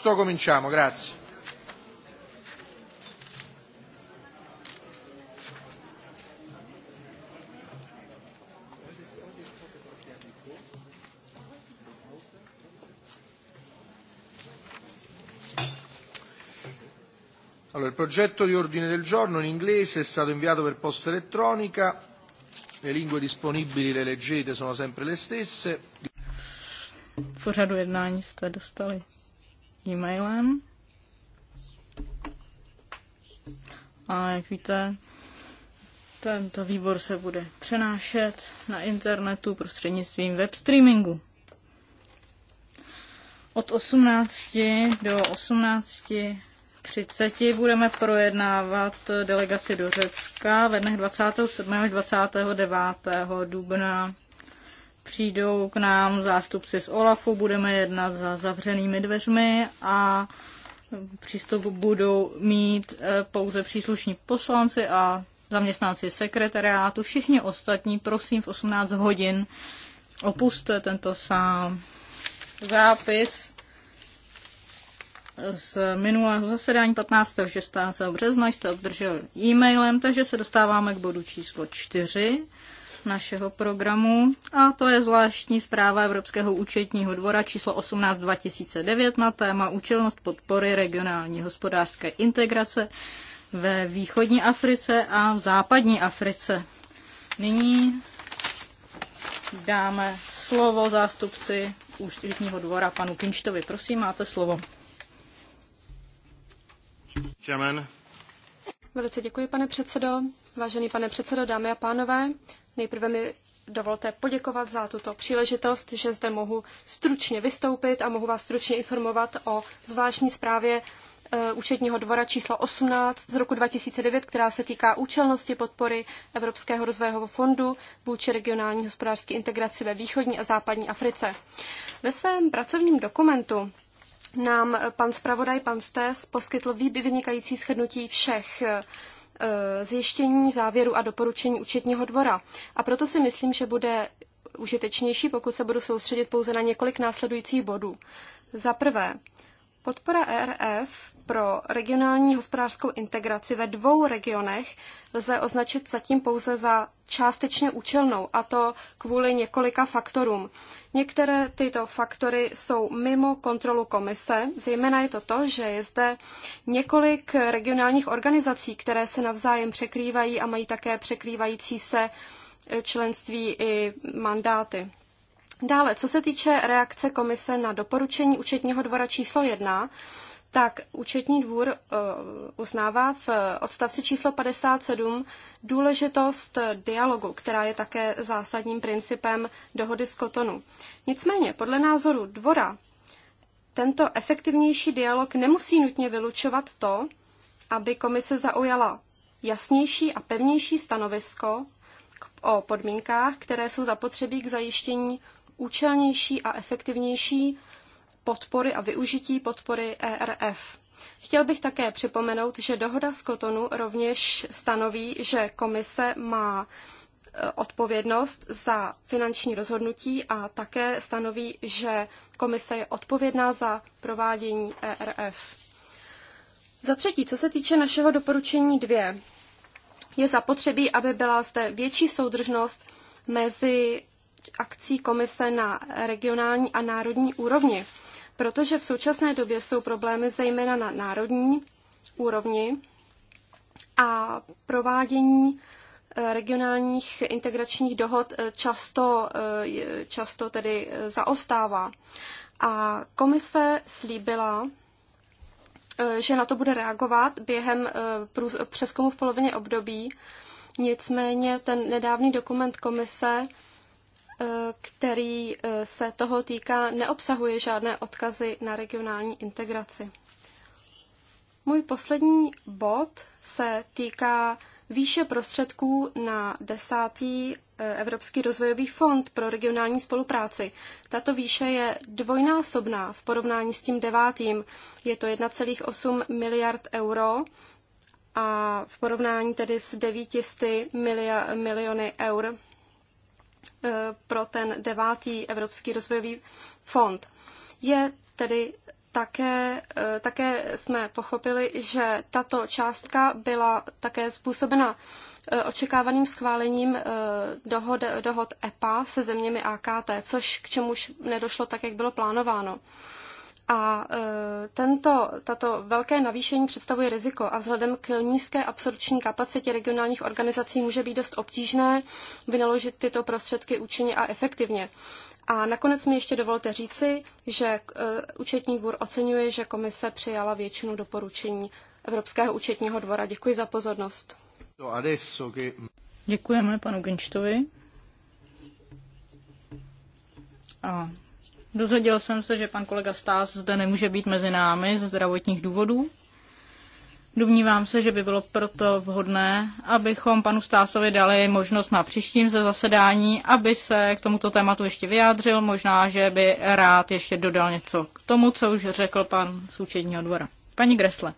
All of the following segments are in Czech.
posto, cominciamo, grazie. Allora, il progetto di ordine del giorno in inglese è stato inviato per posta elettronica, le lingue disponibili le leggete sono sempre le stesse. pořadu jednání jste dostali e-mailem. A jak víte, tento výbor se bude přenášet na internetu prostřednictvím web streamingu. Od 18 do 18.30 budeme projednávat delegaci do Řecka ve dnech 27. až 29. dubna přijdou k nám zástupci z OLAFu, budeme jednat za zavřenými dveřmi a přístup budou mít eh, pouze příslušní poslanci a zaměstnanci sekretariátu. Všichni ostatní, prosím, v 18 hodin opuste tento sám zápis z minulého zasedání 15. 16. března jste obdrželi e-mailem, takže se dostáváme k bodu číslo 4 našeho programu a to je zvláštní zpráva Evropského účetního dvora číslo 18 2009 na téma účelnost podpory regionální hospodářské integrace ve východní Africe a v západní Africe. Nyní dáme slovo zástupci účetního dvora panu Kinčtovi. Prosím, máte slovo. Velice děkuji, pane předsedo. Vážený pane předsedo, dámy a pánové, nejprve mi dovolte poděkovat za tuto příležitost, že zde mohu stručně vystoupit a mohu vás stručně informovat o zvláštní zprávě eh, účetního dvora číslo 18 z roku 2009, která se týká účelnosti podpory Evropského rozvojového fondu vůči regionální hospodářské integraci ve východní a západní Africe. Ve svém pracovním dokumentu nám pan zpravodaj, pan Stes, poskytl vynikající shrnutí všech eh, Eh, zjištění závěru a doporučení účetního dvora. A proto si myslím, že bude užitečnější, pokud se budu soustředit pouze na několik následujících bodů. Za prvé, podpora ERF pro regionální hospodářskou integraci ve dvou regionech lze označit zatím pouze za částečně účelnou, a to kvůli několika faktorům. Některé tyto faktory jsou mimo kontrolu komise, zejména je to to, že je zde několik regionálních organizací, které se navzájem překrývají a mají také překrývající se členství i mandáty. Dále, co se týče reakce komise na doporučení účetního dvora číslo 1, tak účetní dvůr eh, uznává v odstavci číslo 57 důležitost dialogu, která je také zásadním principem dohody z Kotonu. Nicméně, podle názoru dvora, tento efektivnější dialog nemusí nutně vylučovat to, aby komise zaujala jasnější a pevnější stanovisko o podmínkách, které jsou zapotřebí k zajištění účelnější a efektivnější podpory a využití podpory ERF. Chtěl bych také připomenout, že dohoda z Kotonu rovněž stanoví, že komise má e, odpovědnost za finanční rozhodnutí a také stanoví, že komise je odpovědná za provádění ERF. Za třetí, co se týče našeho doporučení dvě, je zapotřebí, aby byla zde větší soudržnost mezi akcí komise na regionální a národní úrovni protože v současné době jsou problémy zejména na národní úrovni a provádění eh, regionálních integračních dohod eh, často, eh, často tedy zaostává. A komise slíbila, že na to bude reagovat během přeskumu v polovině období. Nicméně ten nedávný dokument komise který eh, se toho týká, neobsahuje žádné odkazy na regionální integraci. Můj poslední bod se týká výše prostředků na desátý eh, Evropský rozvojový fond pro regionální spolupráci. Tato výše je dvojnásobná v porovnání s tím devátým. Je to 1,8 miliard euro a v porovnání tedy s 900 miliony eur Eh, pro ten devátý Evropský rozvojový fond. Je tedy také, eh, také jsme pochopili, že tato částka byla také způsobena eh, očekávaným schválením dohod, dohod EPA se zeměmi AKT, což k čemuž nedošlo tak, jak bylo plánováno. A e, tento, tato velké navýšení představuje riziko a vzhledem k nízké absorpční kapacitě regionálních organizací může být dost obtížné vynaložit tyto prostředky účinně a efektivně. A nakonec mi ještě dovolte říci, že e, účetní dvůr oceňuje, že komise přijala většinu doporučení Evropského účetního dvora. Děkuji za pozornost. Děkujeme panu Genčtovi. A Dozvěděl jsem se, že pan kolega Stás zde nemůže být mezi námi ze zdravotních důvodů. Domnívám se, že by bylo proto vhodné, abychom panu Stásovi dali možnost na příštím ze zasedání, aby se k tomuto tématu ještě vyjádřil. Možná, že by rád ještě dodal něco k tomu, co už řekl pan z účetního dvora. Paní Gresle,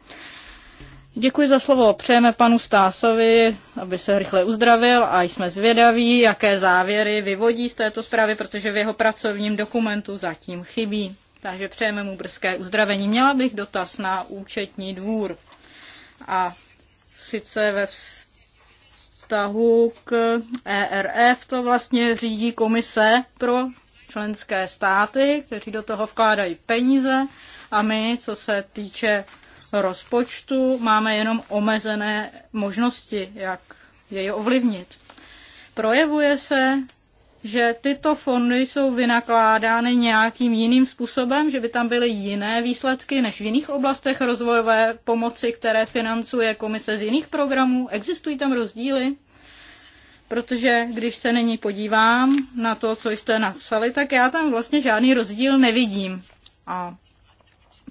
Děkuji za slovo. Přejeme panu Stásovi, aby se rychle uzdravil a jsme zvědaví, jaké závěry vyvodí z této zprávy, protože v jeho pracovním dokumentu zatím chybí. Takže přejeme mu brzké uzdravení. Měla bych dotaz na účetní dvůr. A sice ve vztahu k ERF to vlastně řídí komise pro členské státy, kteří do toho vkládají peníze. A my, co se týče rozpočtu máme jenom omezené možnosti, jak jej ovlivnit. Projevuje se, že tyto fondy jsou vynakládány nějakým jiným způsobem, že by tam byly jiné výsledky než v jiných oblastech rozvojové pomoci, které financuje komise z jiných programů. Existují tam rozdíly? protože když se nyní podívám na to, co jste napsali, tak já tam vlastně žádný rozdíl nevidím. A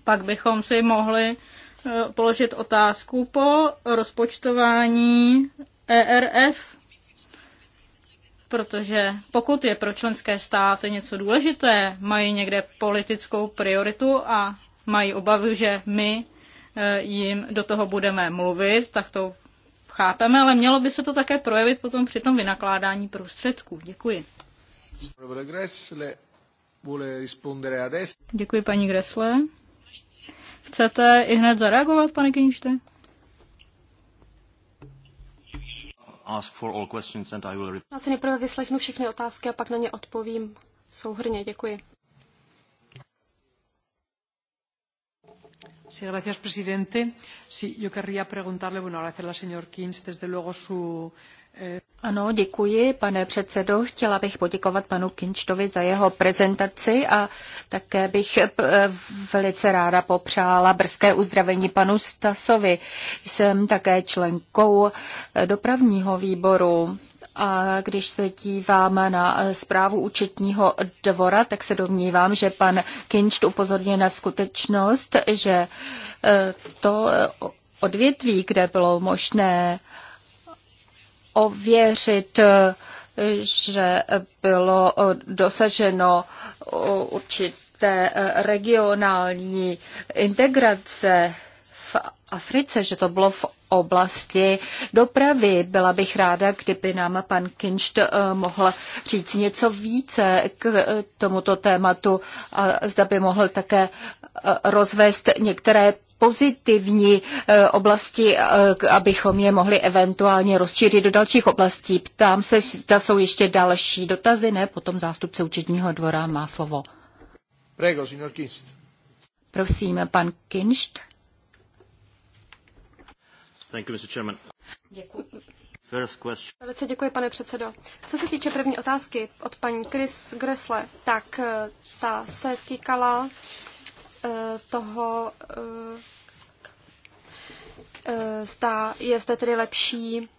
pak bychom si mohli Eh, položit otázku po rozpočtování ERF, protože pokud je pro členské státy něco důležité, mají někde politickou prioritu a mají obavu, že my eh, jim do toho budeme mluvit, tak to chápeme, ale mělo by se to také projevit potom při tom vynakládání prostředků. Děkuji. Děkuji paní Gressle. Chcete i hned zareagovat, pane Keničte? Já si nejprve vyslechnu všechny otázky a pak na ně odpovím souhrně. Děkuji. Sí, gracias, presidente Sí, yo querría preguntarle bueno agradecerle al señor klinz desde luego su ano, děkuji, pane předsedo. Chtěla bych poděkovat panu Kinčtovi za jeho prezentaci a také bych eh, velice ráda popřála brzké uzdravení panu Stasovi. Jsem také členkou eh, dopravního výboru. A když se dívám na eh, zprávu účetního dvora, tak se domnívám, že pan Kinčt upozorně na skutečnost, že to odvětví, kde bylo možné ověřit, že bylo dosaženo určité regionální integrace v Africe, že to bylo v oblasti dopravy. Byla bych ráda, kdyby nám pan Kinšt eh, mohl říct něco více k eh, tomuto tématu a zda by mohl také eh, rozvést některé pozitivní oblasti, abychom je mohli eventuálně rozšířit do dalších oblastí. Ptám se, zda jsou ještě další dotazy, ne? Potom zástupce účetního dvora má slovo. Prego, signor Kinst. Prosím, pan Kinšt. Thank you, Mr. Chairman. Děkuji. First question. Velice děkuji, pane předsedo. Co se týče první otázky od paní Chris Gressle, tak eh, ta se týkala eh, toho, eh, zda je zde tedy lepší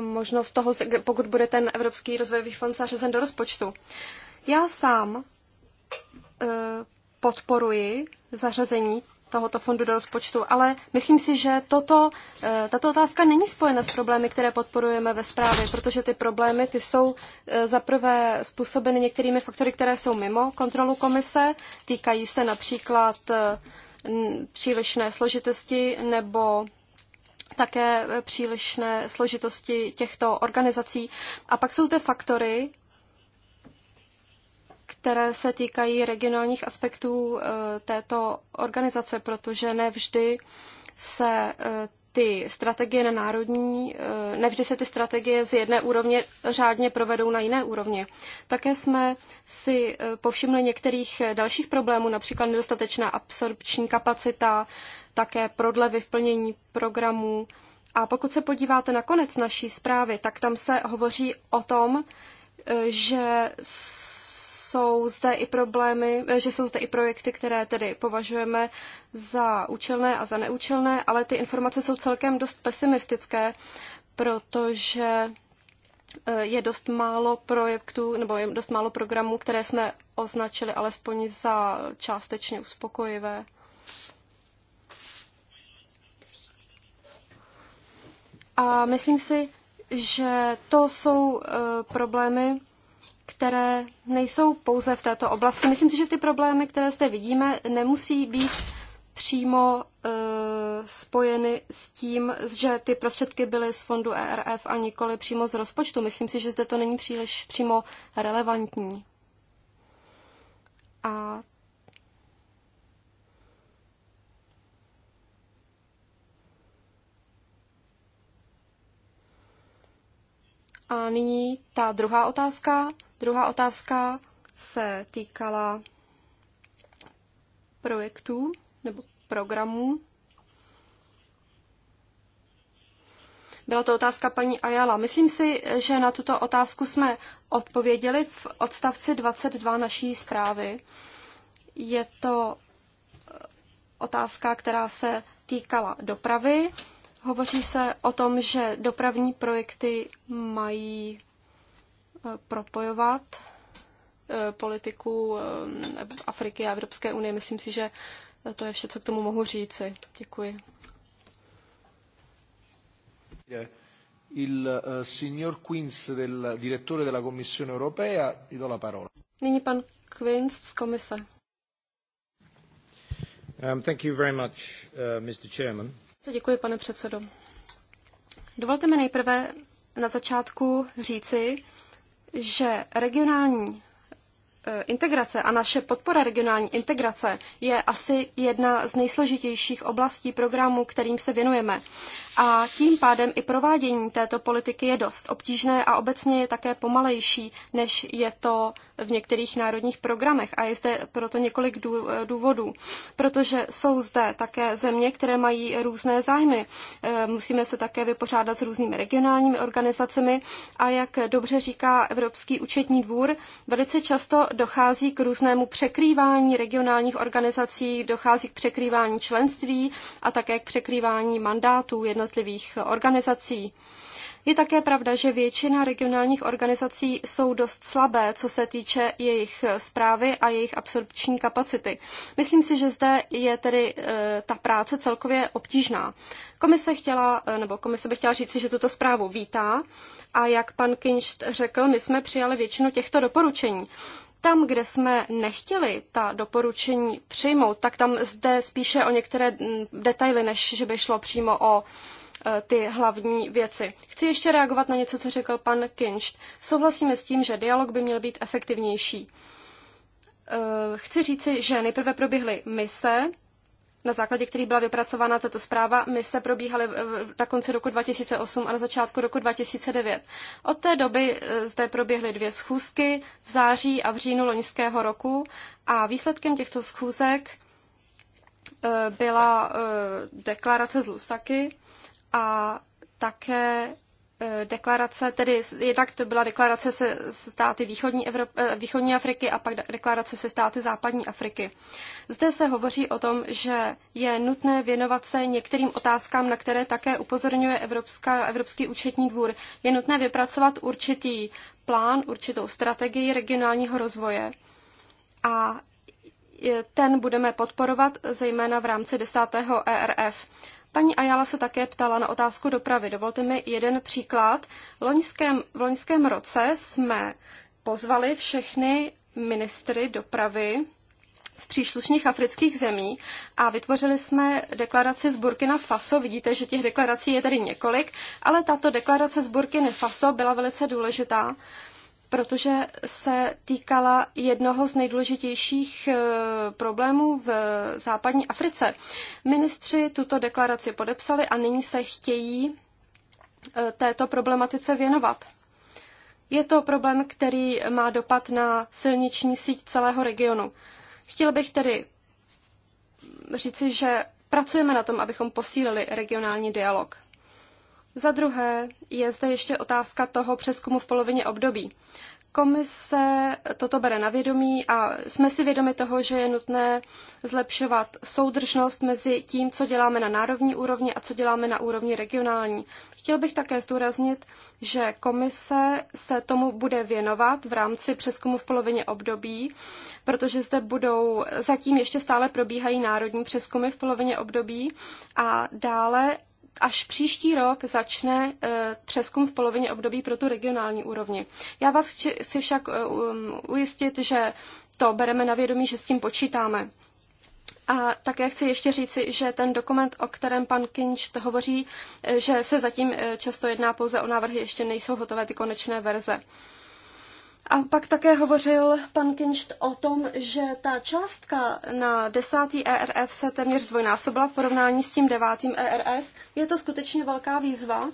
možnost toho, pokud bude ten Evropský rozvojový fond zařazen do rozpočtu. Já sám podporuji zařazení tohoto fondu do rozpočtu, ale myslím si, že toto, eh, tato otázka není spojena s problémy, které podporujeme ve zprávě, protože ty problémy ty jsou eh, zaprvé způsobeny některými faktory, které jsou mimo kontrolu komise, týkají se například eh, přílišné složitosti nebo také přílišné složitosti těchto organizací. A pak jsou zde faktory, které se týkají regionálních aspektů eh, této organizace, protože nevždy se eh, ty strategie na národní, eh, nevždy se ty strategie z jedné úrovně řádně provedou na jiné úrovně. Také jsme si povšimli některých dalších problémů, například nedostatečná absorpční kapacita, také prodlevy v plnění programů. A pokud se podíváte na konec naší zprávy, tak tam se hovoří o tom, že jsou zde i problémy, eh, že jsou zde i projekty, které tedy považujeme za účelné a za neúčelné, ale ty informace jsou celkem dost pesimistické, protože eh, je dost málo projektů nebo je dost málo programů, které jsme označili alespoň za částečně uspokojivé. A myslím si, že to jsou eh, problémy, které nejsou pouze v této oblasti. Myslím si, že ty problémy, které zde vidíme, nemusí být přímo e, spojeny s tím, že ty prostředky byly z fondu ERF a nikoli přímo z rozpočtu. Myslím si, že zde to není příliš přímo relevantní. A A nyní ta druhá otázka. Druhá otázka se týkala projektů nebo programů. Byla to otázka paní Ajala. Myslím si, že na tuto otázku jsme odpověděli v odstavci 22 naší zprávy. Je to otázka, která se týkala dopravy. Hovoří se o tom, že dopravní projekty mají eh, propojovat eh, politiku eh, Afriky a Evropské unie. Myslím si, že to je vše, co k tomu mohu říci. Děkuji. Il signor Quinz, del, direttore della Commissione europea, gli do la parola. Nyní pan Quinz z komise. Um, thank you very much, uh, Mr. Chairman. Děkuji, pane předsedo. Dovolte mi nejprve na začátku říci, že regionální e, integrace a naše podpora regionální integrace je asi jedna z nejsložitějších oblastí programu, kterým se věnujeme a tím pádem i provádění této politiky je dost obtížné a obecně je také pomalejší, než je to v některých národních programech. A je zde proto několik důvodů, protože jsou zde také země, které mají různé zájmy. E, musíme se také vypořádat s různými regionálními organizacemi a jak dobře říká Evropský účetní dvůr, velice často dochází k různému překrývání regionálních organizací, dochází k překrývání členství a také k překrývání mandátů jednotlivých jednotlivých organizací. Je také pravda, že většina regionálních organizací jsou dost slabé, co se týče jejich zprávy a jejich absorpční kapacity. Myslím si, že zde je tedy e, ta práce celkově obtížná. Komise chtěla, eh, nebo komise by chtěla říci, že tuto zprávu vítá a jak pan Kinšt řekl, my jsme přijali většinu těchto doporučení. Tam, kde jsme nechtěli ta doporučení přijmout, tak tam zde spíše o některé mm, detaily, než že by šlo přímo o Eh, ty hlavní věci. Chci ještě reagovat na něco, co řekl pan Kinšt. Souhlasíme s tím, že dialog by měl být efektivnější. Eh, chci říci, že nejprve proběhly mise, na základě kterých byla vypracována tato zpráva. Mise probíhaly na konci roku 2008 a na začátku roku 2009. Od té doby eh, zde proběhly dvě schůzky v září a v říjnu loňského roku a výsledkem těchto schůzek byla deklarace z Lusaky, a také eh, deklarace, tedy jednak to byla deklarace se státy východní, Evrop- eh, východní Afriky a pak deklarace se státy západní Afriky. Zde se hovoří o tom, že je nutné věnovat se některým otázkám, na které také upozorňuje Evropská, Evropský účetní dvůr. Je nutné vypracovat určitý plán, určitou strategii regionálního rozvoje a ten budeme podporovat zejména v rámci desátého ERF. Paní Ajala se také ptala na otázku dopravy. Dovolte mi jeden příklad. V loňském, v loňském roce jsme pozvali všechny ministry dopravy z příslušných afrických zemí a vytvořili jsme deklaraci z Burkina Faso. Vidíte, že těch deklarací je tady několik, ale tato deklarace z Burkina Faso byla velice důležitá, protože se týkala jednoho z nejdůležitějších eh, problémů v západní Africe. Ministři tuto deklaraci podepsali a nyní se chtějí eh, této problematice věnovat. Je to problém, který má dopad na silniční síť celého regionu. Chtěl bych tedy říci, že pracujeme na tom, abychom posílili regionální dialog. Za druhé je zde ještě otázka toho přeskumu v polovině období. Komise toto bere na vědomí a jsme si vědomi toho, že je nutné zlepšovat soudržnost mezi tím, co děláme na národní úrovni a co děláme na úrovni regionální. Chtěl bych také zdůraznit, že komise se tomu bude věnovat v rámci přeskumu v polovině období, protože zde budou, zatím ještě stále probíhají národní přeskumy v polovině období a dále až příští rok začne eh, přeskum v polovině období pro tu regionální úrovni. Já vás chci, však eh, um, ujistit, že to bereme na vědomí, že s tím počítáme. A také chci ještě říci, že ten dokument, o kterém pan Kinč hovoří, eh, že se zatím často jedná pouze o návrhy, ještě nejsou hotové ty konečné verze. A pak také hovořil pan Kinšt o tom, že ta částka na desátý ERF se téměř dvojnásobila v porovnání s tím devátým ERF. Je to skutečně velká výzva,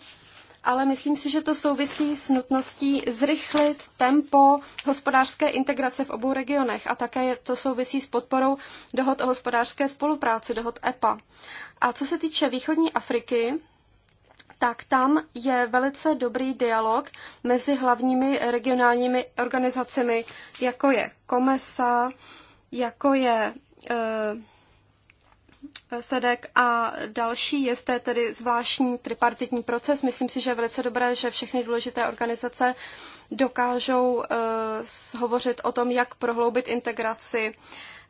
ale myslím si, že to souvisí s nutností zrychlit tempo hospodářské integrace v obou regionech a také to souvisí s podporou dohod o hospodářské spolupráci, dohod EPA. A co se týče východní Afriky, tak tam je velice dobrý dialog mezi hlavními regionálními organizacemi, jako je Komesa, jako je e, SEDEK a další. Je zde tedy zvláštní tripartitní proces. Myslím si, že je velice dobré, že všechny důležité organizace dokážou e, hovořit o tom, jak prohloubit integraci e,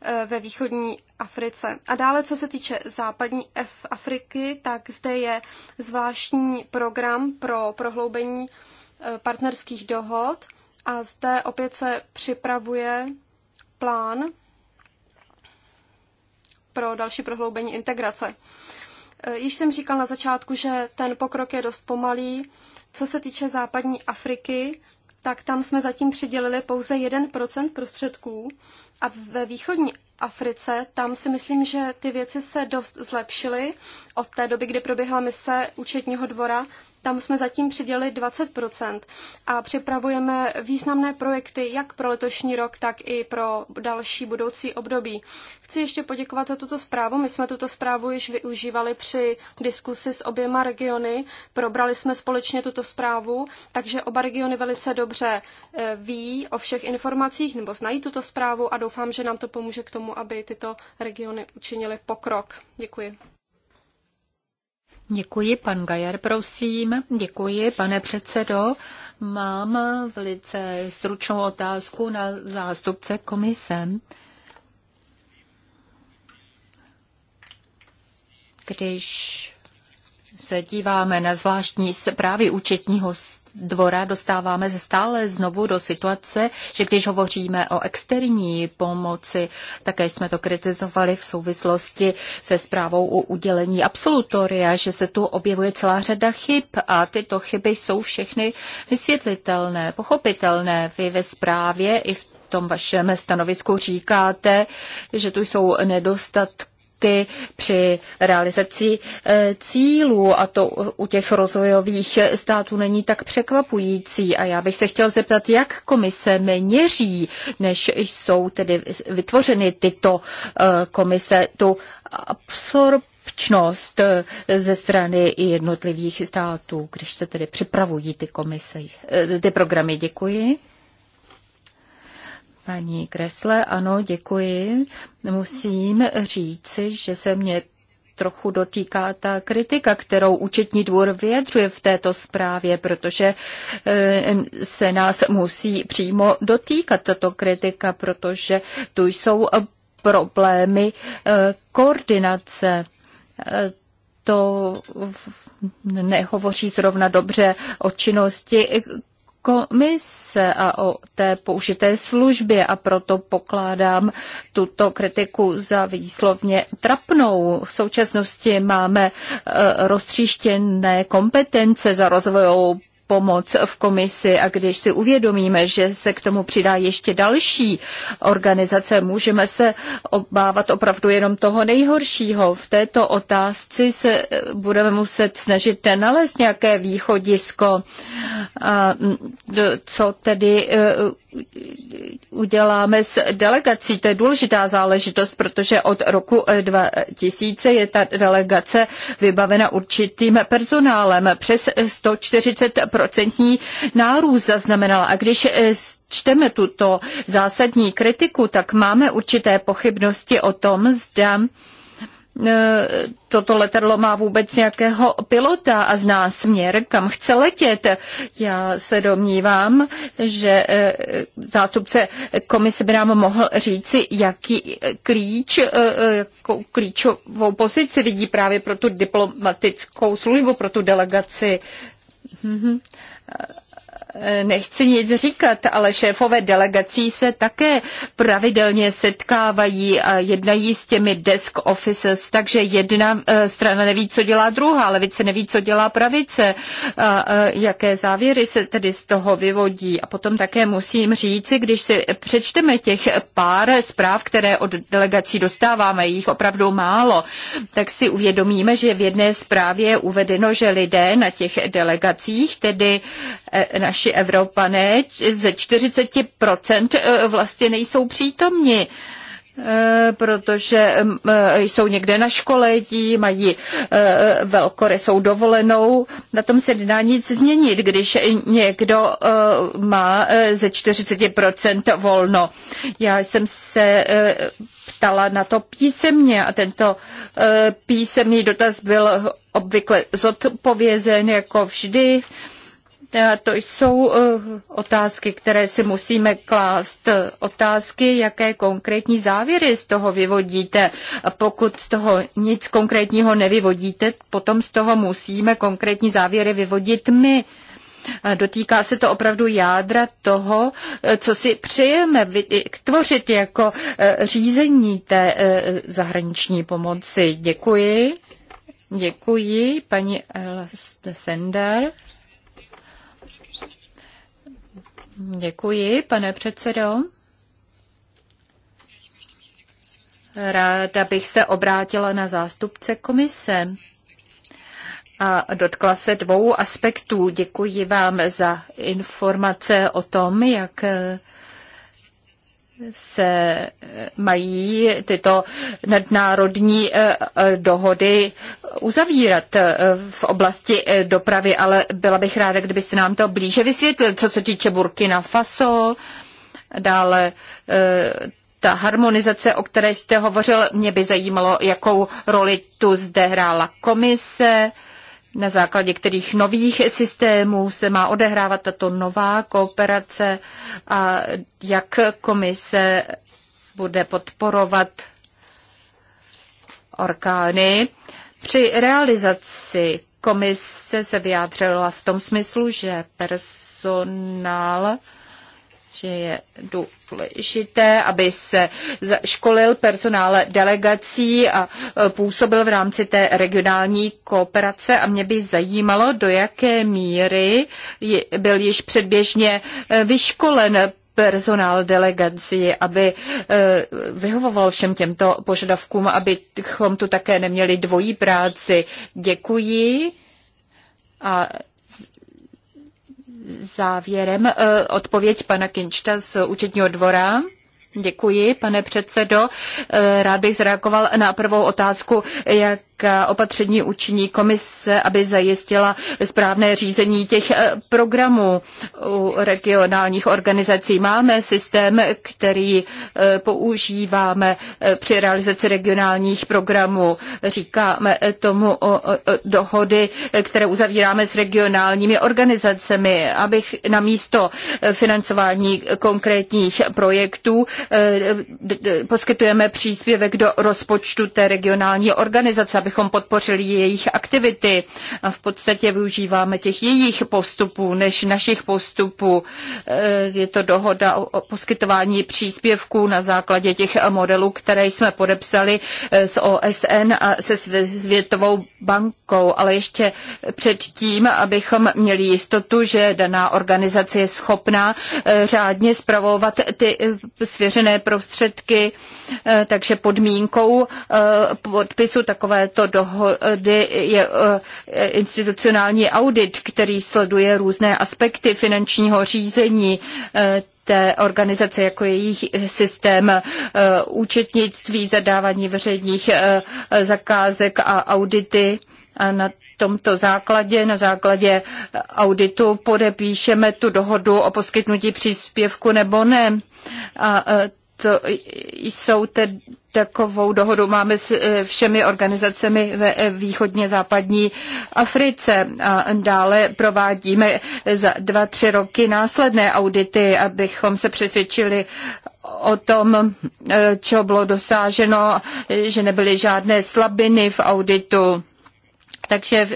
Eh, ve východní Africe. A dále, co se týče západní F Afriky, tak zde je zvláštní program pro prohloubení eh, partnerských dohod a zde opět se připravuje plán pro další prohloubení integrace. Eh, již jsem říkal na začátku, že ten pokrok je dost pomalý. Co se týče západní Afriky, tak tam jsme zatím přidělili pouze 1% prostředků a ve východní Africe, tam si myslím, že ty věci se dost zlepšily od té doby, kdy proběhla mise účetního dvora. Tam jsme zatím přidělili 20 a připravujeme významné projekty jak pro letošní rok, tak i pro další budoucí období. Chci ještě poděkovat za tuto zprávu. My jsme tuto zprávu již využívali při diskusi s oběma regiony. Probrali jsme společně tuto zprávu, takže oba regiony velice dobře eh, ví o všech informacích nebo znají tuto zprávu a doufám, že nám to pomůže k tomu, aby tyto regiony učinily pokrok. Děkuji. Děkuji, pan Gajer, prosím. Děkuji, pane předsedo. Mám velice stručnou otázku na zástupce komise. Když se díváme na zvláštní zprávy účetního dvora dostáváme stále znovu do situace, že když hovoříme o externí pomoci, také jsme to kritizovali v souvislosti se zprávou o udělení absolutoria, že se tu objevuje celá řada chyb a tyto chyby jsou všechny vysvětlitelné, pochopitelné. Vy ve zprávě i v tom vašem stanovisku říkáte, že tu jsou nedostatky kroky při realizaci eh, cílů a to u těch rozvojových států není tak překvapující. A já bych se chtěl zeptat, jak komise měří, než jsou tedy vytvořeny tyto eh, komise, tu absorpčnost eh, ze strany jednotlivých států, když se tedy připravují ty komise, ty programy. Děkuji. Paní Kresle, ano, děkuji. Musím říci, že se mě trochu dotýká ta kritika, kterou účetní dvůr vyjadřuje v této zprávě, protože eh, se nás musí přímo dotýkat tato kritika, protože tu jsou problémy eh, koordinace. Eh, to nehovoří zrovna dobře o činnosti komise a o té použité službě a proto pokládám tuto kritiku za výslovně trapnou. V současnosti máme eh, roztříštěné kompetence za rozvojovou pomoc v komisi a když si uvědomíme, že se k tomu přidá ještě další organizace, můžeme se obávat opravdu jenom toho nejhoršího. V této otázce se eh, budeme muset snažit nalézt nějaké východisko, mm, co tedy eh, uděláme s delegací. To je důležitá záležitost, protože od roku 2000 eh, je ta delegace vybavena určitým personálem. Přes 140% nárůst zaznamenala. A když eh, čteme tuto zásadní kritiku, tak máme určité pochybnosti o tom, zda Eh, toto letadlo má vůbec nějakého pilota a zná směr, kam chce letět. Já se domnívám, že eh, zástupce komise by nám mohl říci, jaký klíč, eh, jakou klíčovou pozici vidí právě pro tu diplomatickou službu, pro tu delegaci. Mhm nechci nic říkat, ale šéfové delegací se také pravidelně setkávají a jednají s těmi desk offices, takže jedna eh, strana neví, co dělá druhá, levice neví, co dělá pravice, a jaké závěry se tedy z toho vyvodí. A potom také musím říci, když si přečteme těch pár zpráv, které od delegací dostáváme, jich opravdu málo, tak si uvědomíme, že v jedné zprávě je uvedeno, že lidé na těch delegacích, tedy eh, naši naši Evropané ze 40% e, vlastně nejsou přítomni e, protože e, jsou někde na školení, mají velkorysou dovolenou. Na tom se nedá nic změnit, když někdo má ze 40% volno. Já jsem se ptala na to písemně a tento písemný dotaz byl obvykle zodpovězen jako vždy. To jsou eh, otázky, které si musíme klást. Otázky, jaké konkrétní závěry z toho vyvodíte. Pokud z toho nic konkrétního nevyvodíte, potom z toho musíme konkrétní závěry vyvodit my. Dotýká se to opravdu jádra toho, eh, co si přejeme tvořit jako eh, řízení té zahraniční pomoci. Děkuji. Děkuji, paní Elstesender. Sender. Děkuji, pane předsedo. Ráda bych se obrátila na zástupce komise a dotkla se dvou aspektů. Děkuji vám za informace o tom, jak se eh, mají tyto nadnárodní eh, dohody uzavírat eh, v oblasti dopravy, ale byla bych ráda, kdybyste nám to blíže vysvětlil, co se týče Burkina Faso, dále ta harmonizace, o které jste hovořil, mě by zajímalo, jakou roli tu zde hrála komise, na základě kterých nových systémů se má odehrávat tato nová kooperace a jak komise bude podporovat orkány. Při realizaci komise se vyjádřila v tom smyslu, že personál že je důležité, aby se školil personál delegací a e, působil v rámci té regionální kooperace a mě by zajímalo, do jaké míry byl již předběžně e, vyškolen personál delegací, aby e, vyhovoval všem těmto požadavkům, abychom tu také neměli dvojí práci. Děkuji. A závěrem eh, odpověď pana Kinčta z účetního dvora. Děkuji, pane předsedo. Eh, rád bych zreagoval na prvou otázku, jak jak opatření učiní komise, aby zajistila správné řízení těch eh, programů u regionálních organizací. Máme systém, který eh, používáme eh, při realizaci regionálních programů. Říkáme tomu dohody, které uzavíráme s regionálními organizacemi, abych na místo financování konkrétních projektů poskytujeme příspěvek do rozpočtu té regionální organizace, abychom podpořili jejich aktivity. A v podstatě využíváme těch jejich postupů než našich postupů. Eh, je to dohoda o poskytování příspěvků na základě těch modelů, které jsme podepsali eh, s OSN a se Světovou bankou, ale ještě předtím, abychom měli jistotu, že daná organizace je schopná eh, řádně zpravovat ty svěřené prostředky, takže podmínkou podpisu takové této dohody je eh, institucionální audit, který sleduje různé aspekty finančního řízení eh, té organizace, jako je jejich systém eh, účetnictví, zadávání veřejných zakázek a audity. A na tomto základě, na základě auditu, podepíšeme tu dohodu o poskytnutí příspěvku nebo ne. A to jsou tedy takovou dohodu máme s eh, všemi organizacemi ve eh, východně západní Africe. A dále provádíme za dva, tři roky následné audity, abychom se přesvědčili o tom, co eh, bylo dosáženo, že nebyly žádné slabiny v auditu. Takže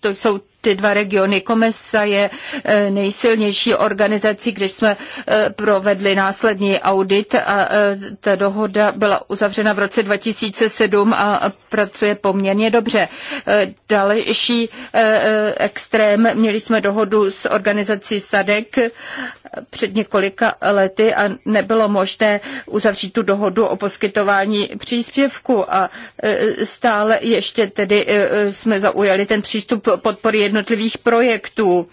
to jsou ty dva regiony. Komesa je eh, nejsilnější organizací, když jsme eh, provedli následní audit a eh, ta dohoda byla uzavřena v roce 2007 a pracuje poměrně dobře. Další extrém, měli jsme dohodu s organizací SADEK před několika lety a nebylo možné uzavřít tu dohodu o poskytování příspěvku a e, stále ještě tedy e, jsme zaujali ten přístup podpory jednotlivých projektů.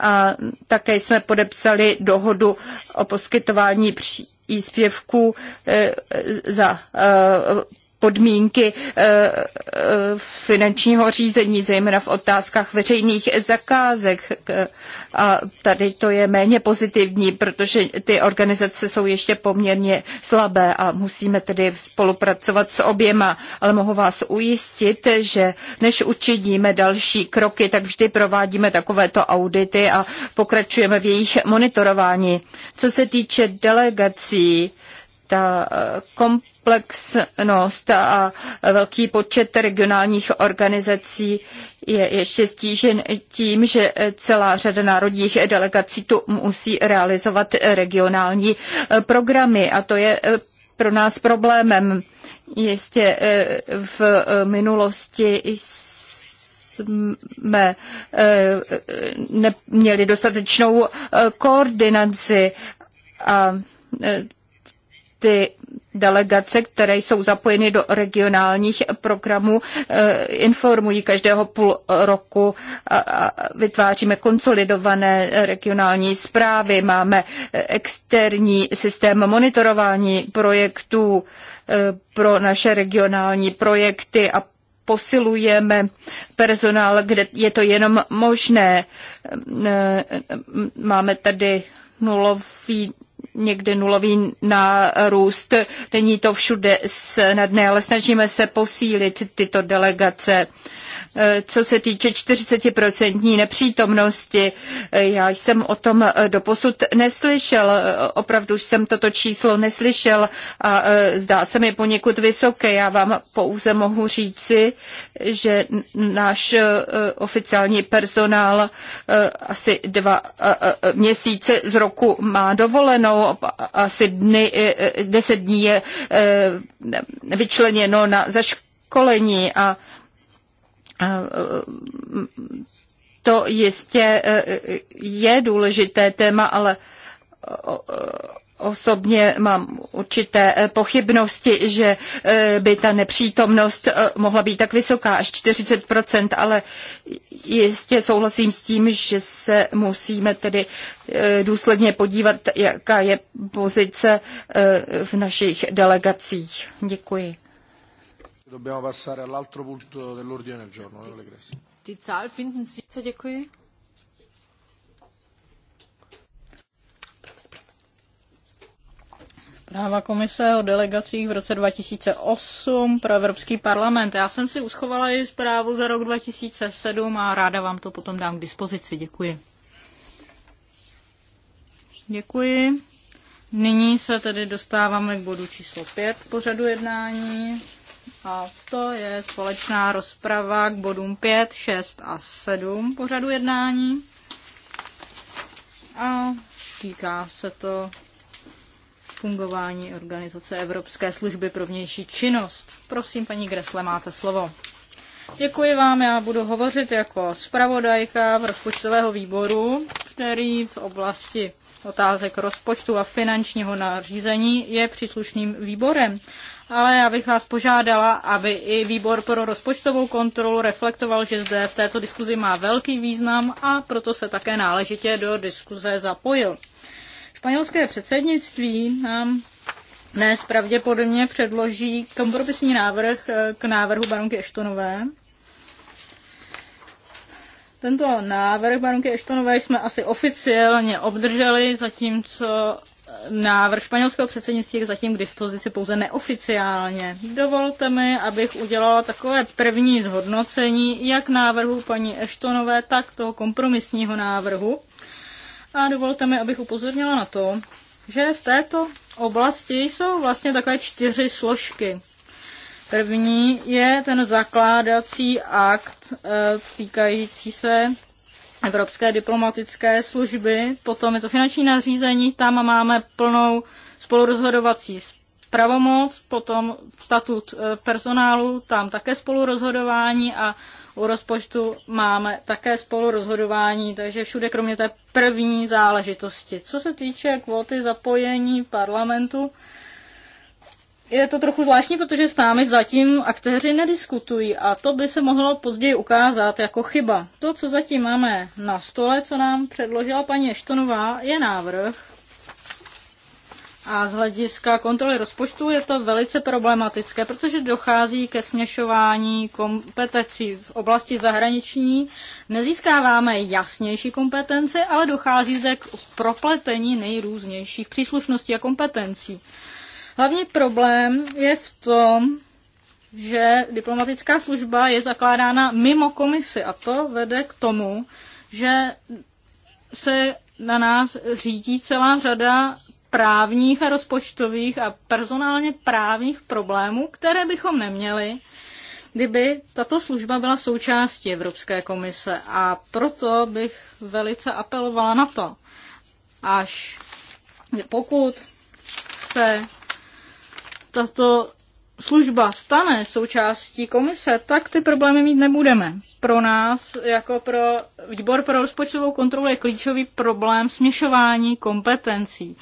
A také jsme podepsali dohodu o poskytování příspěvku e, za podmínky eh, eh, finančního řízení, zejména v otázkách veřejných zakázek. A tady to je méně pozitivní, protože ty organizace jsou ještě poměrně slabé a musíme tedy spolupracovat s oběma. Ale mohu vás ujistit, že než učiníme další kroky, tak vždy provádíme takovéto audity a pokračujeme v jejich monitorování. Co se týče delegací, ta eh, komp- komplexnost a velký počet regionálních organizací je ještě stížen tím, že celá řada národních delegací tu musí realizovat regionální programy a to je pro nás problémem. Jistě eh, v minulosti jsme eh, neměli dostatečnou eh, koordinaci a ty delegace, které jsou zapojeny do regionálních programů, eh, informují každého půl roku. Vytváříme konsolidované regionální zprávy, máme externí systém monitorování projektů eh, pro naše regionální projekty a posilujeme personál, kde je to jenom možné. Eh, máme tady nulový někde nulový nárůst. Není to všude snadné, ale snažíme se posílit tyto delegace. Eh, co se týče 40% nepřítomnosti, eh, já jsem o tom eh, doposud neslyšel. Opravdu jsem toto číslo neslyšel a zdá se mi poněkud vysoké. Já vám pouze mohu říci, že náš oficiální personál asi dva měsíce z roku má dovolenou asi dny, deset dní je e, vyčleněno na zaškolení a to jistě e, je důležité téma, ale Osobně mám určité eh, pochybnosti, že eh, by ta nepřítomnost eh, mohla být tak vysoká, až 40%, ale jistě souhlasím s tím, že se musíme tedy důsledně podívat, jaká je pozice v našich delegacích. Děkuji. Dobbiamo passare all'altro punto dell'ordine del giorno, Děkuji. Zpráva komise o delegacích v roce 2008 pro Evropský parlament. Já jsem si uschovala i zprávu za rok 2007 a ráda vám to potom dám k dispozici. Děkuji. Děkuji. Nyní se tedy dostáváme k bodu číslo 5 pořadu jednání a to je společná rozprava k bodům 5, 6 a 7 pořadu jednání. A týká se to fungování organizace Evropské služby pro vnější činnost. Prosím, paní Gresle, máte slovo. Děkuji vám, já budu hovořit jako zpravodajka v rozpočtového výboru, který v oblasti otázek rozpočtu a finančního nařízení je příslušným výborem. Ale já bych vás požádala, aby i výbor pro rozpočtovou kontrolu reflektoval, že zde v této diskuzi má velký význam a proto se také náležitě do diskuze zapojil. Španělské předsednictví nám dnes pravděpodobně předloží kompromisní návrh eh, k návrhu baronky Eštonové. Tento návrh baronky Eštonové jsme asi oficiálně obdrželi, zatímco návrh španělského předsednictví je zatím k dispozici pouze neoficiálně. Dovolte mi, abych udělala takové první zhodnocení jak návrhu paní Eštonové, tak toho kompromisního návrhu a dovolte mi, abych upozornila na to, že v této oblasti jsou vlastně takové čtyři složky. První je ten zakládací akt eh, týkající se Evropské diplomatické služby, potom je to finanční nařízení, tam máme plnou spolurozhodovací pravomoc, potom statut eh, personálu, tam také spolurozhodování a u rozpočtu máme také spolu rozhodování, takže všude kromě té první záležitosti. Co se týče kvóty zapojení parlamentu, je to trochu zvláštní, protože s námi zatím aktéři nediskutují a to by se mohlo později ukázat jako chyba. To, co zatím máme na stole, co nám předložila paní Eštonová, je návrh, a z hlediska kontroly rozpočtu je to velice problematické, protože dochází ke směšování kompetencí v oblasti zahraniční. Nezískáváme jasnější kompetence, ale dochází zde k propletení nejrůznějších příslušností a kompetencí. Hlavní problém je v tom, že diplomatická služba je zakládána mimo komisi a to vede k tomu, že se na nás řídí celá řada právních a rozpočtových a personálně právních problémů, které bychom neměli, kdyby tato služba byla součástí Evropské komise. A proto bych velice apelovala na to, až pokud se tato služba stane součástí komise, tak ty problémy mít nebudeme. Pro nás, jako pro výbor pro rozpočtovou kontrolu, je klíčový problém směšování kompetencí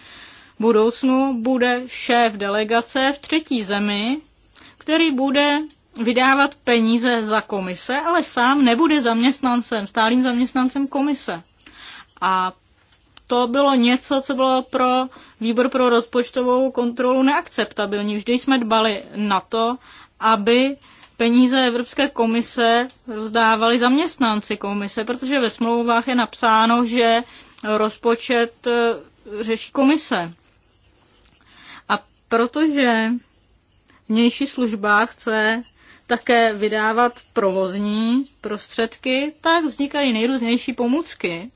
budoucnu bude šéf delegace v třetí zemi, který bude vydávat peníze za komise, ale sám nebude zaměstnancem, stálým zaměstnancem komise. A to bylo něco, co bylo pro výbor pro rozpočtovou kontrolu neakceptabilní. Vždy jsme dbali na to, aby peníze Evropské komise rozdávali zaměstnanci komise, protože ve smlouvách je napsáno, že rozpočet eh, řeší komise protože vnější služba chce také vydávat provozní prostředky, tak vznikají nejrůznější pomůcky,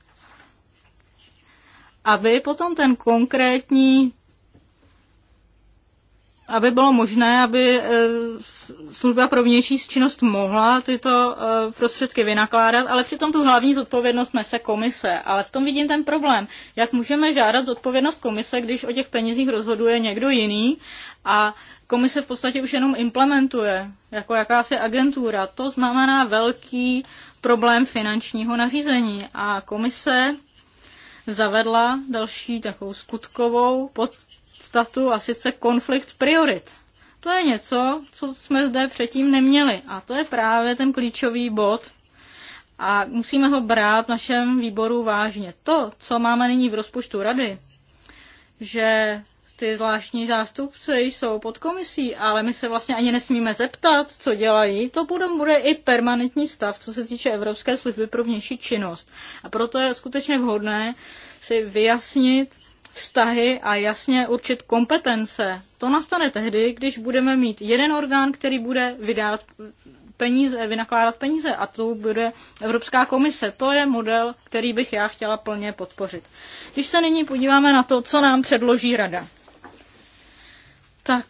aby potom ten konkrétní aby bylo možné, aby e, služba pro vnější činnost mohla tyto e, prostředky vynakládat, ale přitom tu hlavní zodpovědnost nese komise. Ale v tom vidím ten problém. Jak můžeme žádat zodpovědnost komise, když o těch penězích rozhoduje někdo jiný a komise v podstatě už jenom implementuje jako jakási agentura. To znamená velký problém finančního nařízení a komise zavedla další takovou skutkovou pod podstatu a sice konflikt priorit. To je něco, co jsme zde předtím neměli a to je právě ten klíčový bod a musíme ho brát v našem výboru vážně. To, co máme nyní v rozpočtu rady, že ty zvláštní zástupci jsou pod komisí, ale my se vlastně ani nesmíme zeptat, co dělají. To potom bude i permanentní stav, co se týče Evropské služby pro vnější činnost. A proto je skutečně vhodné si vyjasnit, vztahy a jasně určit kompetence. To nastane tehdy, když budeme mít jeden orgán, který bude vydávat peníze, vynakládat peníze a to bude Evropská komise. To je model, který bych já chtěla plně podpořit. Když se nyní podíváme na to, co nám předloží rada, tak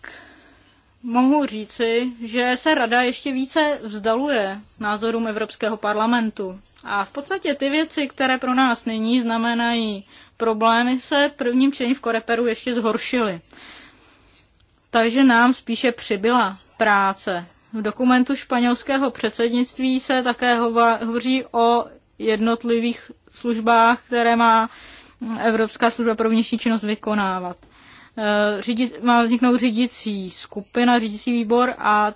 mohu říci, že se rada ještě více vzdaluje názorům Evropského parlamentu. A v podstatě ty věci, které pro nás nyní znamenají problémy se prvním čtení v Koreperu ještě zhoršily. Takže nám spíše přibyla práce. V dokumentu španělského předsednictví se také hovoří o jednotlivých službách, které má Evropská služba pro vnější činnost vykonávat. E, Řidic, má vzniknout řídící skupina, řídící výbor a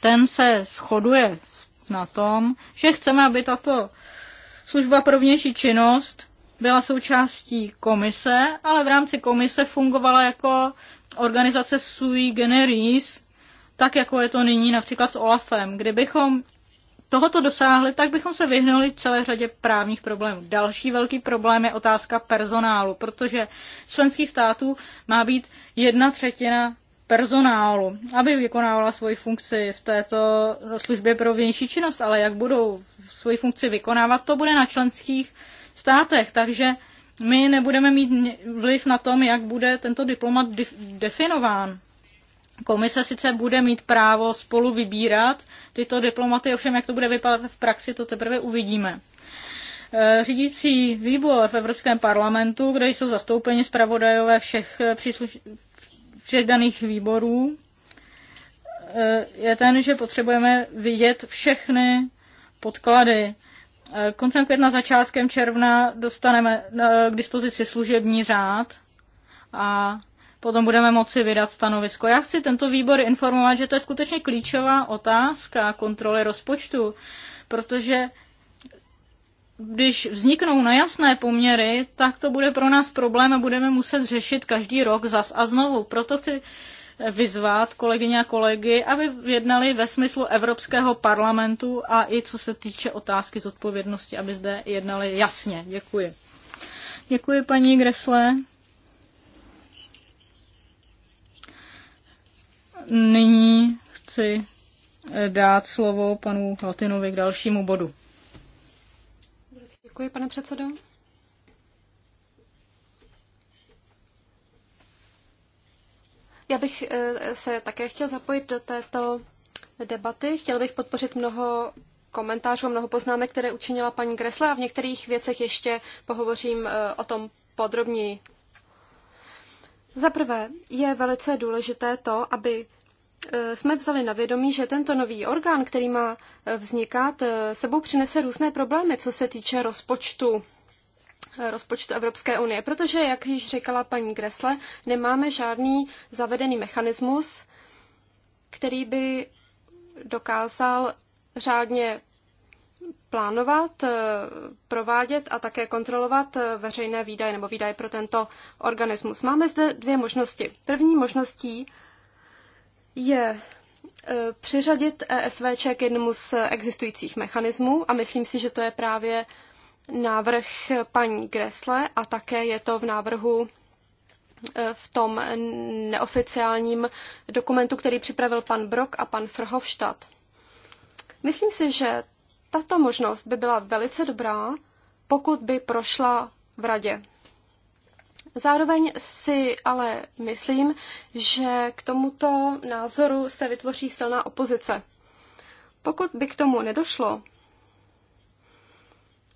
ten se shoduje na tom, že chceme, aby tato služba pro vnější činnost byla součástí komise, ale v rámci komise fungovala jako organizace sui generis, tak jako je to nyní například s OLAFem. Kdybychom tohoto dosáhli, tak bychom se vyhnuli celé řadě právních problémů. Další velký problém je otázka personálu, protože členských států má být jedna třetina personálu, aby vykonávala svoji funkci v této službě pro vnější činnost, ale jak budou svoji funkci vykonávat, to bude na členských státech, takže my nebudeme mít vliv na tom, jak bude tento diplomat definován. Komise sice bude mít právo spolu vybírat tyto diplomaty, ovšem jak to bude vypadat v praxi, to teprve uvidíme. Eh, řídící výbor v Evropském parlamentu, kde jsou zastoupeni zpravodajové všech, eh, přísluš... všech daných výborů, eh, je ten, že potřebujeme vidět všechny podklady Eh, koncem května, začátkem června dostaneme eh, k dispozici služební řád a potom budeme moci vydat stanovisko. Já chci tento výbor informovat, že to je skutečně klíčová otázka kontroly rozpočtu, protože když vzniknou nejasné poměry, tak to bude pro nás problém a budeme muset řešit každý rok zas a znovu. Proto chci vyzvat kolegyně a kolegy, aby jednali ve smyslu Evropského parlamentu a i co se týče otázky zodpovědnosti, aby zde jednali jasně. Děkuji. Děkuji paní Gresle. Nyní chci eh, dát slovo panu Latinovi k dalšímu bodu. Děkuji, pane předsedo. Já bych eh, se také chtěl zapojit do této debaty. Chtěl bych podpořit mnoho komentářů a mnoho poznámek, které učinila paní Gresla a v některých věcech ještě pohovořím eh, o tom podrobněji. Za prvé je velice důležité to, aby eh, jsme vzali na vědomí, že tento nový orgán, který má vznikat, sebou přinese různé problémy, co se týče rozpočtu rozpočtu Evropské unie, protože, jak již říkala paní Gresle, nemáme žádný zavedený mechanismus, který by dokázal řádně plánovat, eh, provádět a také kontrolovat eh, veřejné výdaje nebo výdaje pro tento organismus. Máme zde dvě možnosti. První možností je eh, přiřadit ESVČ k jednomu z existujících mechanismů a myslím si, že to je právě návrh paní Gresle a také je to v návrhu eh, v tom neoficiálním dokumentu, který připravil pan Brok a pan Frhovštad. Myslím si, že tato možnost by byla velice dobrá, pokud by prošla v radě. Zároveň si ale myslím, že k tomuto názoru se vytvoří silná opozice. Pokud by k tomu nedošlo,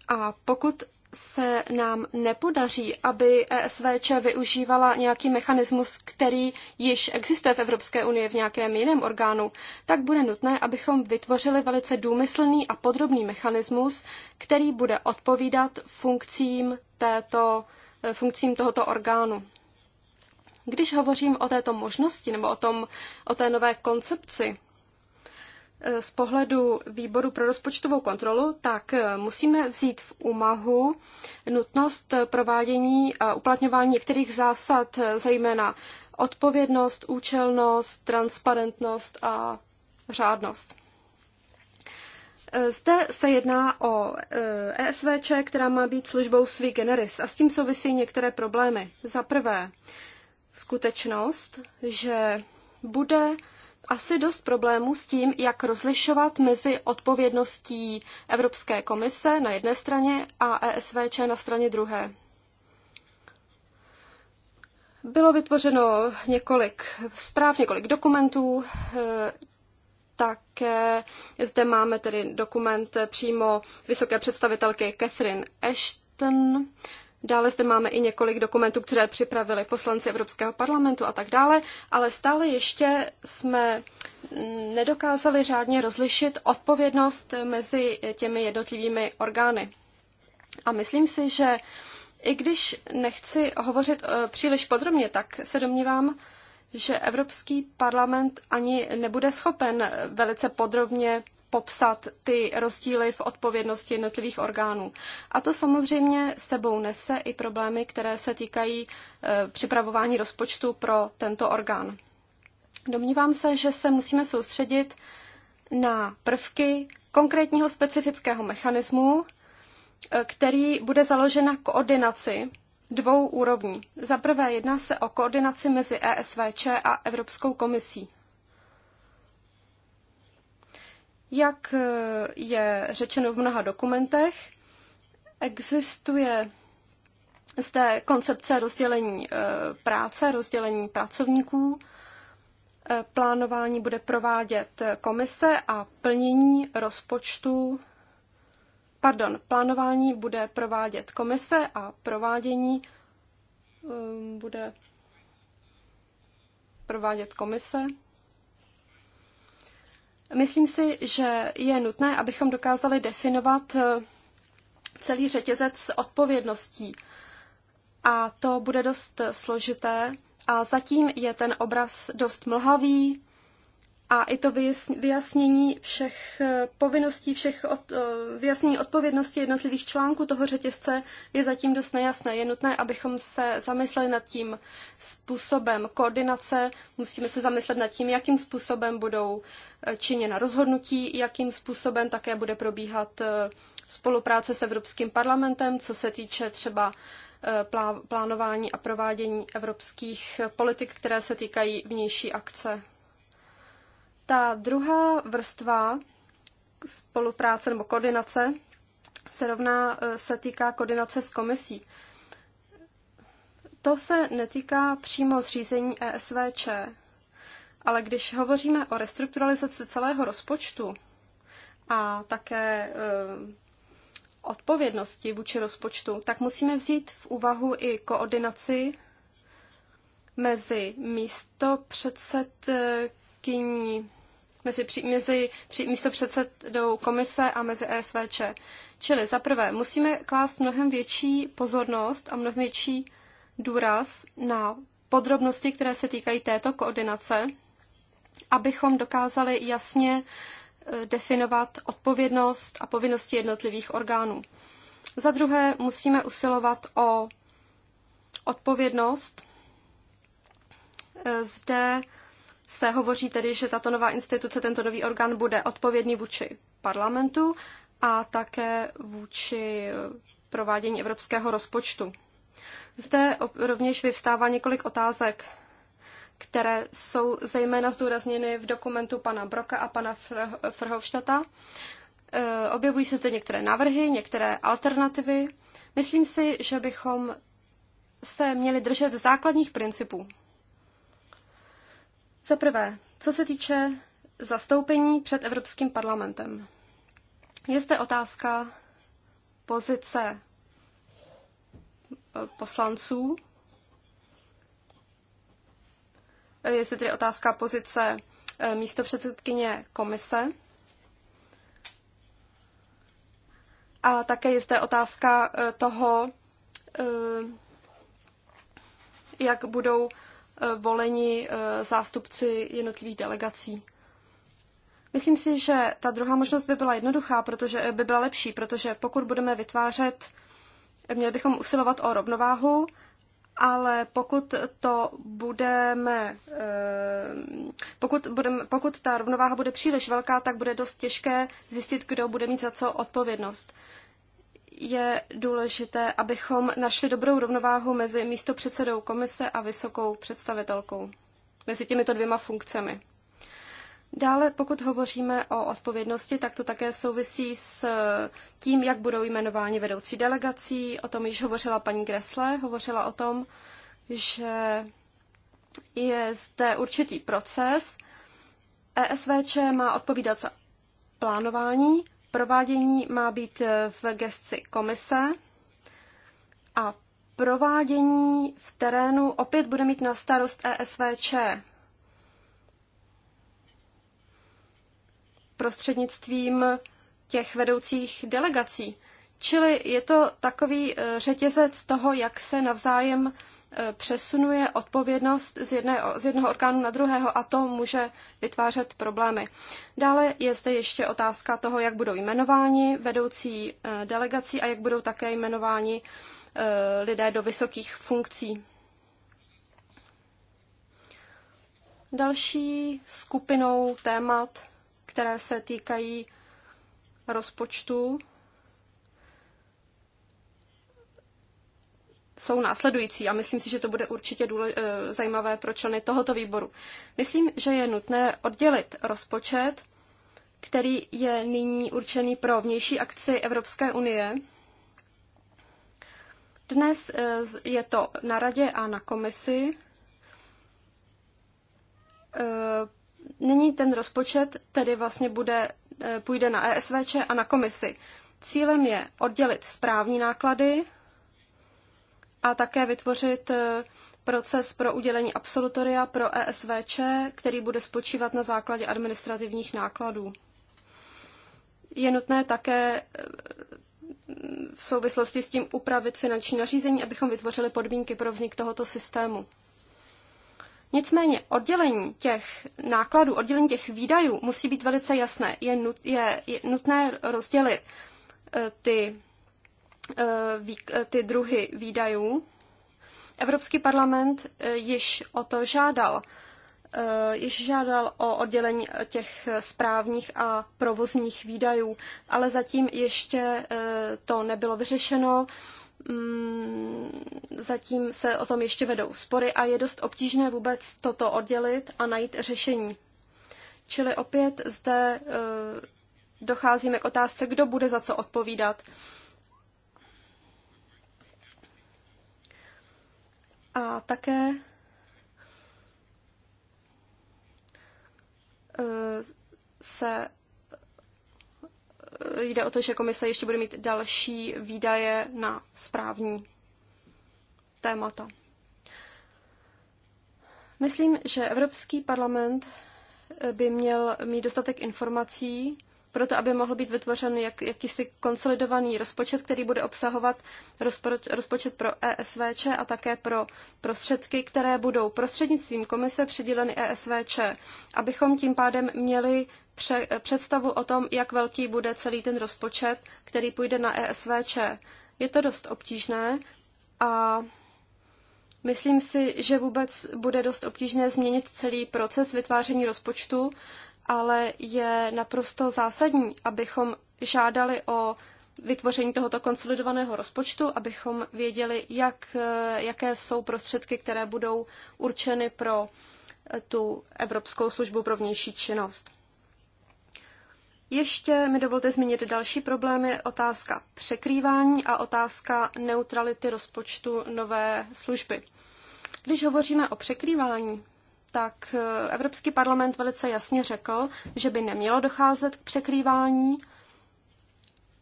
a pokud se nám nepodaří, aby ESVČ využívala nějaký mechanismus, který již existuje v Evropské unii v nějakém jiném orgánu, tak bude nutné, abychom vytvořili velice důmyslný a podrobný mechanismus, který bude odpovídat funkcím, této, eh, funkcím tohoto orgánu. Když hovořím o této možnosti nebo o, tom, o té nové koncepci, Eh, z pohledu výboru pro rozpočtovou kontrolu, tak eh, musíme vzít v úmahu nutnost eh, provádění a uplatňování některých zásad, zejména odpovědnost, účelnost, transparentnost a řádnost. Zde se jedná o ESVČ, e která má být službou svý generis a s tím souvisí některé problémy. Za prvé, skutečnost, že bude asi dost problémů s tím, jak rozlišovat mezi odpovědností Evropské komise na jedné straně a ESVČ na straně druhé. Bylo vytvořeno několik zpráv, několik dokumentů, eh, také zde máme tedy dokument přímo vysoké představitelky Catherine Ashton, Dále zde máme i několik dokumentů, které připravili poslanci Evropského parlamentu a tak dále, ale stále ještě jsme mm, nedokázali řádně rozlišit odpovědnost mezi těmi jednotlivými orgány. A myslím si, že i když nechci hovořit eh, příliš podrobně, tak se domnívám, že Evropský parlament ani nebude schopen eh, velice podrobně popsat ty rozdíly v odpovědnosti jednotlivých orgánů. A to samozřejmě sebou nese i problémy, které se týkají e, připravování rozpočtu pro tento orgán. Domnívám se, že se musíme soustředit na prvky konkrétního specifického mechanismu, e, který bude založen na koordinaci dvou úrovní. Za prvé jedná se o koordinaci mezi ESVČ a Evropskou komisí. Jak eh, je řečeno v mnoha dokumentech, existuje zde koncepce rozdělení eh, práce, rozdělení pracovníků. Eh, plánování bude provádět komise a plnění rozpočtu pardon, plánování bude provádět komise a provádění bude provádět komise. Myslím si, že je nutné, abychom dokázali definovat eh, celý řetězec odpovědností. A to bude dost složité. A zatím je ten obraz dost mlhavý, a i to vyjasnění všech eh, povinností, všech od, eh, vyjasnění odpovědnosti jednotlivých článků toho řetězce je zatím dost nejasné. Je nutné, abychom se zamysleli nad tím způsobem koordinace, musíme se zamyslet nad tím, jakým způsobem budou eh, činěna rozhodnutí, jakým způsobem také bude probíhat spolupráce s Evropským parlamentem, co se týče třeba plánování a provádění evropských politik, které se týkají vnější akce ta druhá vrstva spolupráce nebo koordinace se rovná, e, se týká koordinace s komisí. To se netýká přímo zřízení ESVČ, ale když hovoříme o restrukturalizaci celého rozpočtu a také e, odpovědnosti vůči rozpočtu, tak musíme vzít v úvahu i koordinaci mezi místo předsedky e, předsedkyní, mezi, mezi místo předsedou komise a mezi ESVČ. Čili za prvé musíme klást mnohem větší pozornost a mnohem větší důraz na podrobnosti, které se týkají této koordinace, abychom dokázali jasně e, definovat odpovědnost a povinnosti jednotlivých orgánů. Za druhé musíme usilovat o odpovědnost. E, zde se hovoří tedy, že tato nová instituce, tento nový orgán bude odpovědný vůči parlamentu a také vůči provádění evropského rozpočtu. Zde rovněž vyvstává několik otázek, které jsou zejména zdůrazněny v dokumentu pana Broka a pana Frhovštata. E, objevují se zde některé návrhy, některé alternativy. Myslím si, že bychom se měli držet základních principů. Za prvé, co se týče zastoupení před Evropským parlamentem. Je zde otázka pozice e, poslanců. Je zde tedy otázka pozice e, místopředsedkyně komise. A také je zde otázka e, toho, jak budou Eh, voleni eh, zástupci jednotlivých delegací. Myslím si, že ta druhá možnost by byla jednoduchá, protože eh, by byla lepší, protože pokud budeme vytvářet, měli bychom usilovat o rovnováhu, ale pokud to budeme, pokud, budeme, pokud ta rovnováha bude příliš velká, tak bude dost těžké zjistit, kdo bude mít za co odpovědnost je důležité, abychom našli dobrou rovnováhu mezi místopředsedou komise a vysokou představitelkou, mezi těmito dvěma funkcemi. Dále, pokud hovoříme o odpovědnosti, tak to také souvisí s tím, jak budou jmenováni vedoucí delegací. O tom již hovořila paní Gresle, hovořila o tom, že je zde určitý proces. ESVČ má odpovídat za plánování Provádění má být eh, v gestci komise a provádění v terénu opět bude mít na starost ESVČ. Prostřednictvím těch vedoucích delegací. Čili je to takový eh, řetězec toho, jak se navzájem přesunuje odpovědnost z, jedné, z jednoho orgánu na druhého a to může vytvářet problémy. Dále je zde ještě otázka toho, jak budou jmenováni vedoucí eh, delegací a jak budou také jmenováni eh, lidé do vysokých funkcí. Další skupinou témat, které se týkají rozpočtu, jsou následující a myslím si, že to bude určitě důle, eh, zajímavé pro členy tohoto výboru. Myslím, že je nutné oddělit rozpočet, který je nyní určený pro vnější akci Evropské unie. Dnes eh, je to na radě a na komisi. Eh, nyní ten rozpočet tedy vlastně bude, půjde na ESVČ a na komisi. Cílem je oddělit správní náklady a také vytvořit eh, proces pro udělení absolutoria pro ESVČ, který bude spočívat na základě administrativních nákladů. Je nutné také eh, v souvislosti s tím upravit finanční nařízení, abychom vytvořili podmínky pro vznik tohoto systému. Nicméně oddělení těch nákladů, oddělení těch výdajů musí být velice jasné. Je, nut, je, je nutné rozdělit eh, ty Eh, eh, ty druhy výdajů. Evropský parlament eh, již o to žádal. Již žádal o oddělení těch správních a provozních výdajů, ale zatím ještě to nebylo vyřešeno. Mm, zatím se o tom ještě vedou spory a je dost obtížné vůbec toto oddělit a najít řešení. Čili opět zde docházíme k otázce, kdo bude za co odpovídat. A také eh, se eh, jde o to, že komise ještě bude mít další výdaje na správní témata. Myslím, že Evropský parlament by měl mít dostatek informací proto aby mohl být vytvořen jak, jakýsi konsolidovaný rozpočet, který bude obsahovat rozpoč, rozpočet pro ESVČ a také pro prostředky, které budou prostřednictvím komise přiděleny ESVČ, abychom tím pádem měli pře, představu o tom, jak velký bude celý ten rozpočet, který půjde na ESVČ. Je to dost obtížné a myslím si, že vůbec bude dost obtížné změnit celý proces vytváření rozpočtu, ale je naprosto zásadní, abychom žádali o vytvoření tohoto konsolidovaného rozpočtu, abychom věděli, jak, jaké jsou prostředky, které budou určeny pro eh, tu Evropskou službu pro vnější činnost. Ještě mi dovolte zmínit další problémy. Otázka překrývání a otázka neutrality rozpočtu nové služby. Když hovoříme o překrývání, tak eh, Evropský parlament velice jasně řekl, že by nemělo docházet k překrývání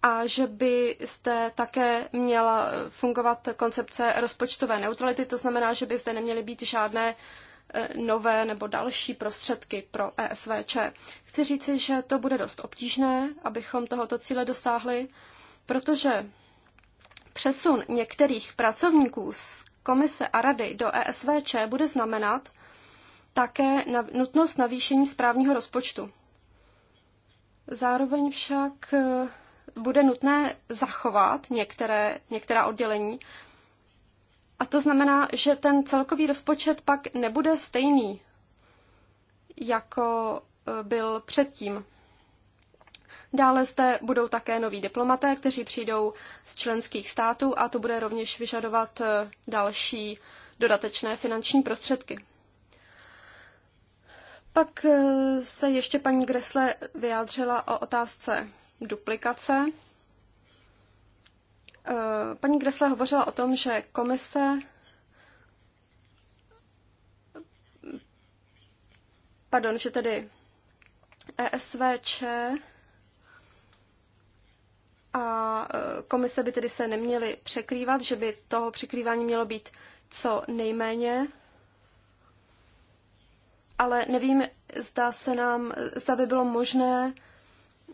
a že by zde také měla fungovat koncepce rozpočtové neutrality, to znamená, že by zde neměly být žádné eh, nové nebo další prostředky pro ESVČ. Chci říci, že to bude dost obtížné, abychom tohoto cíle dosáhli, protože přesun některých pracovníků z komise a rady do ESVČ bude znamenat, také na, nutnost navýšení správního rozpočtu. Zároveň však eh, bude nutné zachovat některé, některá oddělení. A to znamená, že ten celkový rozpočet pak nebude stejný, jako eh, byl předtím. Dále zde budou také noví diplomaté, kteří přijdou z členských států a to bude rovněž vyžadovat eh, další dodatečné finanční prostředky. Pak eh, se ještě paní Gresle vyjádřila o otázce duplikace. Eh, paní Gresle hovořila o tom, že komise pardon, že tedy ESVČ a eh, komise by tedy se neměly překrývat, že by toho překrývání mělo být co nejméně ale nevím, zda se nám, zda by bylo možné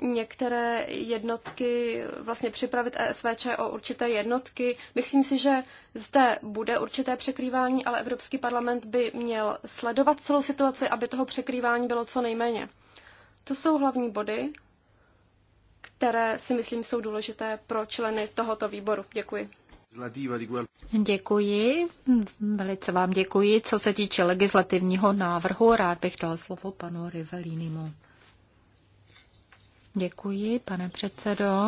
některé jednotky vlastně připravit ESVČ o určité jednotky. Myslím si, že zde bude určité překrývání, ale Evropský parlament by měl sledovat celou situaci, aby toho překrývání bylo co nejméně. To jsou hlavní body, které si myslím jsou důležité pro členy tohoto výboru. Děkuji. Děkuji, velice vám děkuji. Co se týče legislativního návrhu, rád bych dal slovo panu Rivelinimu. Děkuji, pane předsedo.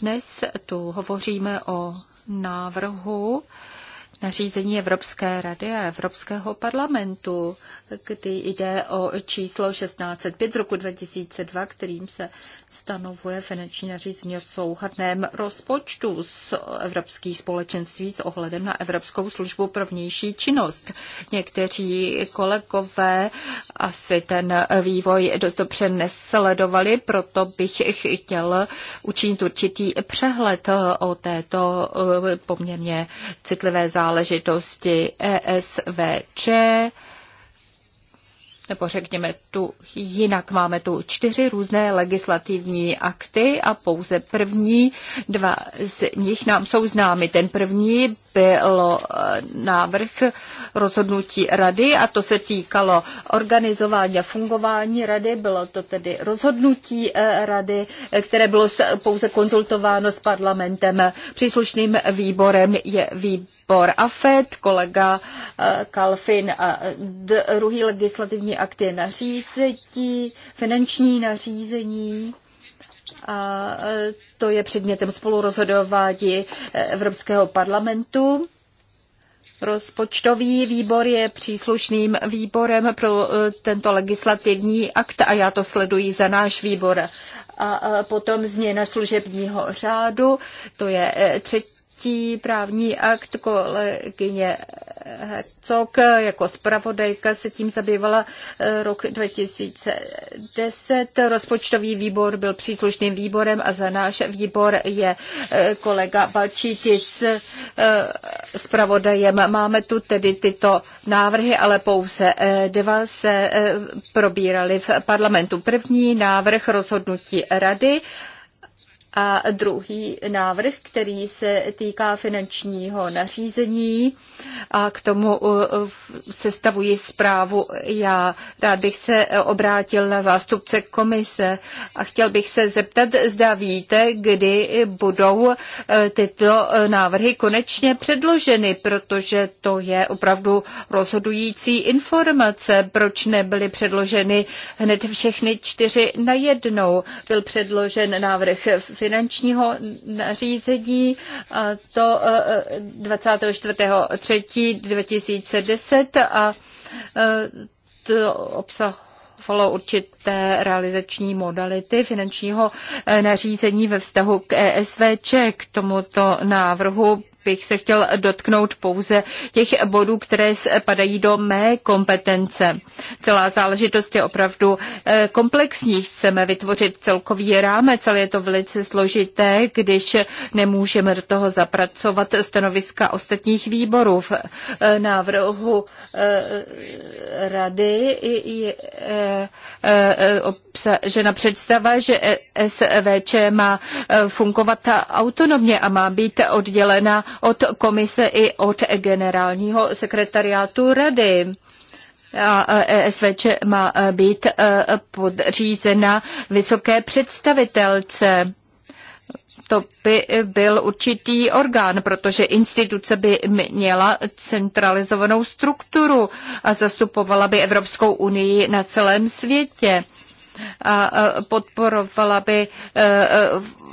Dnes tu hovoříme o návrhu, nařízení Evropské rady a Evropského parlamentu, kdy jde o číslo 1605 roku 2002, kterým se stanovuje finanční nařízení o souhadném rozpočtu z Evropských společenství s ohledem na Evropskou službu pro vnější činnost. Někteří kolegové asi ten vývoj dost dobře nesledovali, proto bych chtěl učinit určitý přehled o této poměrně citlivé záležitosti záležitosti ESVČ, nebo řekněme tu jinak, máme tu čtyři různé legislativní akty a pouze první dva z nich nám jsou známy. Ten první byl eh, návrh rozhodnutí rady a to se týkalo organizování a fungování rady. Bylo to tedy rozhodnutí eh, rady, které bylo pouze konzultováno s parlamentem. Příslušným výborem je výbor výbor Afet kolega eh, Kalfin a druhý legislativní akt je nařízení, finanční nařízení. A eh, to je předmětem spolurozhodování eh, Evropského parlamentu. Rozpočtový výbor je příslušným výborem pro tento legislativní akt a já to sleduji za náš výbor. A potom změna služebního řádu, to je třetí platí právní akt kolegyně Hercog jako zpravodajka se tím zabývala eh, rok 2010. Rozpočtový výbor byl příslušným výborem a za náš výbor je eh, kolega Balčítis eh, zpravodajem. Máme tu tedy tyto návrhy, ale pouze dva se probíraly v parlamentu. První návrh rozhodnutí rady a druhý návrh, který se týká finančního nařízení, a k tomu sestavuji zprávu já. Rád bych se obrátil na zástupce komise a chtěl bych se zeptat, zda víte, kdy budou e, tyto návrhy konečně předloženy, protože to je opravdu rozhodující informace, proč nebyly předloženy hned všechny čtyři najednou. Byl předložen návrh finančního nařízení, to 24.3.2010 e, e, a e, to obsahovalo určité realizační modality finančního nařízení ve vztahu k ESVČ. K tomuto návrhu bych se chtěl dotknout pouze těch bodů, které spadají do mé kompetence. Celá záležitost je opravdu eh, komplexní. Chceme vytvořit celkový rámec, ale je to velice složité, když nemůžeme do toho zapracovat stanoviska ostatních výborů. V eh, návrhu eh, rady je obsažena představa, že SVČ má fungovat autonomně a má být oddělena od komise i od generálního sekretariátu rady. A ESVČ má e, být e, podřízena vysoké představitelce. To by byl určitý orgán, protože instituce by měla centralizovanou strukturu a zastupovala by Evropskou unii na celém světě a podporovala by e,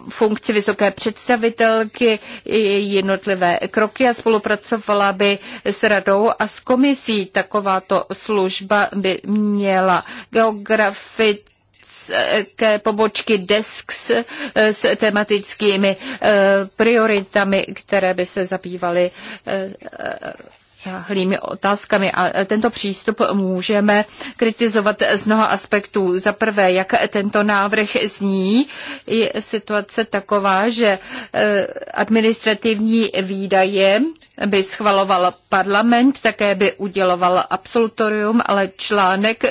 funkci vysoké představitelky, její jednotlivé kroky a spolupracovala by s radou a s komisí. Takováto služba by měla geografit ke pobočky desk s tematickými eh, prioritami, které by se zabývaly eh, rozsáhlými otázkami a tento přístup můžeme kritizovat z mnoha aspektů. Za prvé, jak tento návrh zní, je situace taková, že eh, administrativní výdaje by schvaloval parlament, také by uděloval absolutorium, ale článek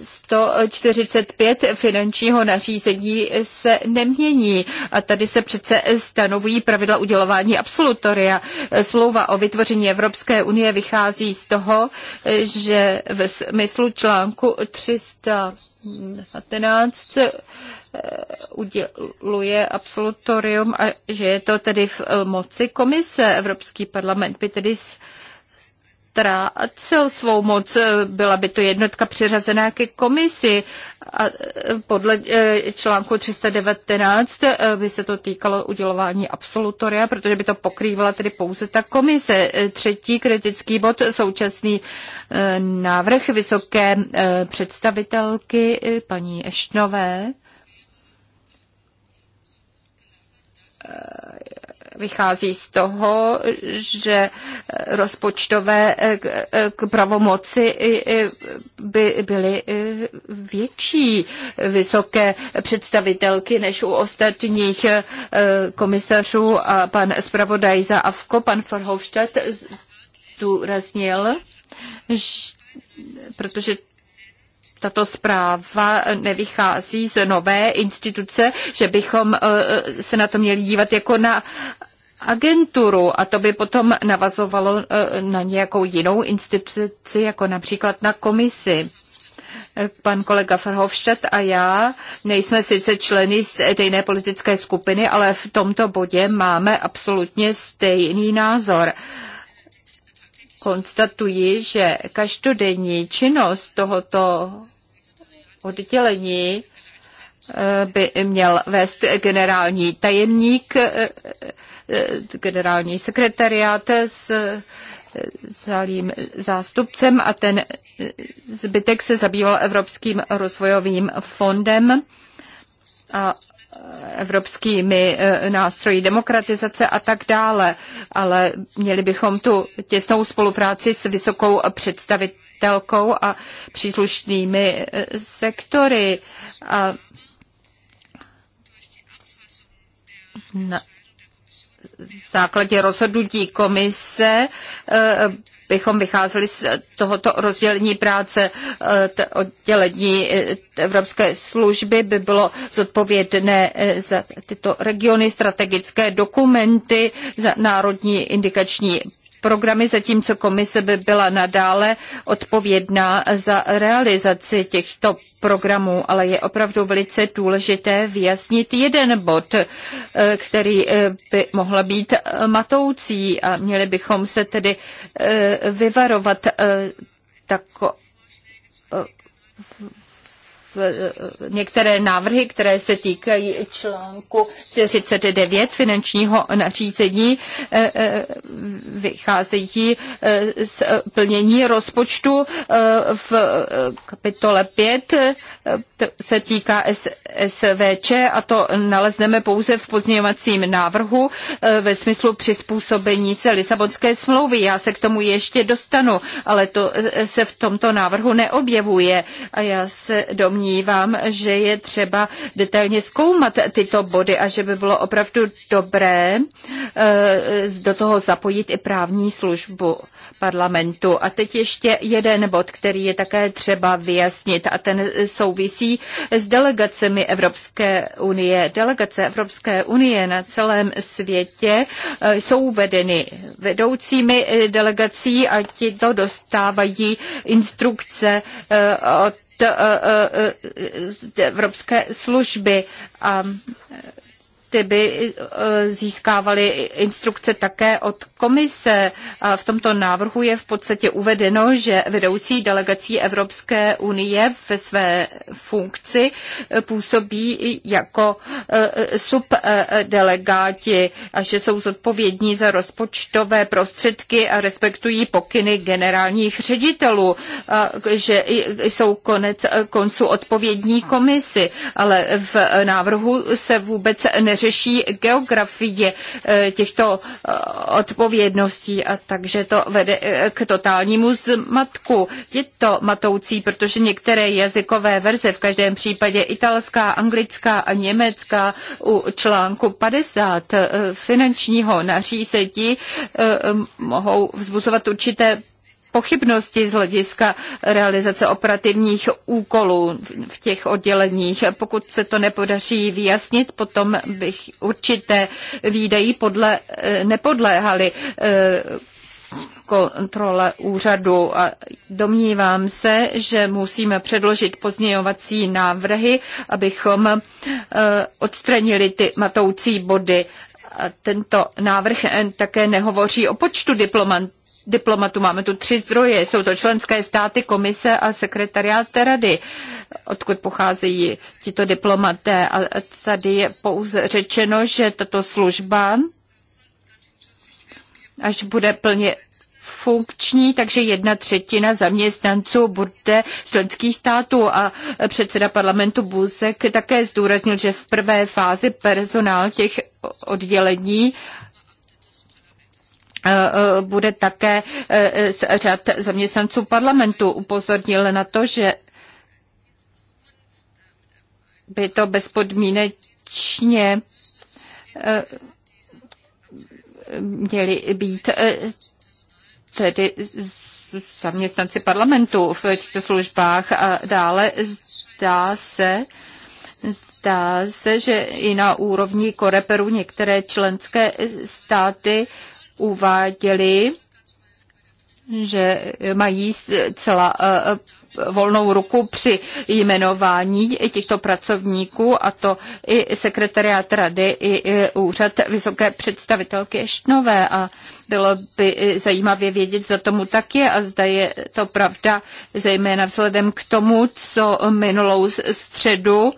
145 eh, finančního nařízení se nemění. A tady se přece stanovují pravidla udělování absolutoria. Slova o vytvoření Evropské unie vychází z toho, že ve smyslu článku 319 uděluje absolutorium a že je to tedy v eh, moci komise. Evropský parlament by tedy ztrácel svou moc, eh, byla by to jednotka přiřazená ke komisi a eh, podle článku 319 by se to týkalo udělování absolutoria, protože by to pokrývala tedy pouze ta komise. Třetí kritický bod, současný návrh vysoké představitelky paní Eštnové vychází z toho, že rozpočtové eh, eh, k pravomoci eh, by byly větší vysoké představitelky než u ostatních komisařů a pan zpravodaj za AVKO, pan Verhofstadt, zdůraznil, protože tato zpráva nevychází z nové instituce, že bychom e, se na to měli dívat jako na agenturu a to by potom navazovalo e, na nějakou jinou instituci, jako například na komisi. E, pan kolega Verhofstadt a já nejsme sice členy stejné politické skupiny, ale v tomto bodě máme absolutně stejný názor. Uh, konstatuji, že každodenní činnost tohoto oddělení eh, by měl vést generální tajemník, eh, eh, generální sekretariát s zálým zástupcem a ten zbytek se zabýval Evropským rozvojovým fondem a evropskými e, nástroji demokratizace a tak dále. Ale měli bychom tu těsnou spolupráci s vysokou představitelkou a příslušnými e, sektory. A na základě rozhodnutí komise e, bychom vycházeli z tohoto rozdělení práce eh, oddělení eh, Evropské služby by bylo zodpovědné eh, za tyto regiony, strategické dokumenty, za národní indikační programy, zatímco komise by byla nadále odpovědná za realizaci těchto programů, ale je opravdu velice důležité vyjasnit jeden bod, eh, který eh, by mohl být eh, matoucí a měli bychom se tedy vyvarovat tako Eh, některé návrhy, které se týkají článku 49 finančního nařízení, eh, eh, vycházejí z plnění rozpočtu v kapitole 5, se týká SVČ a to nalezneme pouze v pozměňovacím návrhu ve smyslu přizpůsobení se Lisabonské smlouvy. Já se k tomu ještě dostanu, ale to se v tomto návrhu neobjevuje a já se domnívám, domnívám, že je třeba detailně zkoumat tyto body a že by bylo opravdu dobré eh, do toho zapojit i právní službu parlamentu. A teď ještě jeden bod, který je také třeba vyjasnit a ten souvisí s delegacemi Evropské unie. Delegace Evropské unie na celém světě eh, jsou vedeny vedoucími eh, delegací a ti to dostávají instrukce od Eh, eh, eh, evropské služby a ty by eh, získávaly instrukce také od komise. v tomto návrhu je v podstatě uvedeno, že vedoucí delegací Evropské unie ve své funkci eh, působí jako eh, subdelegáti a že jsou zodpovědní za rozpočtové prostředky a respektují pokyny generálních ředitelů, že jsou konec konců odpovědní komisi, ale v návrhu se vůbec neřeší řeší geografii eh, těchto eh, odpovědností a takže to vede eh, k totálnímu zmatku. Je to matoucí, protože některé jazykové verze, v každém případě italská, anglická a německá u článku 50 finančního nařízení mohou vzbuzovat určité pochybnosti z hlediska realizace operativních úkolů v těch odděleních. Pokud se to nepodaří vyjasnit, potom bych určité výdají podle, eh, nepodléhaly eh, kontrole úřadu. A domnívám se, že musíme předložit pozměňovací návrhy, abychom eh, odstranili ty matoucí body. A tento návrh také nehovoří o počtu diplomantů diplomatů. Máme tu tři zdroje. Jsou to členské státy, komise a sekretariát rady, odkud pocházejí tito diplomaté. A tady je pouze řečeno, že tato služba, až bude plně funkční, takže jedna třetina zaměstnanců bude členských států a předseda parlamentu Buzek také zdůraznil, že v prvé fázi personál těch oddělení Eh, eh, bude také eh, z řad zaměstnanců parlamentu upozornil na to, že by to bezpodmínečně měli být tedy zaměstnanci parlamentu v těchto službách a dále zdá se, zdá se, že i na úrovni koreperu některé členské státy uváděli, že mají celá e, e, volnou ruku při jmenování těchto pracovníků, a to i sekretariát rady, i úřad vysoké představitelky Eštnové. A bylo by zajímavě vědět, za tomu tak je a zda je to pravda, zejména vzhledem k tomu, co minulou středu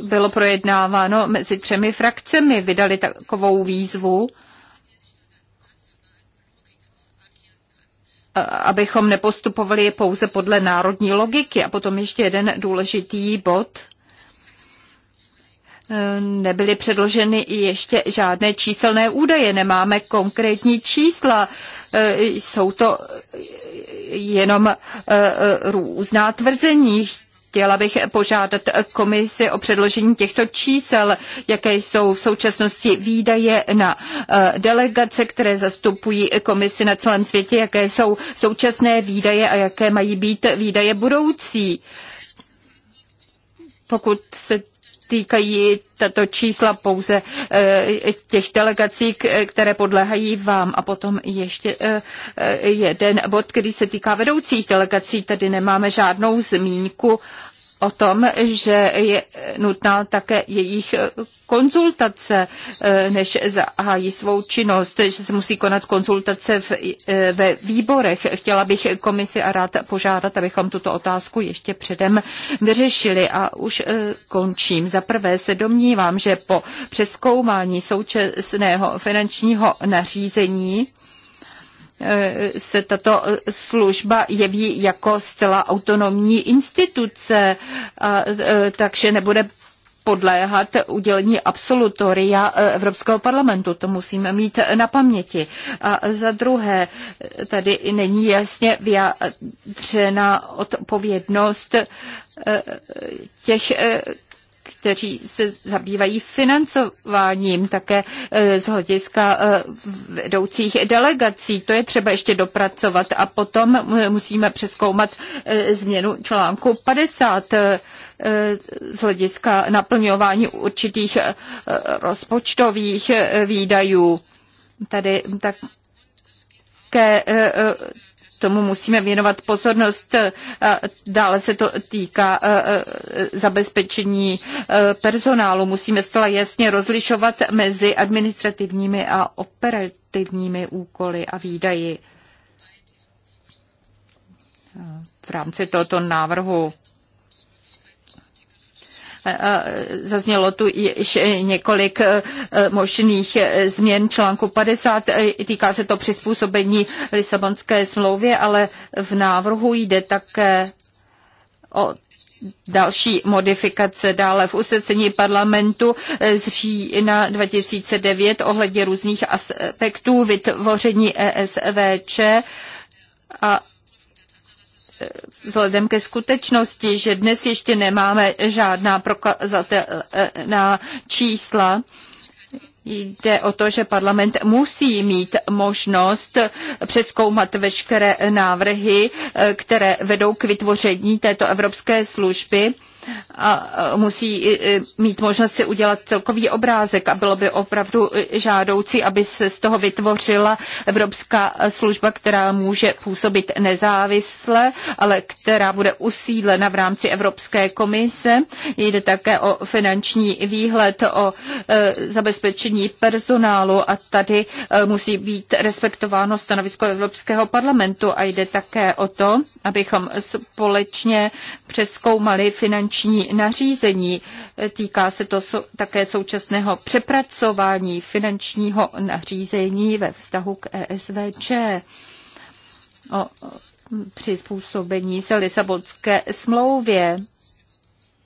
bylo projednáváno mezi třemi frakcemi. Vydali takovou výzvu, abychom nepostupovali pouze podle národní logiky. A potom ještě jeden důležitý bod. Nebyly předloženy ještě žádné číselné údaje, nemáme konkrétní čísla. Jsou to jenom různá tvrzení. Chtěla bych požádat komisi o předložení těchto čísel, jaké jsou v současnosti výdaje na eh, delegace, které zastupují komisi na celém světě, jaké jsou současné výdaje a jaké mají být výdaje budoucí. Pokud se týkají tato čísla pouze eh, těch delegací, které podléhají vám. A potom ještě eh, eh, jeden bod, který se týká vedoucích delegací. Tady nemáme žádnou zmínku o tom, že je nutná také jejich konzultace, eh, než zahájí svou činnost, že se musí konat konzultace v, eh, ve výborech. Chtěla bych komisi a rád požádat, abychom tuto otázku ještě předem vyřešili a už eh, končím. Za prvé se domnívám, že po přeskoumání současného finančního nařízení Eh, se tato služba jeví jako zcela autonomní instituce, eh, takže nebude podléhat udělení absolutoria eh, Evropského parlamentu. To musíme mít na paměti. A za druhé, tady není jasně vyjádřena odpovědnost těch kteří se zabývají financováním také eh, z hlediska eh, vedoucích delegací. To je třeba ještě dopracovat a potom eh, musíme přeskoumat změnu článku 50 z hlediska naplňování určitých rozpočtových výdajů. Tady tak ke tomu musíme věnovat pozornost. Dále se to týká zabezpečení personálu. Musíme zcela jasně rozlišovat mezi administrativními a operativními úkoly a výdaji v rámci tohoto návrhu. Zaznělo tu již několik e, možných e, změn článku 50. E, týká se to přizpůsobení Lisabonské smlouvě, ale v návrhu jde také o další modifikace dále v usesení parlamentu z října 2009 ohledně různých aspektů vytvoření ESVČ a vzhledem ke skutečnosti, že dnes ještě nemáme žádná prokazatelná čísla, Jde o to, že parlament musí mít možnost přeskoumat veškeré návrhy, které vedou k vytvoření této evropské služby a e, musí e, e, mít možnost si udělat celkový obrázek a bylo by opravdu žádoucí, aby se z toho vytvořila evropská služba, která může působit nezávisle, ale která bude usídlena v rámci Evropské komise. Jde také o finanční výhled, o zabezpečení personálu a tady musí být respektováno stanovisko Evropského parlamentu a jde také o to, abychom společně přeskoumali finanční nařízení. Týká se to také současného přepracování finančního nařízení ve vztahu k ESVČ. O přizpůsobení se Lisabonské smlouvě.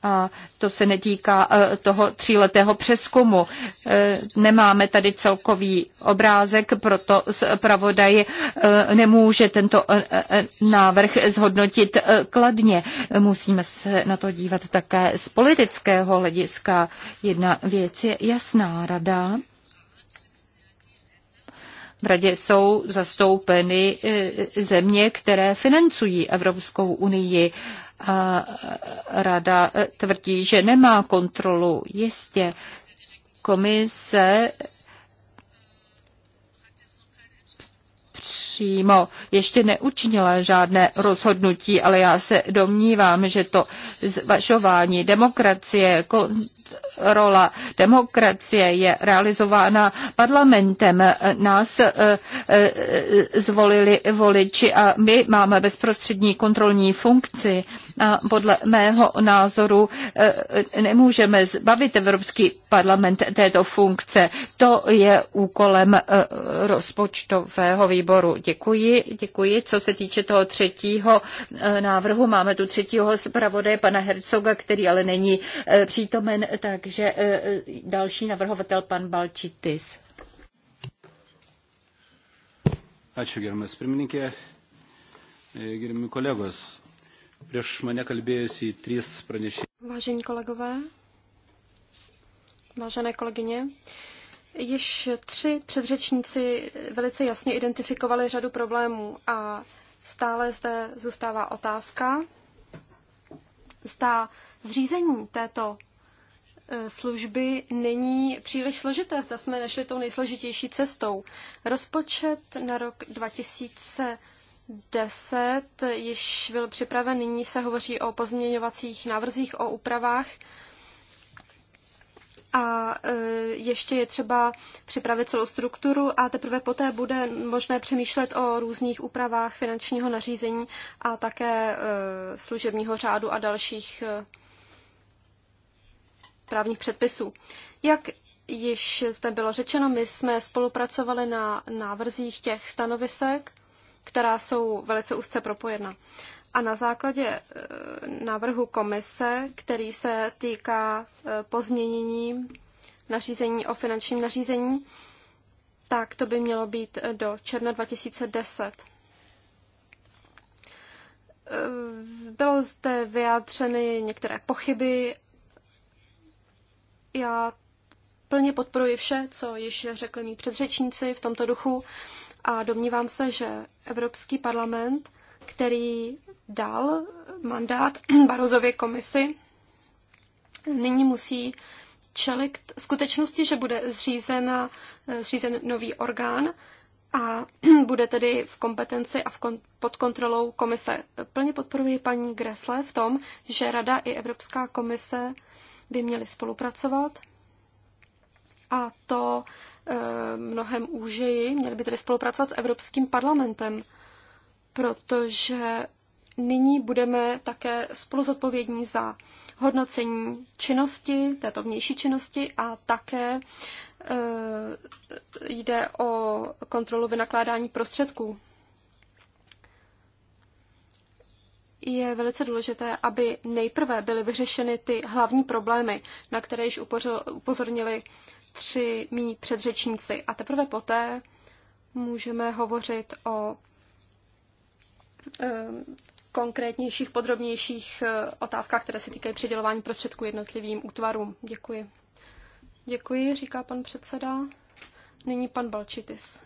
A to se netýká e, toho tříletého přeskumu. E, nemáme tady celkový obrázek, proto zpravodaj e, nemůže tento návrh zhodnotit kladně. Musíme se na to dívat také z politického hlediska. Jedna věc je jasná rada. V radě jsou zastoupeny země, které financují Evropskou unii rada eh, tvrdí, že nemá kontrolu. Jistě, komise přímo. Ještě neučinila žádné rozhodnutí, ale já se domnívám, že to zvažování demokracie, kontrola demokracie je realizována parlamentem. Nás eh, eh, zvolili voliči a my máme bezprostřední kontrolní funkci. A podle mého názoru eh, nemůžeme zbavit Evropský parlament této funkce. To je úkolem rozpočtového výboru. Děkuji, děkuji. Co se týče toho třetího eh, návrhu, máme tu třetího zpravodaje, pana Hercoga, který ale není eh, přítomen, takže eh, další navrhovatel, pan Balčitis. Ačiū, gerbiamas pirmininkė, e, gerbiami kolegos. Prieš mane kalbėjusi trys pranešėjai. Vážení kolegové, vážené kolegyně, Již tři předřečníci velice jasně identifikovali řadu problémů a stále zde zůstává otázka, zda zřízení této e, služby není příliš složité, zda jsme nešli tou nejsložitější cestou. Rozpočet na rok 2010 již byl připraven, nyní se hovoří o pozměňovacích návrzích, o úpravách a e, ještě je třeba připravit celou strukturu a teprve poté bude možné přemýšlet o různých úpravách finančního nařízení a také e, služebního řádu a dalších e, právních předpisů. Jak již zde bylo řečeno, my jsme spolupracovali na návrzích těch stanovisek, která jsou velice úzce propojena. A na základě e, návrhu komise, který se týká e, pozměnění nařízení o finančním nařízení, tak to by mělo být e, do června 2010. Bylo zde vyjádřeny některé pochyby. Já plně podporuji vše, co již řekli mý předřečníci v tomto duchu a domnívám se, že Evropský parlament který dal mandát Barozově komisi, nyní musí čelit skutečnosti, že bude zřízena, eh, zřízen nový orgán a bude tedy v kompetenci a v kon, pod kontrolou komise. Plně podporuji paní Gresle v tom, že Rada i Evropská komise by měly spolupracovat a to e, mnohem úžeji. Měly by tedy spolupracovat s Evropským parlamentem. E, protože nyní budeme také spolu zodpovědní za hodnocení činnosti, této vnější činnosti a také e, jde o kontrolu vynakládání prostředků. Je velice důležité, aby nejprve byly vyřešeny ty hlavní problémy, na které již upozornili tři mý předřečníci. A teprve poté můžeme hovořit o Ehm, konkrétnějších, podrobnějších eh, otázkách, které se týkají přidělování prostředků jednotlivým útvarům. Děkuji. Děkuji, říká pan předseda. Nyní pan Balčitis.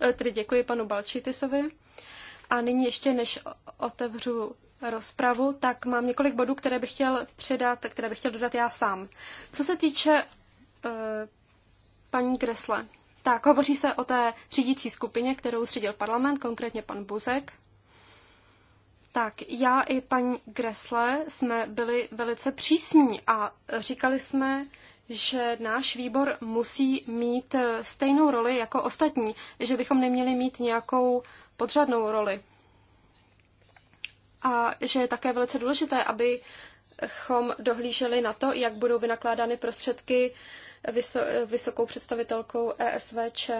Eh, tedy děkuji panu Balčitisovi. A nyní ještě, než otevřu rozpravu, tak mám několik bodů, které bych chtěl předat, které bych chtěl dodat já sám. Co se týče eh, paní Gresle, tak hovoří se o té řídící skupině, kterou zřídil parlament, konkrétně pan Buzek tak já i paní Gresle jsme byli velice přísní a říkali jsme, že náš výbor musí mít stejnou roli jako ostatní, že bychom neměli mít nějakou podřadnou roli. A že je také velice důležité, abychom dohlíželi na to, jak budou vynakládány prostředky vysokou představitelkou ESVČ.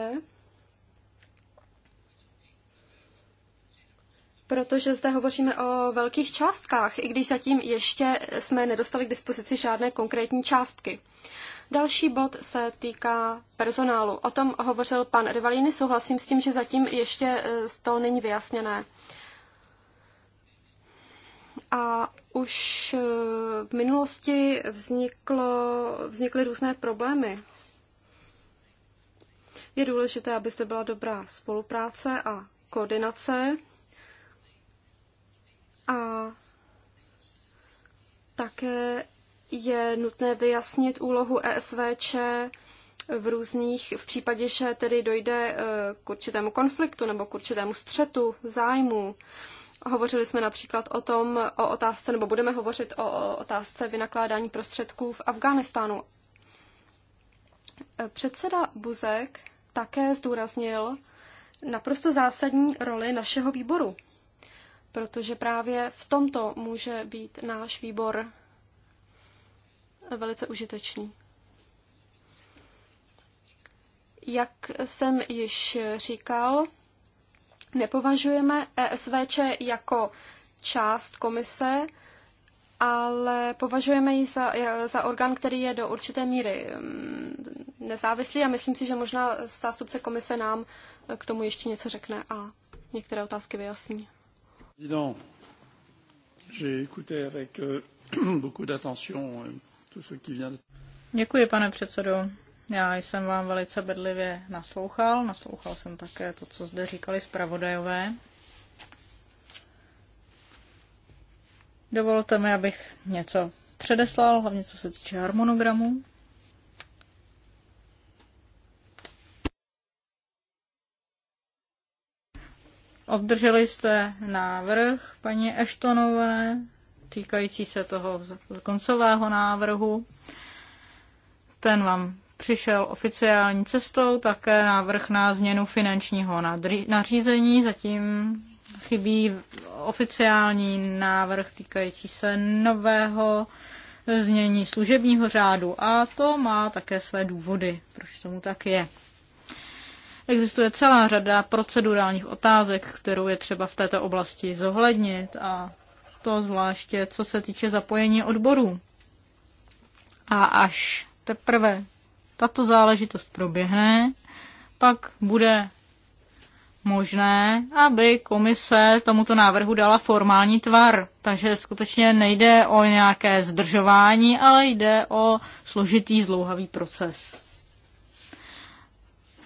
protože zde hovoříme o velkých částkách, i když zatím ještě jsme nedostali k dispozici žádné konkrétní částky. Další bod se týká personálu. O tom hovořil pan Rivalini, souhlasím s tím, že zatím ještě eh, to není vyjasněné. A už eh, v minulosti vzniklo, vznikly různé problémy. Je důležité, aby se byla dobrá spolupráce a koordinace a také je nutné vyjasnit úlohu ESVČ v různých, v případě, že tedy dojde eh, k určitému konfliktu nebo k určitému střetu zájmů. Hovořili jsme například o tom, o otázce, nebo budeme hovořit o otázce vynakládání prostředků v Afghánistánu. Eh, předseda Buzek také zdůraznil naprosto zásadní roli našeho výboru protože právě v tomto může být náš výbor velice užitečný. Jak jsem již říkal, nepovažujeme ESVČ jako část komise, ale považujeme ji za, za orgán, který je do určité míry mm, nezávislý a myslím si, že možná zástupce komise nám k tomu ještě něco řekne a některé otázky vyjasní. Président, j'ai écouté avec euh, beaucoup d'attention euh, tout ce qui vient. Děkuji, pane předsedo. Já jsem vám velice bedlivě naslouchal. Naslouchal jsem také to, co zde říkali zpravodajové. Dovolte mi, abych něco předeslal, hlavně co se týče harmonogramu. Obdrželi jste návrh paní Eštonové týkající se toho koncového návrhu. Ten vám přišel oficiální cestou, také návrh na změnu finančního nařízení. Zatím chybí oficiální návrh týkající se nového znění služebního řádu a to má také své důvody, proč tomu tak je. Existuje celá řada procedurálních otázek, kterou je třeba v této oblasti zohlednit a to zvláště co se týče zapojení odborů. A až teprve tato záležitost proběhne, pak bude možné, aby komise tomuto návrhu dala formální tvar. Takže skutečně nejde o nějaké zdržování, ale jde o složitý, zlouhavý proces.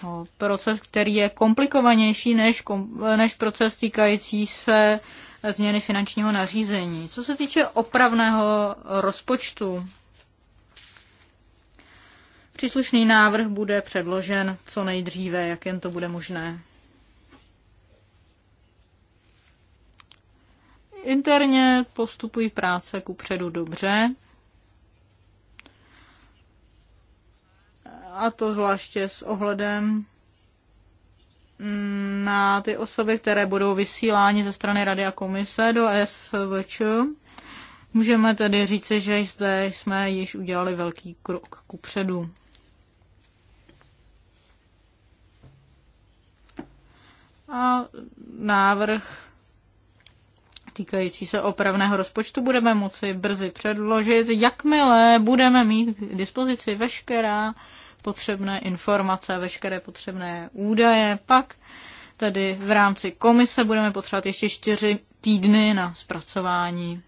No, proces, který je komplikovanější než, než proces týkající se změny finančního nařízení. Co se týče opravného rozpočtu, příslušný návrh bude předložen co nejdříve, jak jen to bude možné. Interně postupují práce ku předu dobře. a to zvláště s ohledem mm, na ty osoby, které budou vysíláni ze strany Rady a komise do SVČ. Můžeme tedy říci, že zde jsme již udělali velký krok ku předu. A návrh týkající se opravného rozpočtu budeme moci brzy předložit, jakmile budeme mít k dispozici veškerá potřebné informace, veškeré potřebné údaje. Pak tedy v rámci komise budeme potřebovat ještě čtyři týdny na zpracování.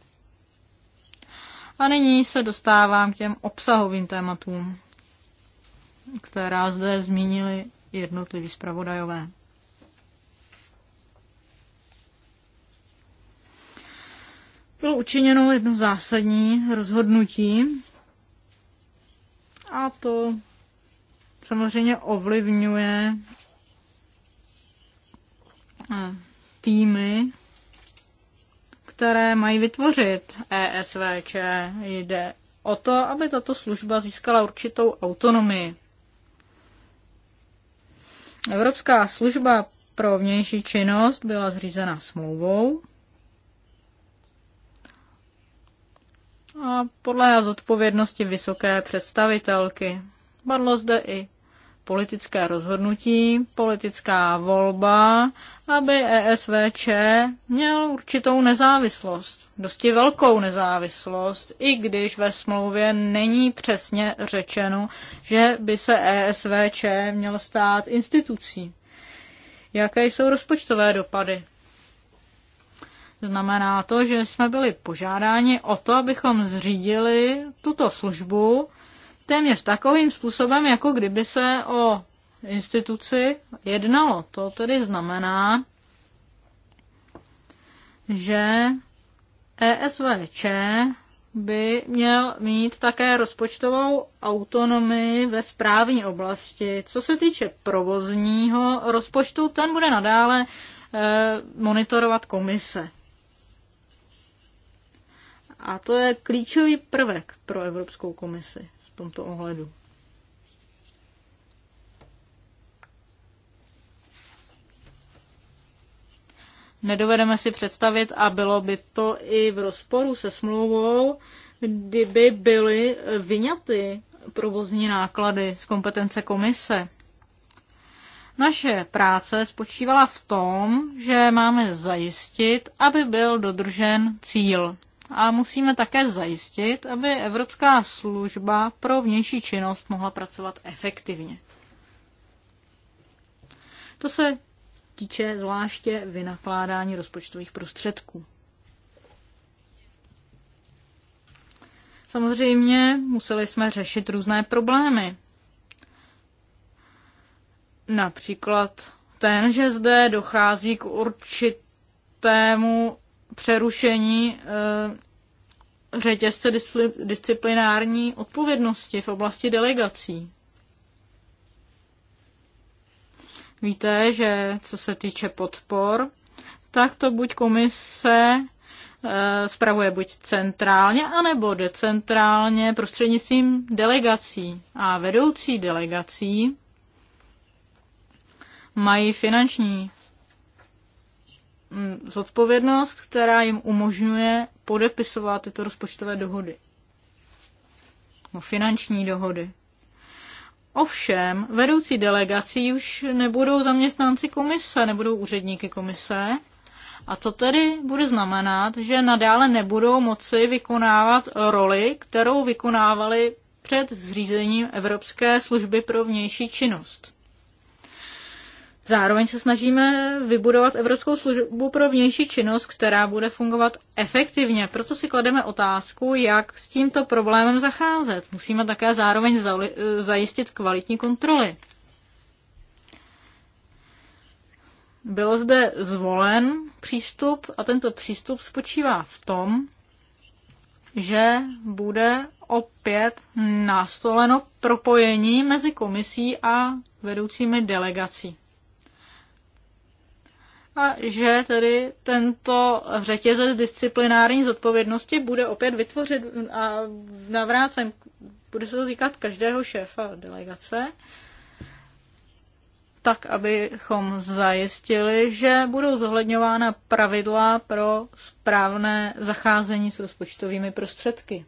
A nyní se dostávám k těm obsahovým tématům, která zde zmínili jednotliví zpravodajové. Bylo učiněno jedno zásadní rozhodnutí, a to samozřejmě ovlivňuje eh, týmy, které mají vytvořit ESVČ. Jde o to, aby tato služba získala určitou autonomii. Evropská služba pro vnější činnost byla zřízena smlouvou a podle zodpovědnosti vysoké představitelky. Padlo zde i politické rozhodnutí, politická volba, aby ESVČ měl určitou nezávislost, dosti velkou nezávislost, i když ve smlouvě není přesně řečeno, že by se ESVČ měl stát institucí. Jaké jsou rozpočtové dopady? Znamená to, že jsme byli požádáni o to, abychom zřídili tuto službu, téměř takovým způsobem, jako kdyby se o instituci jednalo. To tedy znamená, že ESVČ by měl mít také rozpočtovou autonomii ve správní oblasti. Co se týče provozního rozpočtu, ten bude nadále e, monitorovat komise. A to je klíčový prvek pro Evropskou komisi tomto ohledu. Nedovedeme si představit, a bylo by to i v rozporu se smlouvou, kdyby byly vyňaty provozní náklady z kompetence komise. Naše práce spočívala v tom, že máme zajistit, aby byl dodržen cíl a musíme také zajistit, aby Evropská služba pro vnější činnost mohla pracovat efektivně. To se týče zvláště vynakládání rozpočtových prostředků. Samozřejmě museli jsme řešit různé problémy. Například ten, že zde dochází k určitému přerušení eh, řetězce disciplinární odpovědnosti v oblasti delegací. Víte, že co se týče podpor, tak to buď komise eh, spravuje buď centrálně, anebo decentrálně prostřednictvím delegací. A vedoucí delegací mají finanční Mm, zodpovědnost, která jim umožňuje podepisovat tyto rozpočtové dohody. No, finanční dohody. Ovšem, vedoucí delegací už nebudou zaměstnanci komise, nebudou úředníky komise. A to tedy bude znamenat, že nadále nebudou moci vykonávat roli, kterou vykonávali před zřízením Evropské služby pro vnější činnost. Zároveň se snažíme vybudovat Evropskou službu pro vnější činnost, která bude fungovat efektivně. Proto si klademe otázku, jak s tímto problémem zacházet. Musíme také zároveň zajistit kvalitní kontroly. Byl zde zvolen přístup a tento přístup spočívá v tom, že bude opět nastoleno propojení mezi komisí a vedoucími delegací a že tedy tento řetězec disciplinární zodpovědnosti bude opět vytvořit a navrácen, bude se to týkat každého šéfa delegace, tak, abychom zajistili, že budou zohledňována pravidla pro správné zacházení s rozpočtovými prostředky.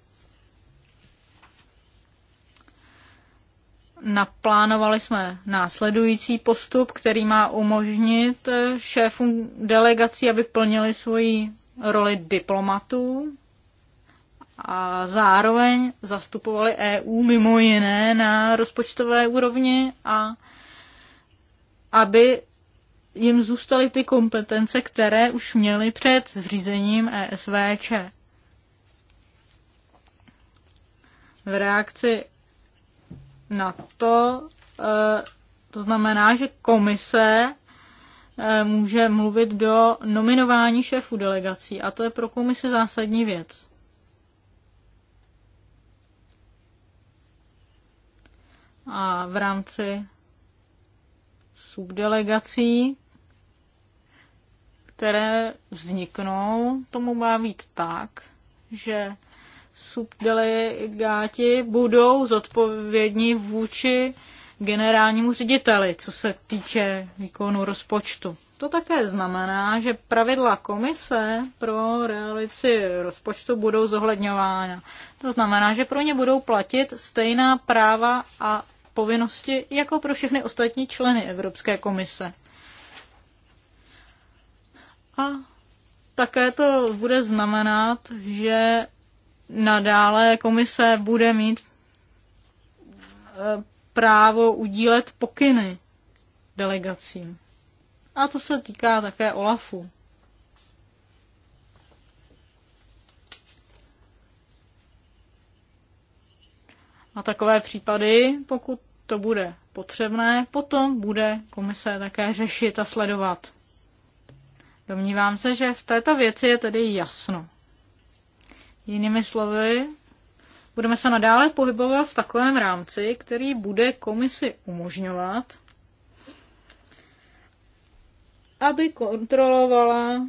Naplánovali jsme následující postup, který má umožnit eh, šéfům delegací, aby plnili svoji roli diplomatů a zároveň zastupovali EU mimo jiné na rozpočtové úrovni a aby jim zůstaly ty kompetence, které už měli před zřízením ESVČ. V reakci na to, eh, to znamená, že komise eh, může mluvit do nominování šéfů delegací a to je pro komisi zásadní věc. A v rámci subdelegací, které vzniknou, tomu má být tak, že subdelegáti budou zodpovědní vůči generálnímu řediteli, co se týče výkonu rozpočtu. To také znamená, že pravidla komise pro realici rozpočtu budou zohledňována. To znamená, že pro ně budou platit stejná práva a povinnosti jako pro všechny ostatní členy Evropské komise. A také to bude znamenat, že nadále komise bude mít e, právo udílet pokyny delegacím. A to se týká také OLAFu. A takové případy, pokud to bude potřebné, potom bude komise také řešit a sledovat. Domnívám se, že v této věci je tedy jasno. Jinými slovy, budeme se nadále pohybovat v takovém rámci, který bude komisi umožňovat, aby kontrolovala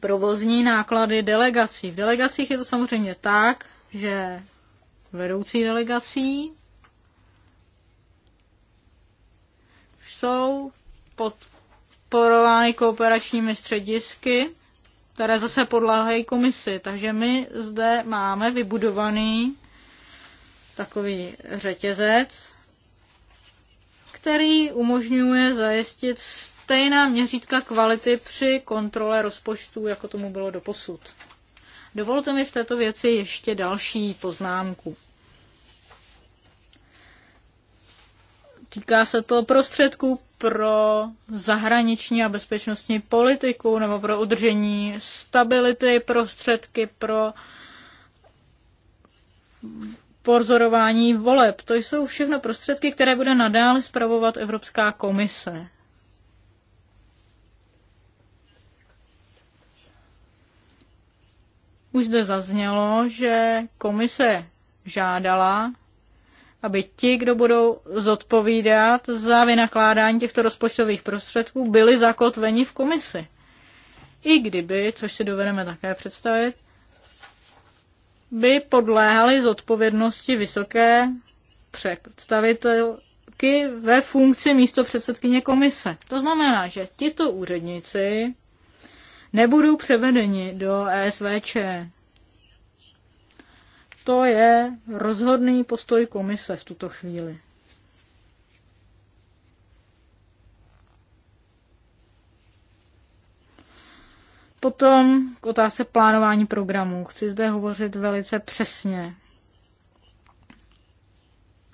provozní náklady delegací. V delegacích je to samozřejmě tak, že vedoucí delegací jsou podporovány kooperačními středisky, které zase podláhají komisi. Takže my zde máme vybudovaný takový řetězec, který umožňuje zajistit stejná měřítka kvality při kontrole rozpočtů, jako tomu bylo doposud. Dovolte mi v této věci ještě další poznámku. Týká se to prostředků pro zahraniční a bezpečnostní politiku nebo pro udržení stability, prostředky pro pozorování voleb. To jsou všechno prostředky, které bude nadále zpravovat Evropská komise. Už zde zaznělo, že komise žádala aby ti, kdo budou zodpovídat za vynakládání těchto rozpočtových prostředků, byli zakotveni v komisi. I kdyby, což si dovedeme také představit, by podléhali zodpovědnosti vysoké představitelky ve funkci místo předsedkyně komise. To znamená, že tito úředníci nebudou převedeni do ESVČ, to je rozhodný postoj komise v tuto chvíli. Potom k otázce plánování programů. Chci zde hovořit velice přesně.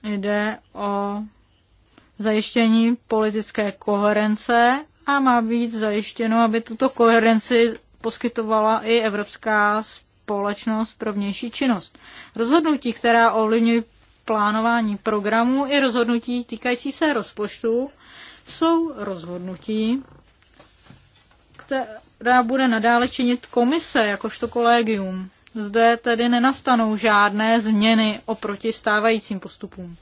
Jde o zajištění politické koherence a má být zajištěno, aby tuto koherenci poskytovala i Evropská společnost pro vnější činnost. Rozhodnutí, která ovlivňují plánování programu i rozhodnutí týkající se rozpočtu, jsou rozhodnutí, která bude nadále činit komise jakožto kolegium. Zde tedy nenastanou žádné změny oproti stávajícím postupům.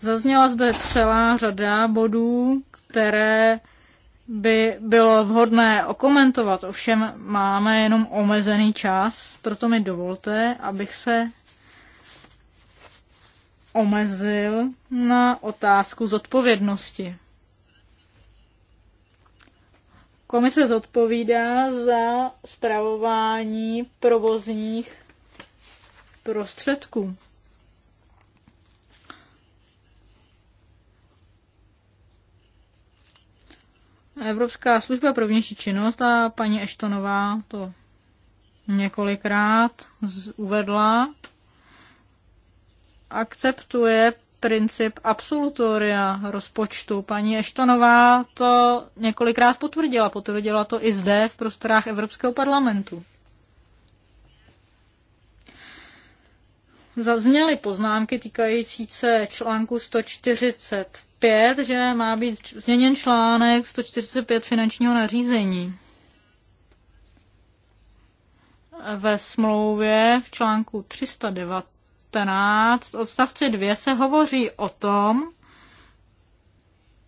Zazněla zde celá řada bodů, které by bylo vhodné okomentovat, ovšem máme jenom omezený čas, proto mi dovolte, abych se omezil na otázku zodpovědnosti. Komise zodpovídá za spravování provozních prostředků. Evropská služba pro vnější činnost a paní Eštonová to několikrát uvedla, akceptuje princip absolutoria rozpočtu. Paní Eštonová to několikrát potvrdila. Potvrdila to i zde v prostorách Evropského parlamentu. Zazněly poznámky týkající se článku 140 5, že má být změněn článek 145 finančního nařízení. Ve smlouvě v článku 319 odstavce 2 se hovoří o tom,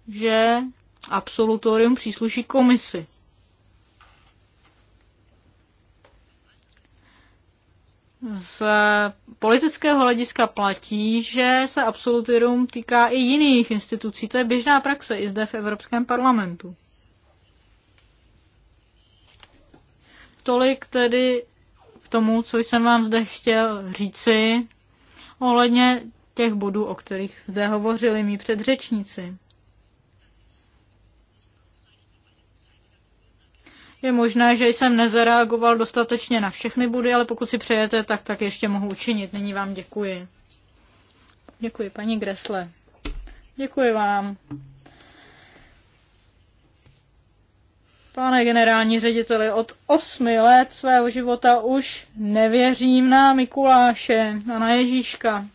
že absolutorium přísluší komisi. z politického hlediska platí, že se absolutorium týká i jiných institucí. To je běžná praxe i zde v Evropském parlamentu. Tolik tedy k tomu, co jsem vám zde chtěl říci ohledně těch bodů, o kterých zde hovořili mý předřečníci. Je možné, že jsem nezareagoval dostatečně na všechny body, ale pokud si přejete, tak tak ještě mohu učinit. Nyní vám děkuji. Děkuji, paní Gresle. Děkuji vám. Pane generální řediteli, od osmi let svého života už nevěřím na Mikuláše a na Ježíška.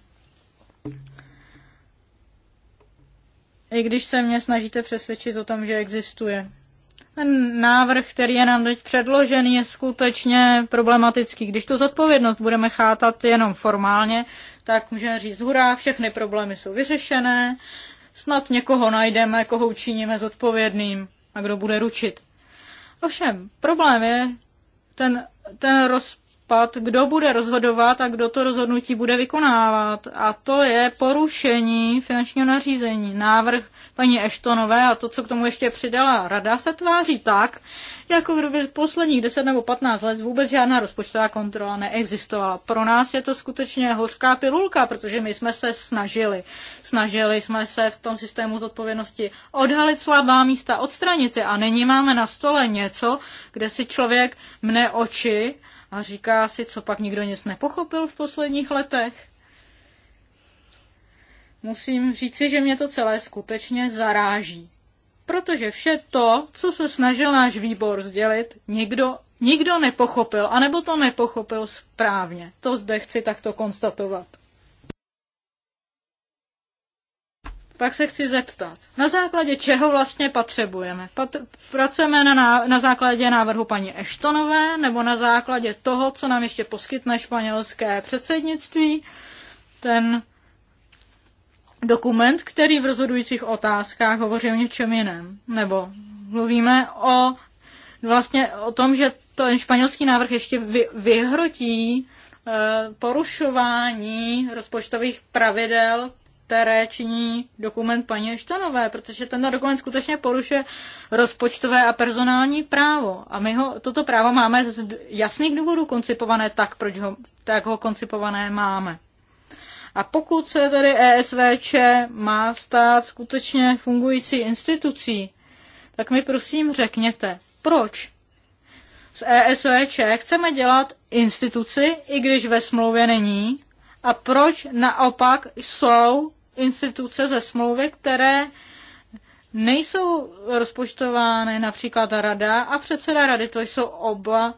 I když se mě snažíte přesvědčit o tom, že existuje. Ten návrh, který je nám teď předložený, je skutečně problematický. Když tu zodpovědnost budeme chátat jenom formálně, tak můžeme říct hurá, všechny problémy jsou vyřešené, snad někoho najdeme, koho učiníme zodpovědným a kdo bude ručit. Ovšem, problém je ten, ten roz, případ, kdo bude rozhodovat a kdo to rozhodnutí bude vykonávat. A to je porušení finančního nařízení. Návrh paní Eštonové a to, co k tomu ještě přidala rada, se tváří tak, jako kdyby posledních 10 nebo 15 let vůbec žádná rozpočtová kontrola neexistovala. Pro nás je to skutečně hořká pilulka, protože my jsme se snažili. Snažili jsme se v tom systému zodpovědnosti odhalit slabá místa, odstranit je a nyní máme na stole něco, kde si člověk mne oči a říká si, co pak nikdo nic nepochopil v posledních letech. Musím říci, že mě to celé skutečně zaráží. Protože vše to, co se snažil náš výbor sdělit, nikdo, nikdo nepochopil, anebo to nepochopil správně. To zde chci takto konstatovat. pak se chci zeptat, na základě čeho vlastně potřebujeme? Pat, pracujeme na, ná- na základě návrhu paní Eštonové nebo na základě toho, co nám ještě poskytne španělské předsednictví? Ten dokument, který v rozhodujících otázkách hovoří o něčem jiném. Nebo mluvíme o vlastně o tom, že ten španělský návrh ještě vy- vyhrotí eh, porušování rozpočtových pravidel které činí dokument paní Štanové, protože ten dokument skutečně porušuje rozpočtové a personální právo. A my ho, toto právo máme z jasných důvodů koncipované tak, proč ho, tak ho koncipované máme. A pokud se tedy ESVČ má stát skutečně fungující institucí, tak mi prosím řekněte, proč z ESVČ chceme dělat instituci, i když ve smlouvě není, a proč naopak jsou instituce ze smlouvy, které nejsou rozpočtovány, například rada a předseda rady, to jsou oba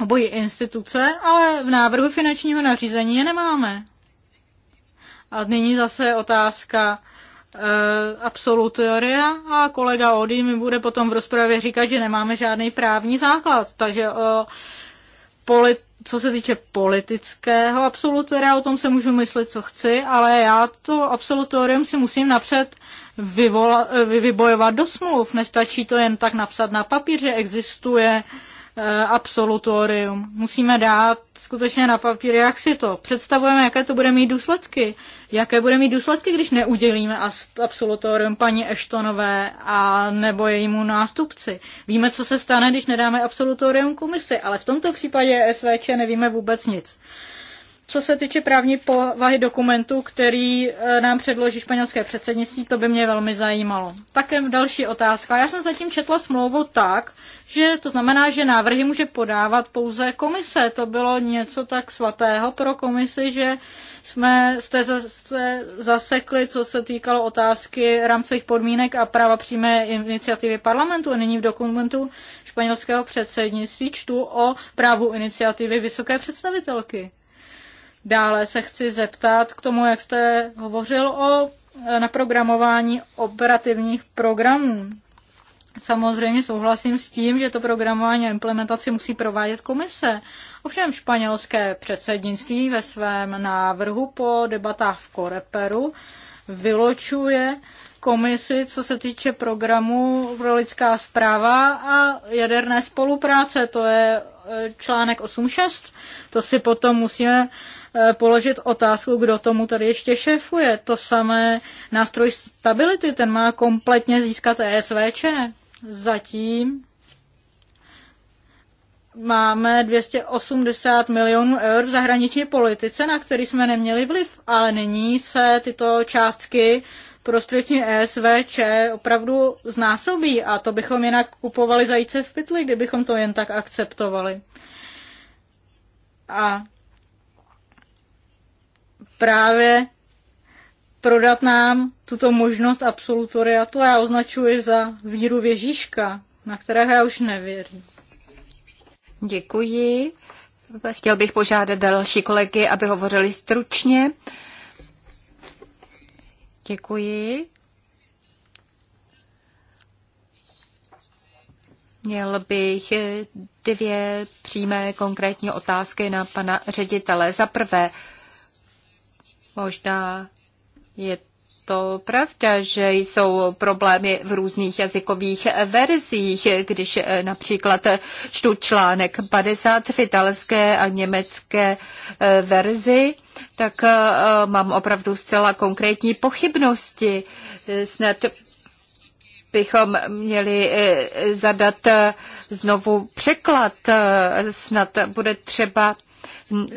obojí instituce, ale v návrhu finančního nařízení je nemáme. A nyní zase otázka e, absolutoria a kolega Ody mi bude potom v rozpravě říkat, že nemáme žádný právní základ, takže o polit co se týče politického absolutoria, o tom se můžu myslet, co chci, ale já to absolutorium si musím napřed vyvola, vybojovat do smluv. Nestačí to jen tak napsat na papíře, existuje uh, Eh, absolutorium. Musíme dát skutečně na papír, jak si to představujeme, jaké to bude mít důsledky. Jaké bude mít důsledky, když neudělíme absolutorium paní Eštonové a nebo jejímu nástupci. Víme, co se stane, když nedáme absolutorium komisi, ale v tomto případě SVČ nevíme vůbec nic. Uh, co se týče právní povahy dokumentu, který e, nám předloží španělské předsednictví, to by mě velmi zajímalo. Také další otázka. Já jsem zatím četla smlouvu tak, že to znamená, že návrhy může podávat pouze komise. To bylo něco tak svatého pro komisi, že jsme jste zase zasekli, co se týkalo otázky rámcových podmínek a práva přímé iniciativy parlamentu. A nyní v dokumentu španělského předsednictví čtu o právu iniciativy vysoké představitelky. Dále se chci zeptat k tomu, jak jste hovořil o e, naprogramování operativních programů. Samozřejmě souhlasím s tím, že to programování a implementaci musí provádět komise. Ovšem španělské předsednictví ve svém návrhu po debatách v Koreperu vyločuje komisi, co se týče programu pro lidská zpráva a jaderné spolupráce. To je e, článek 8.6. To si potom musíme Eh, položit otázku, kdo tomu tady ještě šéfuje. To samé nástroj stability, ten má kompletně získat ESVČ. Zatím máme 280 milionů eur v zahraniční politice, na který jsme neměli vliv, ale nyní se tyto částky prostřednictvím ESVČ opravdu znásobí a to bychom jinak kupovali zajíce v pytli, kdybychom to jen tak akceptovali. A právě prodat nám tuto možnost absolutoria, to já označuji za víru věžíška, na které já už nevěřím. Děkuji. Chtěl bych požádat další kolegy, aby hovořili stručně. Děkuji. Měl bych dvě přímé konkrétní otázky na pana ředitele. Za prvé, Možná je to pravda, že jsou problémy v různých jazykových verzích, když eh, například čtu článek 50 v italské a německé eh, verzi, tak eh, mám opravdu zcela konkrétní pochybnosti. Snad bychom měli zadat znovu překlad. Snad bude třeba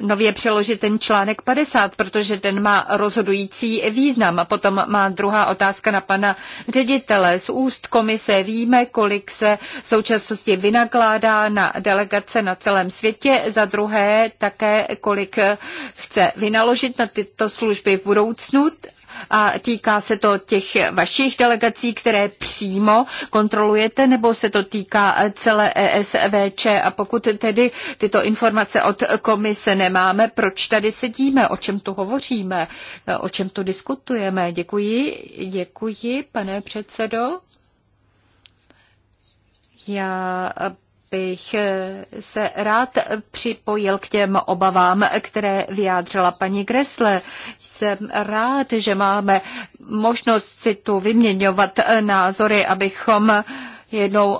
nově přeložit ten článek 50, protože ten má rozhodující význam. A potom má druhá otázka na pana ředitele. Z úst komise víme, kolik se v současnosti vynakládá na delegace na celém světě. Za druhé také, kolik chce vynaložit na tyto služby v budoucnu a týká se to těch vašich delegací, které přímo kontrolujete, nebo se to týká celé ESVČ a pokud tedy tyto informace od komise nemáme, proč tady sedíme, o čem tu hovoříme, o čem tu diskutujeme. Děkuji, děkuji, pane předsedo. Já bych se rád připojil k těm obavám, které vyjádřila paní Gresle. Jsem rád, že máme možnost si tu vyměňovat názory, abychom jednou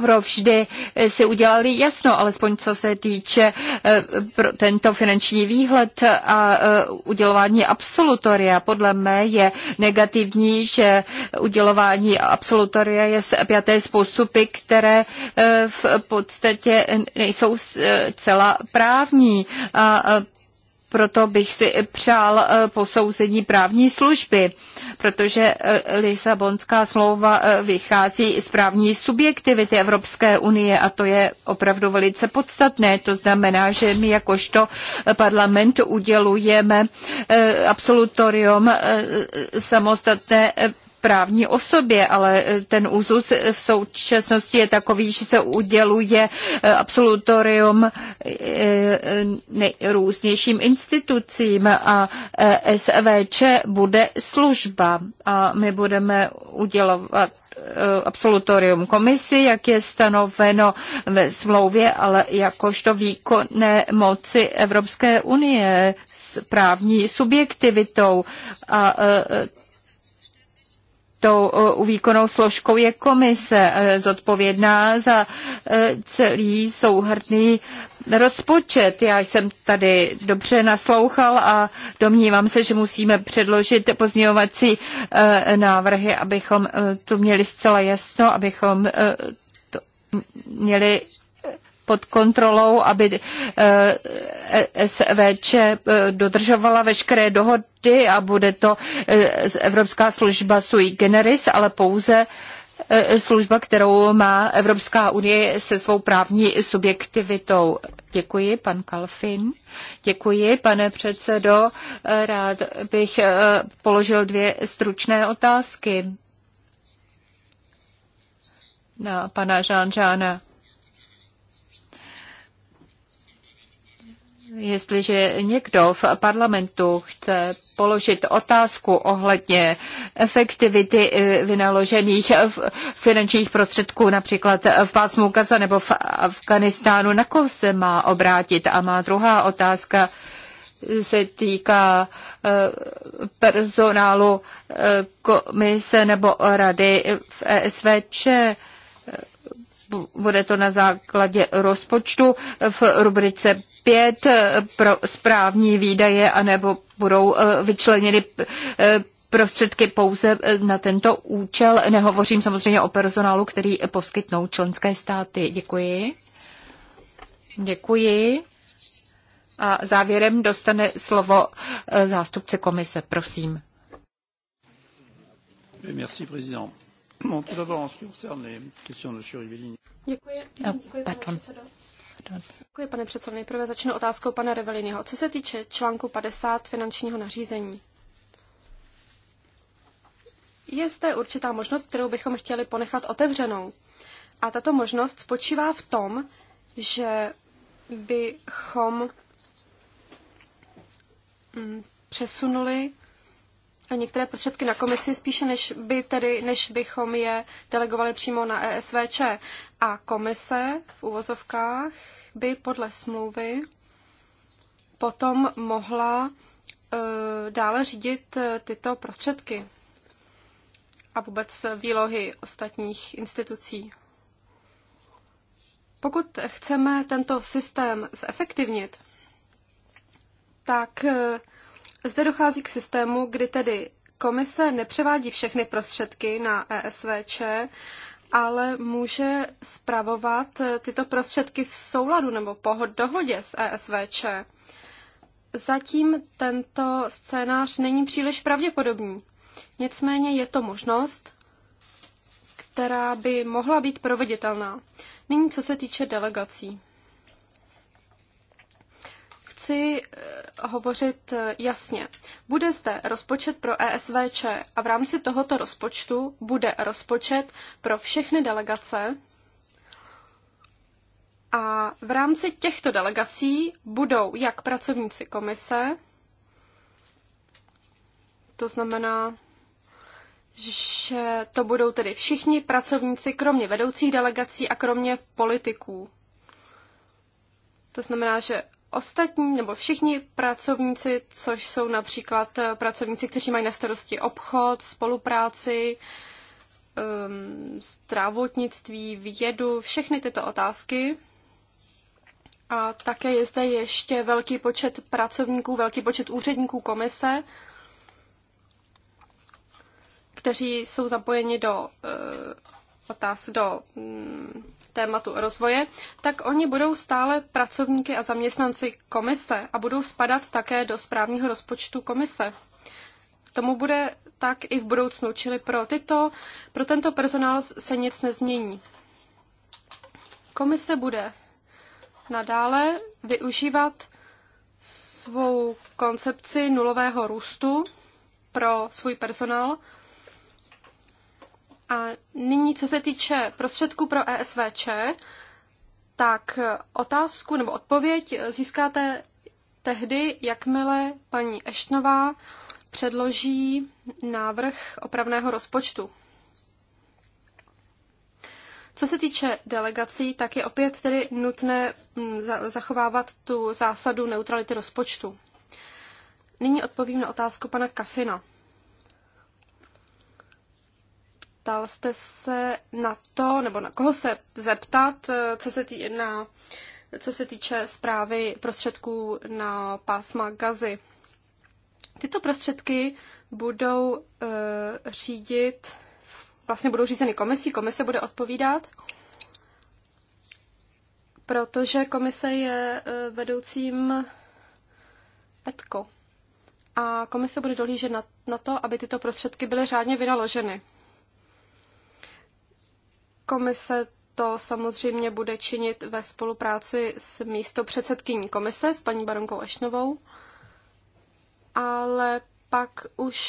provždy eh, si udělali jasno, alespoň co se týče eh, pro tento finanční výhled a eh, udělování absolutoria. Podle mé je negativní, že udělování absolutoria je z pěté způsoby, které v podstatě nejsou celá právní. A proto bych si přál eh, posouzení právní služby, protože eh, Lisabonská smlouva eh, vychází z právní subjektivity Evropské unie a to je opravdu velice podstatné. To znamená, že my jakožto parlament udělujeme absolutorium samostatné právní osobě, ale e, ten úzus v současnosti je takový, že se uděluje e, absolutorium e, nejrůznějším institucím a SVČ bude služba a my budeme udělovat absolutorium komisi, jak je stanoveno ve smlouvě, ale jakožto výkonné moci Evropské unie s právní subjektivitou. A tou eh, výkonnou složkou je komise eh, zodpovědná za eh, celý souhrný rozpočet. Já jsem tady dobře naslouchal a domnívám se, že musíme předložit pozměňovací návrhy, abychom tu měli zcela jasno, abychom to měli pod kontrolou, aby eh, SVČ eh, dodržovala veškeré dohody a bude to eh, Evropská služba sui generis, ale pouze služba, kterou má Evropská unie se svou právní subjektivitou. Děkuji, pan Kalfin. Děkuji, pane předsedo. Rád bych položil dvě stručné otázky na pana Žánžána. Jestliže někdo v parlamentu chce položit otázku ohledně efektivity eh, vynaložených finančních prostředků například v pásmu Gaza nebo v Afganistánu, na koho se má obrátit? A má druhá otázka se týká eh, personálu eh, komise nebo rady v ESVČ bude to na základě rozpočtu v rubrice zpět eh, pro správní výdaje, anebo budou eh, vyčleněny eh, prostředky pouze na tento účel. Nehovořím samozřejmě o personálu, který poskytnou členské státy. Děkuji. Děkuji. A závěrem dostane slovo zástupce komise. Prosím. Merci, Děkuji. Oh, Děkuji, pane předsedo. Děkuji, pane předsedo. Nejprve začnu otázkou pana Revelinyho. Co se týče článku 50 finančního nařízení, je zde určitá možnost, kterou bychom chtěli ponechat otevřenou. A tato možnost spočívá v tom, že bychom mm, přesunuli a některé prostředky na komisi spíše, než, by tedy, než bychom je delegovali přímo na ESVČ. A komise v úvozovkách by podle smlouvy potom mohla uh, dále řídit eh, tyto prostředky a vůbec výlohy ostatních institucí. Pokud chceme tento systém zefektivnit, tak eh, zde dochází k systému, kdy tedy komise nepřevádí všechny prostředky na ESVČ, ale může spravovat tyto prostředky v souladu nebo po dohodě s ESVČ. Zatím tento scénář není příliš pravděpodobný. Nicméně je to možnost, která by mohla být proveditelná. Nyní, co se týče delegací chci eh, hovořit eh, jasně. Bude zde rozpočet pro ESVČ a v rámci tohoto rozpočtu bude rozpočet pro všechny delegace a v rámci těchto delegací budou jak pracovníci komise, to znamená, že to budou tedy všichni pracovníci, kromě vedoucích delegací a kromě politiků. To znamená, že ostatní nebo všichni pracovníci, což jsou například eh, pracovníci, kteří mají na starosti obchod, spolupráci, ehm, zdravotnictví, vědu, všechny tyto otázky. A také je zde ještě velký počet pracovníků, velký počet úředníků komise, kteří jsou zapojeni do eh, otáz do mm, tématu rozvoje, tak oni budou stále pracovníky a zaměstnanci komise a budou spadat také do správního rozpočtu komise. Tomu bude tak i v budoucnu, čili pro, tyto, pro tento personál se nic nezmění. Komise bude nadále využívat svou koncepci nulového růstu pro svůj personál a nyní, co se týče prostředků pro ESVČ, tak otázku nebo odpověď získáte tehdy, jakmile paní Eštnová předloží návrh opravného rozpočtu. Co se týče delegací, tak je opět tedy nutné mm, zachovávat tu zásadu neutrality rozpočtu. Nyní odpovím na otázku pana Kafina ptal jste se na to, nebo na koho se zeptat, eh, co se, tý, na, co se týče zprávy prostředků na pásma gazy. Tyto prostředky budou uh, řídit, vlastně budou řízeny komisí, komise bude odpovídat, protože komise je uh, vedoucím ETKO. A komise bude dohlížet na, na to, aby tyto prostředky byly řádně vynaloženy. Komise to samozřejmě bude činit ve spolupráci s místo předsedkyní komise, s paní baronkou Ešnovou, ale pak už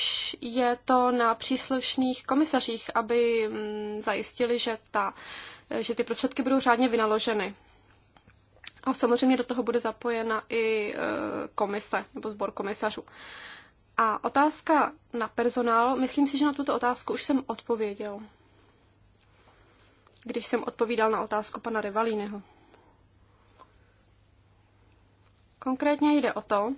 je to na příslušných komisařích, aby mm, zajistili, že, ta, že ty prostředky budou řádně vynaloženy. A samozřejmě do toho bude zapojena i e, komise nebo sbor komisařů. A otázka na personál, myslím si, že na tuto otázku už jsem odpověděl když jsem odpovídal na otázku pana Revalíneho. Konkrétně jde o to,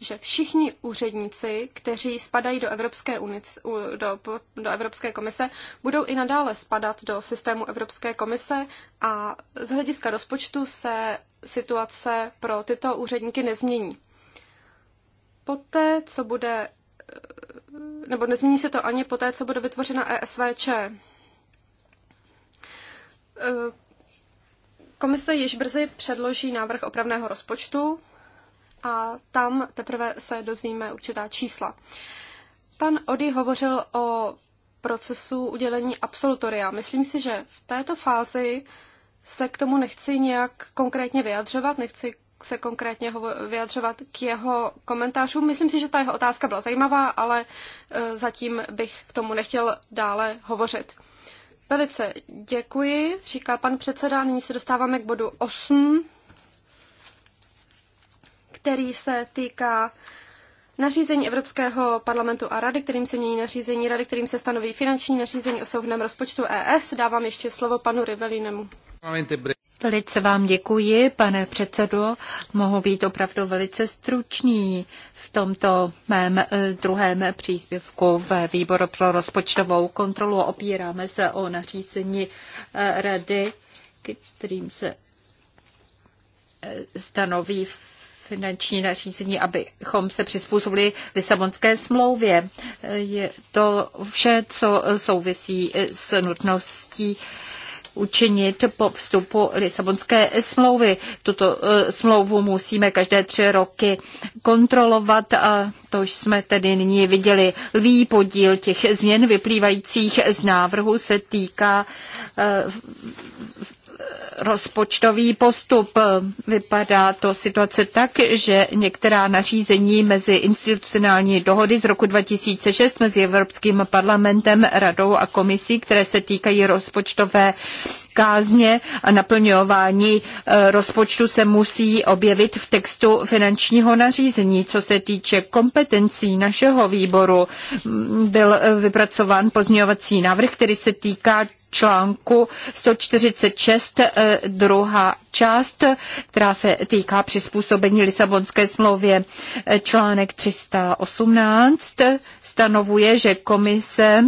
že všichni úředníci, kteří spadají do Evropské, unice, do, do Evropské komise, budou i nadále spadat do systému Evropské komise a z hlediska rozpočtu se situace pro tyto úředníky nezmění. Poté, co bude, eh, nebo nezmění se to ani poté, co bude vytvořena ESVČ. Komise již brzy předloží návrh opravného rozpočtu a tam teprve se dozvíme určitá čísla. Pan Ody hovořil o procesu udělení absolutoria. Myslím si, že v této fázi se k tomu nechci nějak konkrétně vyjadřovat, nechci se konkrétně vyjadřovat k jeho komentářům. Myslím si, že ta jeho otázka byla zajímavá, ale eh, zatím bych k tomu nechtěl dále hovořit. Velice děkuji, říká pan předseda. Nyní se dostáváme k bodu 8, který se týká nařízení Evropského parlamentu a rady, kterým se mění nařízení rady, kterým se stanoví finanční nařízení o souhrném rozpočtu ES. Dávám ještě slovo panu Rivelinemu. Velice vám děkuji, pane předsedo. Mohu být opravdu velice stručný v tomto mém eh, druhém příspěvku ve výboru pro rozpočtovou kontrolu. Opíráme se o nařízení eh, rady, kterým se eh, stanoví finanční nařízení, abychom se přizpůsobili Lisabonské smlouvě. Je to vše, co souvisí s nutností učinit po vstupu Lisabonské smlouvy. Tuto e, smlouvu musíme každé tři roky kontrolovat a to jsme tedy nyní viděli. Lví podíl těch změn vyplývajících z návrhu se týká e, rozpočtový postup. Vypadá to situace tak, že některá nařízení mezi institucionální dohody z roku 2006 mezi Evropským parlamentem, radou a komisí, které se týkají rozpočtové kázně a naplňování e, rozpočtu se musí objevit v textu finančního nařízení. Co se týče kompetencí našeho výboru, byl e, vypracován pozměňovací návrh, který se týká článku 146, e, druhá část, která se týká přizpůsobení Lisabonské smlouvě. Článek 318 stanovuje, že komise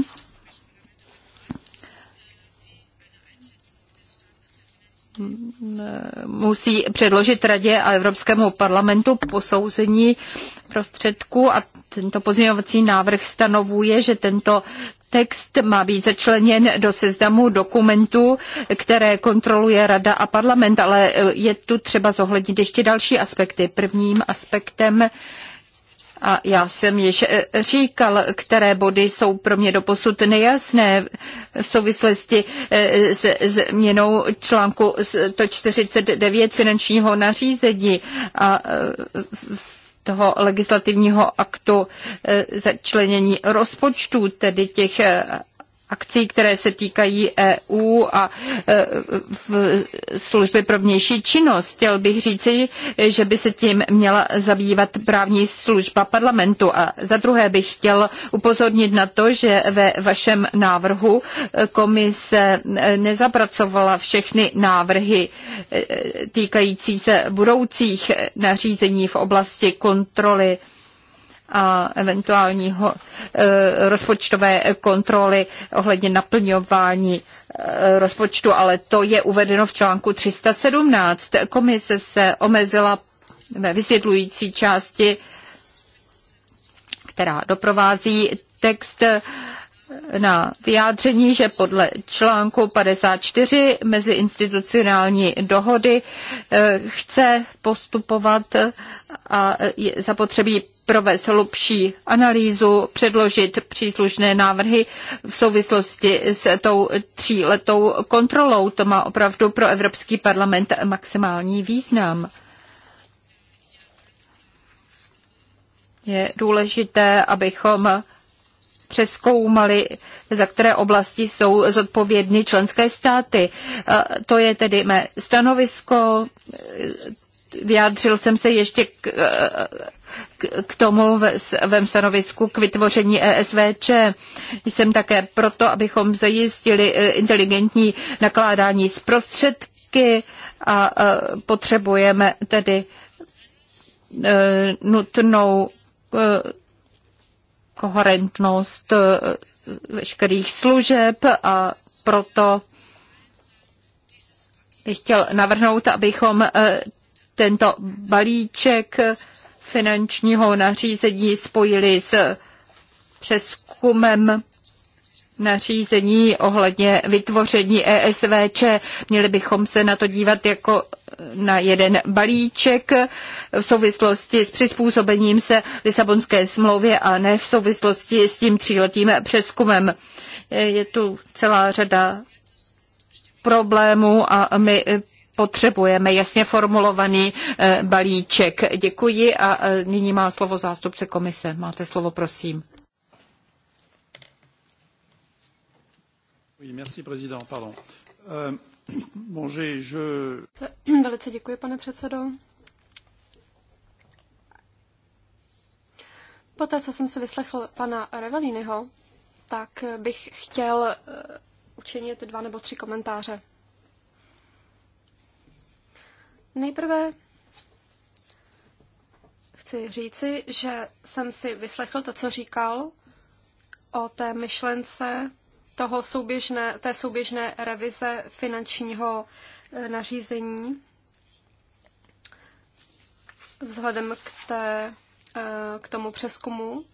musí předložit Radě a Evropskému parlamentu posouzení prostředků a tento pozměňovací návrh stanovuje, že tento text má být začleněn do seznamu dokumentů, které kontroluje Rada a parlament, ale je tu třeba zohlednit ještě další aspekty. Prvním aspektem a já jsem již eh, říkal, které body jsou pro mě doposud nejasné v souvislosti eh, s změnou článku 149 finančního nařízení a eh, toho legislativního aktu začlenění rozpočtu, tedy těch akcí, které se týkají EU a e, služby pro vnější činnost. Chtěl bych říci, že by se tím měla zabývat právní služba parlamentu. A za druhé bych chtěl upozornit na to, že ve vašem návrhu komise nezapracovala všechny návrhy e, týkající se budoucích nařízení v oblasti kontroly a eventuálního e, rozpočtové kontroly ohledně naplňování e, rozpočtu, ale to je uvedeno v článku 317. Komise se omezila ve vysvětlující části, která doprovází text na vyjádření, že podle článku 54 meziinstitucionální dohody eh, chce postupovat a je zapotřebí provést hlubší analýzu, předložit příslušné návrhy v souvislosti s tou tříletou kontrolou. To má opravdu pro Evropský parlament maximální význam. Je důležité, abychom přeskoumali, za které oblasti jsou zodpovědny členské státy. To je tedy mé stanovisko. Vyjádřil jsem se ještě k, k, k tomu ve svém stanovisku k vytvoření ESVČ. Jsem také proto, abychom zajistili e, inteligentní nakládání s prostředky a e, potřebujeme tedy e, nutnou koherentnost eh, veškerých služeb a proto bych chtěl navrhnout, abychom eh, tento balíček finančního nařízení spojili s přeskumem nařízení ohledně vytvoření ESVČ. Měli bychom se na to dívat jako na jeden balíček v souvislosti s přizpůsobením se Lisabonské smlouvě a ne v souvislosti s tím tříletým přeskumem. Je tu celá řada problémů a my potřebujeme jasně formulovaný eh, balíček. Děkuji a eh, nyní má slovo zástupce komise. Máte slovo, prosím. Oui, merci, président. Pardon. Euh... Velice děkuji, pane předsedo. Poté, co jsem si vyslechl pana Revelínyho, tak bych chtěl eh, učinit dva nebo tři komentáře. Nejprve chci říci, že jsem si vyslechl to, co říkal o té myšlence toho souběžné, té souběžné revize finančního e, nařízení vzhledem k, té, e, k tomu přeskumu.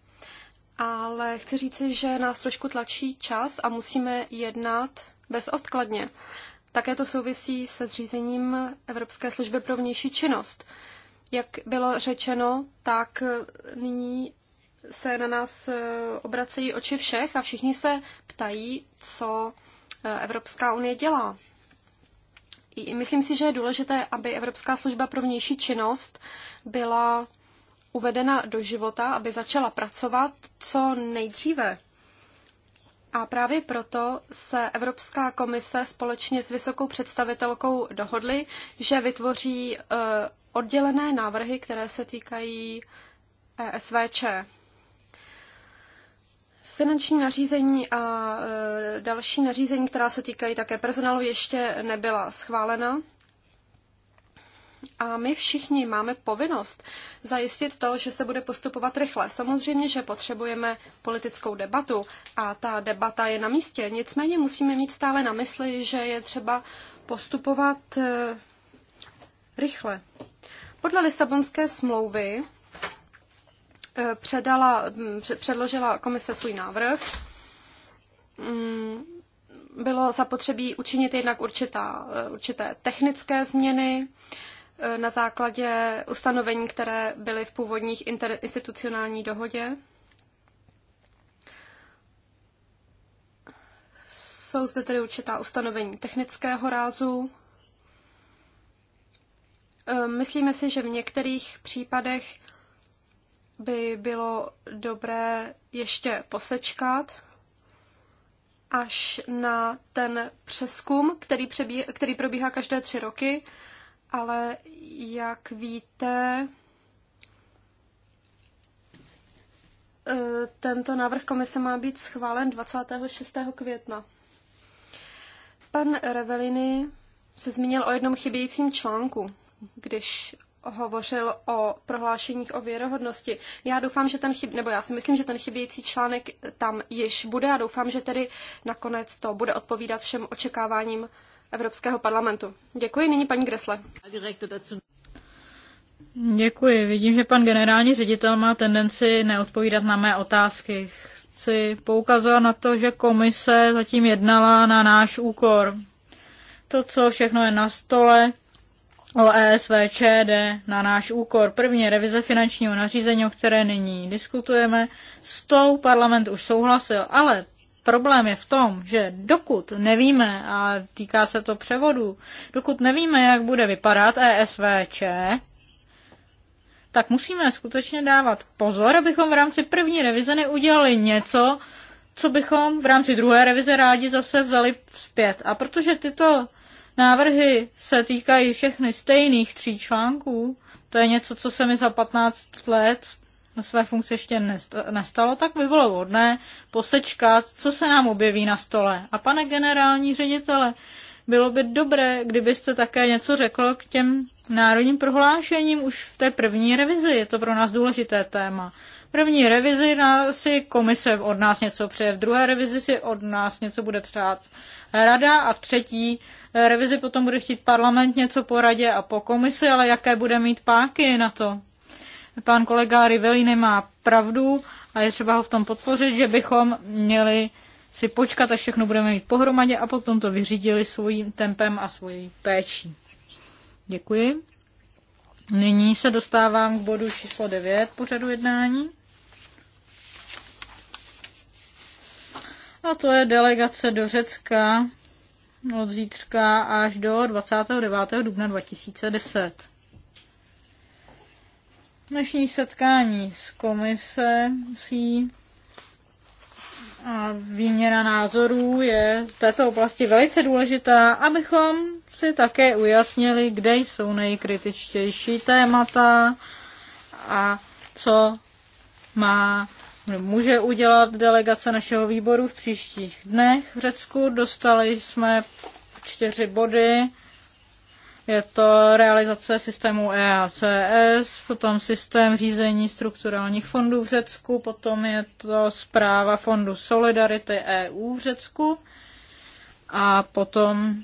Ale chci říci, že nás trošku tlačí čas a musíme jednat bezodkladně. Také to souvisí se zřízením Evropské služby pro vnější činnost. Jak bylo řečeno, tak nyní se na nás eh, obracejí oči všech a všichni se ptají, co eh, Evropská unie dělá. Myslím si, že je důležité, aby Evropská služba pro vnější činnost byla uvedena do života, aby začala pracovat co nejdříve. A právě proto se Evropská komise společně s vysokou představitelkou dohodly, že vytvoří eh, oddělené návrhy, které se týkají ESVČ. Finanční nařízení a e, další nařízení, která se týkají také personálu, ještě nebyla schválena. A my všichni máme povinnost zajistit to, že se bude postupovat rychle. Samozřejmě, že potřebujeme politickou debatu a ta debata je na místě. Nicméně musíme mít stále na mysli, že je třeba postupovat e, rychle. Podle Lisabonské smlouvy Eh, předala, hm, předložila komise svůj návrh, mm, bylo zapotřebí učinit jednak určitá, eh, určité technické změny eh, na základě ustanovení, které byly v původních interinstitucionální dohodě. Jsou zde tedy určitá ustanovení technického rázu. Myslíme si, že v některých případech by bylo dobré ještě posečkat až na ten přeskum, který, přebíhá, který probíhá každé tři roky, ale jak víte, eh, tento návrh komise má být schválen 26. května. Pan Revelini se zmínil o jednom chybějícím článku, když hovořil o prohlášeních o věrohodnosti. Já doufám, že ten chyb, nebo já si myslím, že ten chybějící článek tam již bude a doufám, že tedy nakonec to bude odpovídat všem očekáváním Evropského parlamentu. Děkuji nyní paní Gresle. Děkuji. Vidím, že pan generální ředitel má tendenci neodpovídat na mé otázky. Chci poukazovat na to, že komise zatím jednala na náš úkor. To, co všechno je na stole, o e na náš úkor. První revize finančního nařízení, o které nyní diskutujeme, s tou parlament už souhlasil, ale problém je v tom, že dokud nevíme, a týká se to převodu, dokud nevíme, jak bude vypadat ESVČ, tak musíme skutečně dávat pozor, abychom v rámci první revize neudělali něco, co bychom v rámci druhé revize rádi zase vzali zpět. A protože tyto návrhy se týkají všechny stejných tří článků, to je něco, co se mi za 15 let na své funkci ještě nestalo, tak by bylo vhodné posečkat, co se nám objeví na stole. A pane generální ředitele, bylo by dobré, kdybyste také něco řekl k těm národním prohlášením už v té první revizi. Je to pro nás důležité téma. První revizi si komise od nás něco přeje, v druhé revizi si od nás něco bude přát rada a v třetí revizi potom bude chtít parlament něco po radě a po komisi, ale jaké bude mít páky na to? Pan kolega Rivelli nemá pravdu a je třeba ho v tom podpořit, že bychom měli si počkat, až všechno budeme mít pohromadě a potom to vyřídili svým tempem a svojí péčí. Děkuji. Nyní se dostávám k bodu číslo 9 pořadu jednání. A to je delegace do Řecka od zítřka až do 29. dubna 2010. Dnešní setkání s komisí a výměna názorů je v této oblasti velice důležitá, abychom si také ujasnili, kde jsou nejkritičtější témata a co má může udělat delegace našeho výboru v příštích dnech v Řecku. Dostali jsme čtyři body je to realizace systému EACS, potom systém řízení strukturálních fondů v Řecku, potom je to zpráva fondu Solidarity EU v Řecku a potom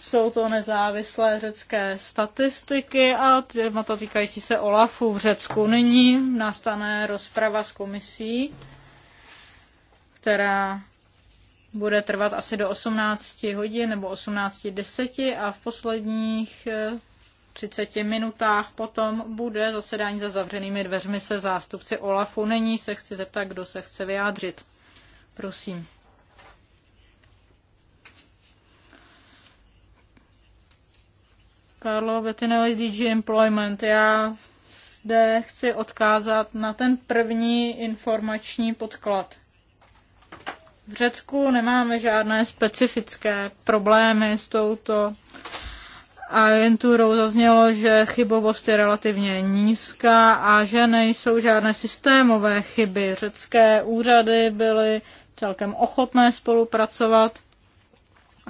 jsou to nezávislé řecké statistiky a témata týkající se OLAFu v Řecku. Nyní nastane rozprava s komisí, která bude trvat asi do 18 hodin nebo 18.10 a v posledních 30 eh, minutách potom bude zasedání za zavřenými dveřmi se zástupci OLAFu. Není se chci zeptat, kdo se chce vyjádřit. Prosím. Karlo Bettinelli DG Employment. Já zde chci odkázat na ten první informační podklad. V Řecku nemáme žádné specifické problémy s touto agenturou. Zaznělo, že chybovost je relativně nízká a že nejsou žádné systémové chyby. Řecké úřady byly celkem ochotné spolupracovat.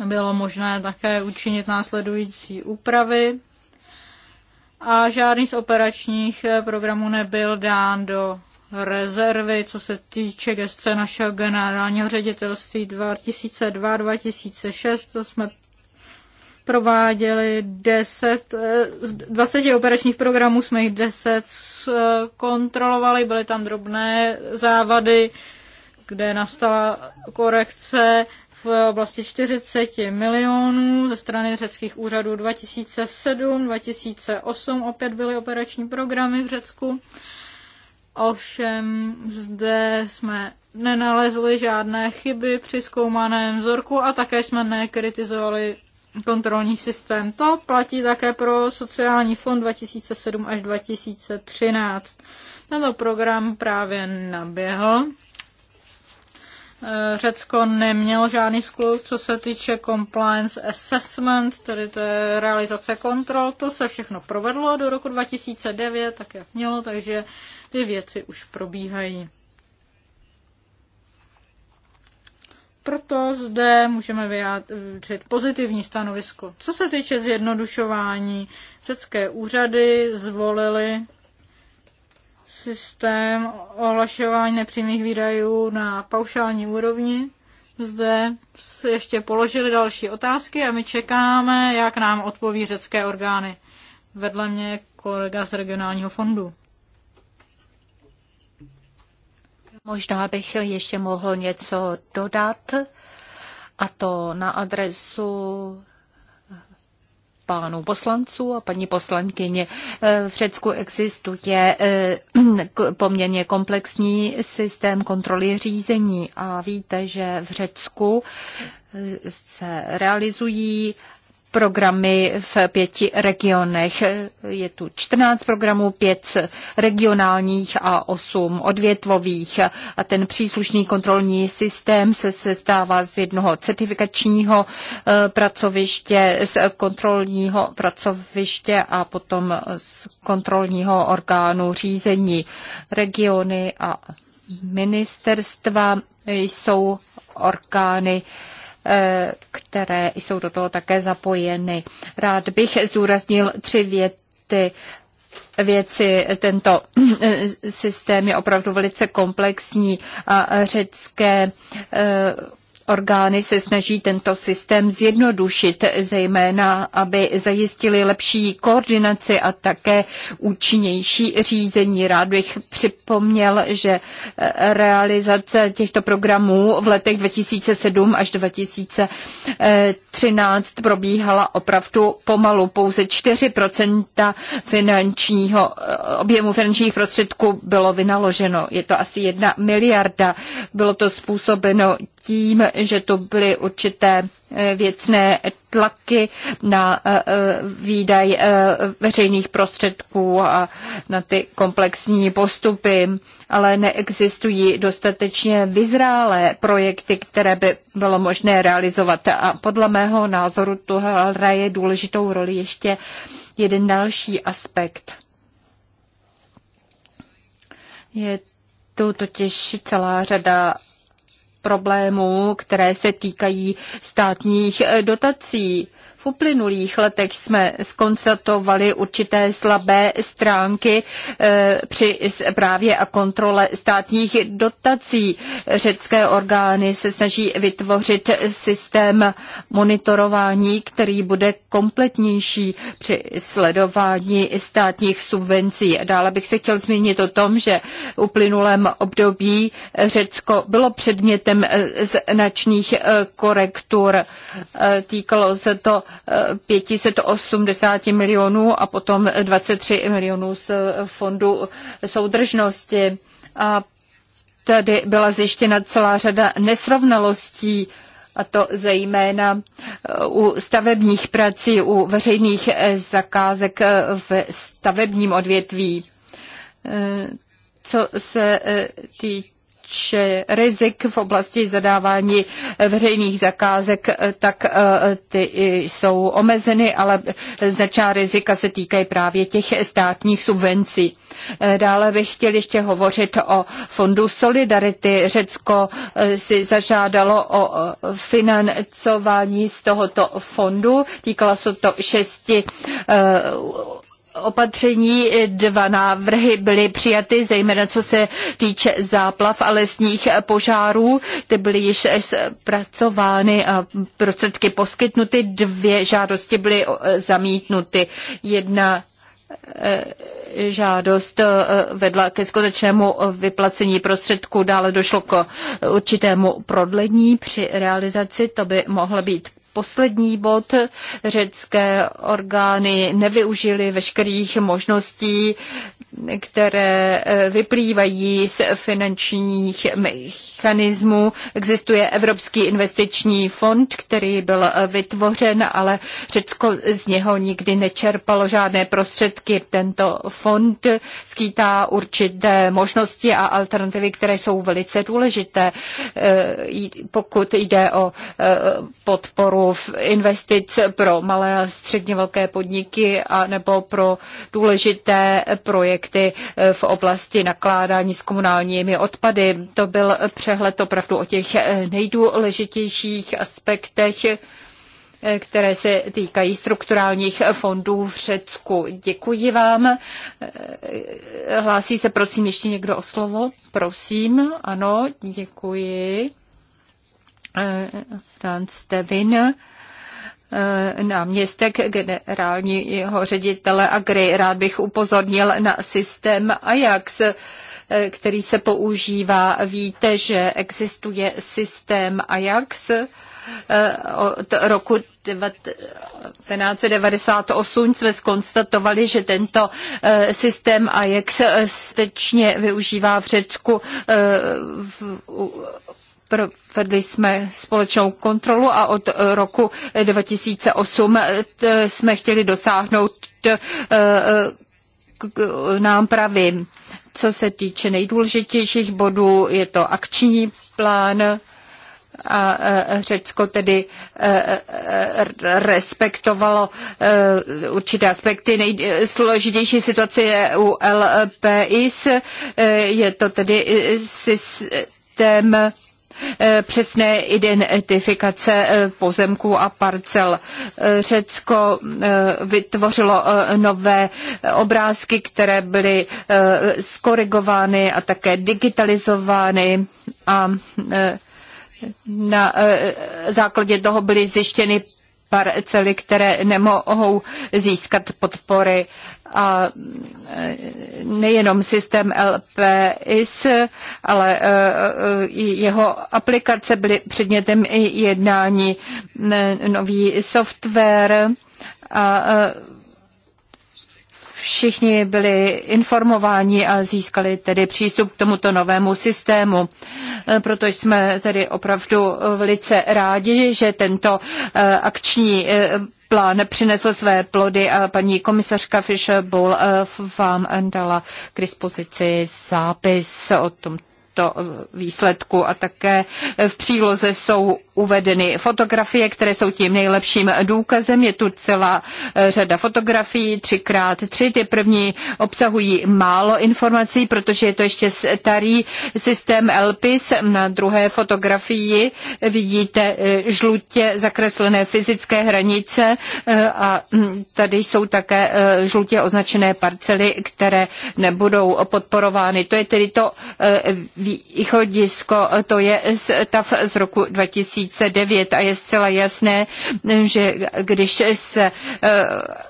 Bylo možné také učinit následující úpravy a žádný z operačních programů nebyl dán do rezervy, co se týče gestce našeho generálního ředitelství 2002-2006, to jsme prováděli 10, z 20 operačních programů jsme jich 10 kontrolovali, byly tam drobné závady, kde nastala korekce v oblasti 40 milionů ze strany řeckých úřadů 2007, 2008 opět byly operační programy v Řecku Ovšem zde jsme nenalezli žádné chyby při zkoumaném vzorku a také jsme nekritizovali kontrolní systém. To platí také pro sociální fond 2007 až 2013. Tento program právě naběhl. Eh, Řecko nemělo žádný skluk, co se týče compliance assessment, tedy té realizace kontrol. To se všechno provedlo do roku 2009, tak jak mělo, takže ty věci už probíhají. Proto zde můžeme vyjádřit pozitivní stanovisko. Co se týče zjednodušování, řecké úřady zvolily systém ohlašování nepřímých výdajů na paušální úrovni. Zde se ještě položili další otázky a my čekáme, jak nám odpoví řecké orgány. Vedle mě kolega z regionálního fondu. Možná bych ještě mohl něco dodat, a to na adresu pánů poslanců a paní poslankyně. V Řecku existuje eh, poměrně komplexní systém kontroly řízení a víte, že v Řecku se realizují programy v pěti regionech. Je tu 14 programů, pět regionálních a osm odvětvových. A ten příslušný kontrolní systém se sestává z jednoho certifikačního eh, pracoviště, z kontrolního pracoviště a potom z kontrolního orgánu řízení regiony a ministerstva jsou orgány, Eh, které jsou do toho také zapojeny. Rád bych zdůraznil tři věty věci. Tento systém je opravdu velice komplexní a řecké eh, orgány se snaží tento systém zjednodušit, zejména aby zajistili lepší koordinaci a také účinnější řízení. Rád bych připomněl, že eh, realizace těchto programů v letech 2007 až 2013 eh, probíhala opravdu pomalu. Pouze 4% finančního, eh, objemu finančních prostředků bylo vynaloženo. Je to asi jedna miliarda. Bylo to způsobeno tím, že to byly určité e, věcné tlaky na e, e, výdaj veřejných prostředků a na ty komplexní postupy, ale neexistují dostatečně vyzrálé projekty, které by bylo možné realizovat. A podle mého názoru to hraje důležitou roli ještě jeden další aspekt. Je tu totiž celá řada problémů, které se týkají státních dotací. V uplynulých letech jsme skonstatovali určité slabé stránky eh, při právě a kontrole státních dotací. Řecké orgány se snaží vytvořit systém monitorování, který bude kompletnější při sledování státních subvencí. Dále bych se chtěl zmínit o tom, že v uplynulém období Řecko bylo předmětem eh, značných eh, korektur. Týkalo se to 580 milionů a potom 23 milionů z fondu soudržnosti. A tady byla zjištěna celá řada nesrovnalostí, a to zejména eh, u stavebních prací, u veřejných eh, zakázek eh, v stavebním odvětví. Co se týče či rizik v oblasti zadávání eh, veřejných zakázek, eh, tak eh, ty jsou omezeny, ale značná rizika se týkají právě těch státních subvencí. Dále bych chtěl ještě hovořit o fondu Solidarity. Řecko si zažádalo o financování z tohoto fondu. Týkalo se to šesti opatření. Dva návrhy byly přijaty, zejména co se týče záplav a lesních požárů. Ty byly již zpracovány a prostředky poskytnuty. Dvě žádosti byly zamítnuty. Jedna e, žádost e, vedla ke skutečnému vyplacení prostředků. Dále došlo k určitému prodlení při realizaci. To by mohl být poslední bod. Řecké orgány nevyužily veškerých možností které eh, vyplývají z finančních mechanismů. Existuje Evropský investiční fond, který byl eh, vytvořen, ale Řecko z něho nikdy nečerpalo žádné prostředky. Tento fond skýtá určité možnosti a alternativy, které jsou velice důležité, eh, pokud jde o podporu investic pro malé a středně velké podniky a nebo pro důležité projekty projekty eh, v oblasti nakládání s komunálními odpady. To byl přehled opravdu o těch eh, nejdůležitějších aspektech eh, které se týkají strukturálních fondů v Řecku. Děkuji vám. Hlásí se prosím ještě někdo o slovo? Prosím, ano, děkuji. Franz Devin. Eh, náměstek generálního ředitele Agri. Rád bych upozornil na systém Ajax, eh, který se používá. Víte, že existuje systém Ajax eh, od roku 1998 jsme skonstatovali, že tento systém Ajax stečně využívá v Řecku Provedli jsme společnou kontrolu a od eh, roku 2008 eh, eh, jsme chtěli dosáhnout nápravy. Co se týče nejdůležitějších bodů, je to akční plán a Řecko tedy respektovalo určité aspekty. Nejsložitější situace je u LPIS, je to tedy systém Eh, přesné identifikace eh, pozemků a parcel. Eh, Řecko vytvořilo nové obrázky, které byly skorigovány a také digitalizovány a na základě toho byly zjištěny parcely, které nemohou získat podpory a e, nejenom systém LPIS, ale e, e, jeho aplikace byly předmětem i jednání nový software a všichni byli informováni a získali tedy přístup k tomuto novému systému. Proto jsme tedy opravdu velice rádi, že tento akční plán přinesl své plody a paní komisařka Fischer-Bowl eh, vám dala k dispozici zápis o tomto tomto výsledku a také v příloze jsou uvedeny fotografie, které jsou tím nejlepším důkazem. Je tu celá eh, řada fotografií, třikrát tři. Ty první obsahují málo informací, protože je to ještě starý systém LPIS. Na druhé fotografii vidíte eh, žlutě zakreslené fyzické hranice eh, a hm, tady jsou také žlutě označené parcely, které nebudou podporovány. To je tedy to východisko, to je stav z roku 2009 a je zcela jasné, že když se eh,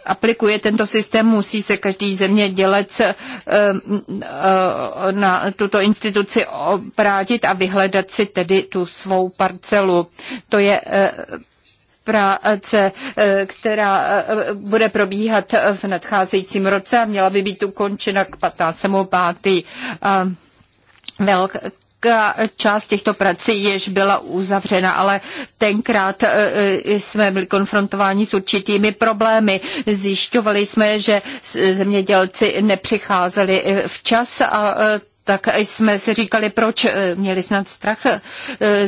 aplikuje tento systém, musí se každý zemědělec eh, na tuto instituci obrátit a vyhledat si tedy tu svou parcelu. To je eh, práce, která bude probíhat v nadcházejícím roce a měla by být ukončena k 15. pátý. Velká část těchto prací jež byla uzavřena, ale tenkrát e, e, jsme byli konfrontováni s určitými problémy. Zjišťovali jsme, že zemědělci nepřicházeli e, včas a tak jsme si říkali, proč eh, měli snad strach eh,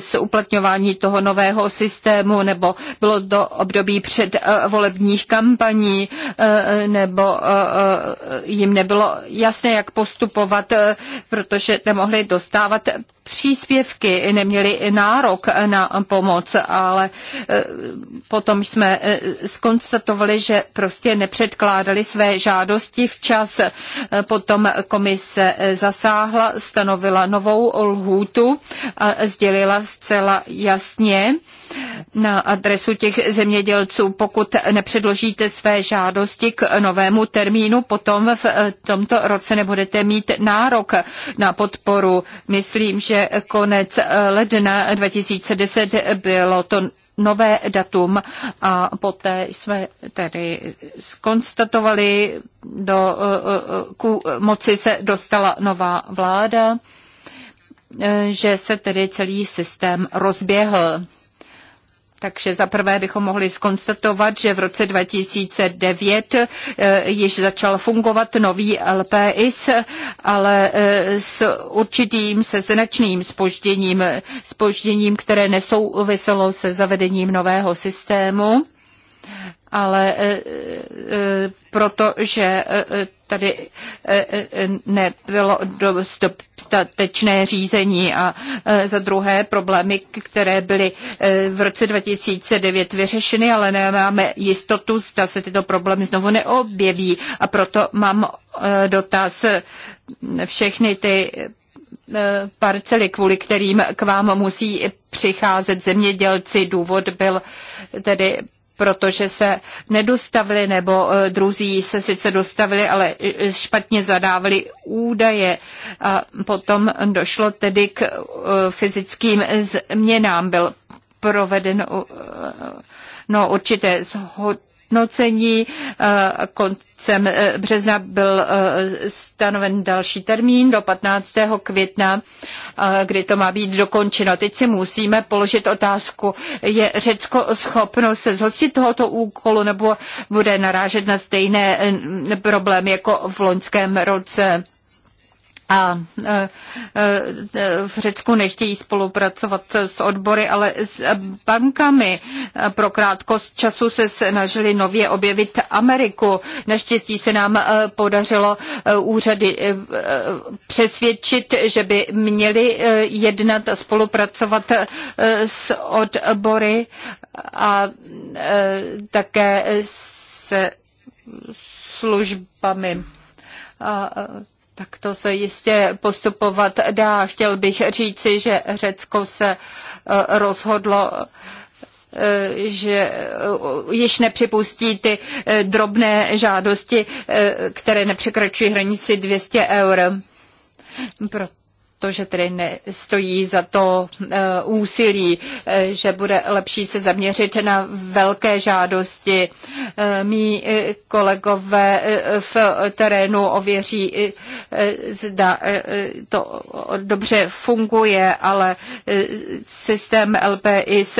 z uplatňování toho nového systému, nebo bylo to období před eh, volebních kampaní, nebo jim nebylo jasné, jak postupovat, protože nemohli dostávat příspěvky, neměli nárok na pomoc, ale potom jsme skonstatovali, že prostě nepředkládali své žádosti včas. Potom komise zasáhla obsáhla, stanovila novou lhůtu a sdělila zcela jasně na adresu těch zemědělců, pokud nepředložíte své žádosti k novému termínu, potom v eh, tomto roce nebudete mít nárok na podporu. Myslím, že konec eh, ledna 2010 bylo to nové datum a poté jsme tedy skonstatovali, do k moci se dostala nová vláda, že se tedy celý systém rozběhl. Takže za prvé bychom mohli skonstatovat, že v roce 2009 eh, již začal fungovat nový LPIS, ale eh, s určitým se značným spožděním, spožděním, které nesouviselo se zavedením nového systému ale eh, protože tady eh, eh, nebylo dostatečné řízení a eh, za druhé problémy, které byly v roce 2009 vyřešeny, ale nemáme jistotu, zda se tyto problémy znovu neobjeví a proto mám dotaz všechny ty parcely, kvůli kterým k vám musí přicházet zemědělci. Důvod byl tedy protože se nedostavili, nebo eh, druzí se sice dostavili, ale eh, špatně zadávali údaje. A potom došlo tedy k eh, fyzickým změnám. Byl proveden no, určité zhodnocení hodnocení. Eh, koncem eh, března byl eh, stanoven další termín do 15. května, kdy to má být dokončeno. Teď si musíme položit otázku, je Řecko schopno se zhostit tohoto úkolu nebo bude narážet na stejné problémy jako v loňském roce? a e, e, v Řecku nechtějí spolupracovat s odbory, ale s bankami. Pro krátkost času se snažili nově objevit Ameriku. Naštěstí se nám e, podařilo úřady přesvědčit, že by měli jednat a spolupracovat s odbory a také se službami. A tak to se jistě postupovat dá. Chtěl bych říci, že Řecko se e, rozhodlo e, že e, již nepřipustí ty drobné žádosti, které nepřekračují hranici 200 eur. Proto že tedy nestojí za to e, úsilí, e, že bude lepší se zaměřit na velké žádosti. E, Mí kolegové v terénu ověří, zda to dobře funguje, ale systém LPIS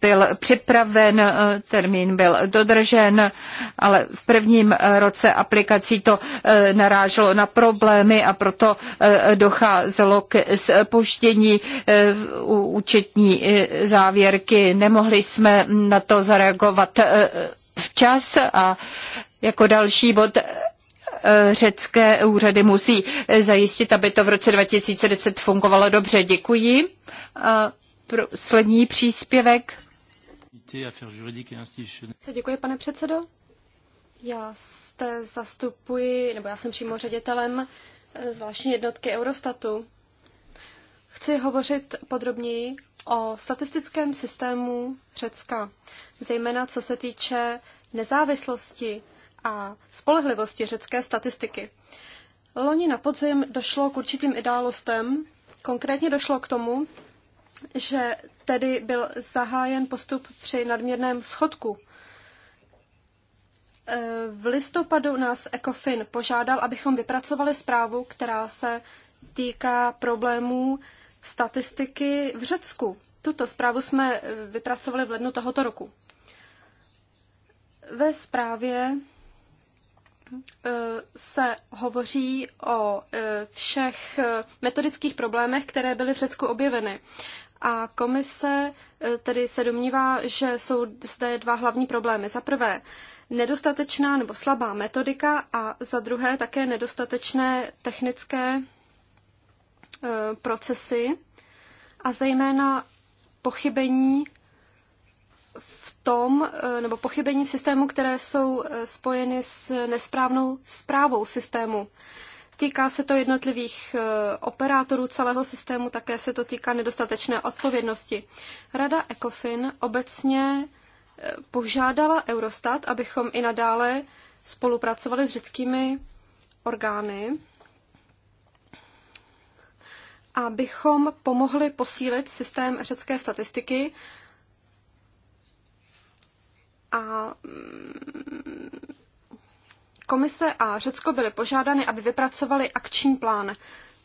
byl připraven, termín byl dodržen, ale v prvním roce aplikací to naráželo na problémy a proto docházelo docházelo k spoždění eh, účetní eh, závěrky. Nemohli jsme na to zareagovat eh, včas a jako další bod řecké úřady musí zajistit, aby to v roce 2010 fungovalo dobře. Děkuji. A poslední příspěvek. Děkuji, pane předsedo. Já jste zastupuji, nebo já jsem přímo ředitelem zvláštní jednotky Eurostatu. Chci hovořit podrobněji o statistickém systému Řecka, zejména co se týče nezávislosti a spolehlivosti řecké statistiky. Loni na podzim došlo k určitým idálostem. Konkrétně došlo k tomu, že tedy byl zahájen postup při nadměrném schodku. V listopadu nás ECOFIN požádal, abychom vypracovali zprávu, která se týká problémů statistiky v Řecku. Tuto zprávu jsme eh, vypracovali v lednu tohoto roku. Ve zprávě eh, se hovoří o eh, všech metodických problémech, které byly v Řecku objeveny. A komise tedy se domnívá, že jsou zde dva hlavní problémy. Za prvé, nedostatečná nebo slabá metodika a za druhé také nedostatečné technické Eh, procesy a zejména pochybení v tom, eh, nebo pochybení v systému, které jsou eh, spojeny s nesprávnou zprávou systému. Týká se to jednotlivých operátorů celého systému, také se to týká nedostatečné odpovědnosti. Rada ECOFIN obecně požádala Eurostat, abychom i nadále spolupracovali s řeckými orgány abychom pomohli posílit systém řecké statistiky a mm, komise a Řecko byly požádány, aby vypracovali akční plán.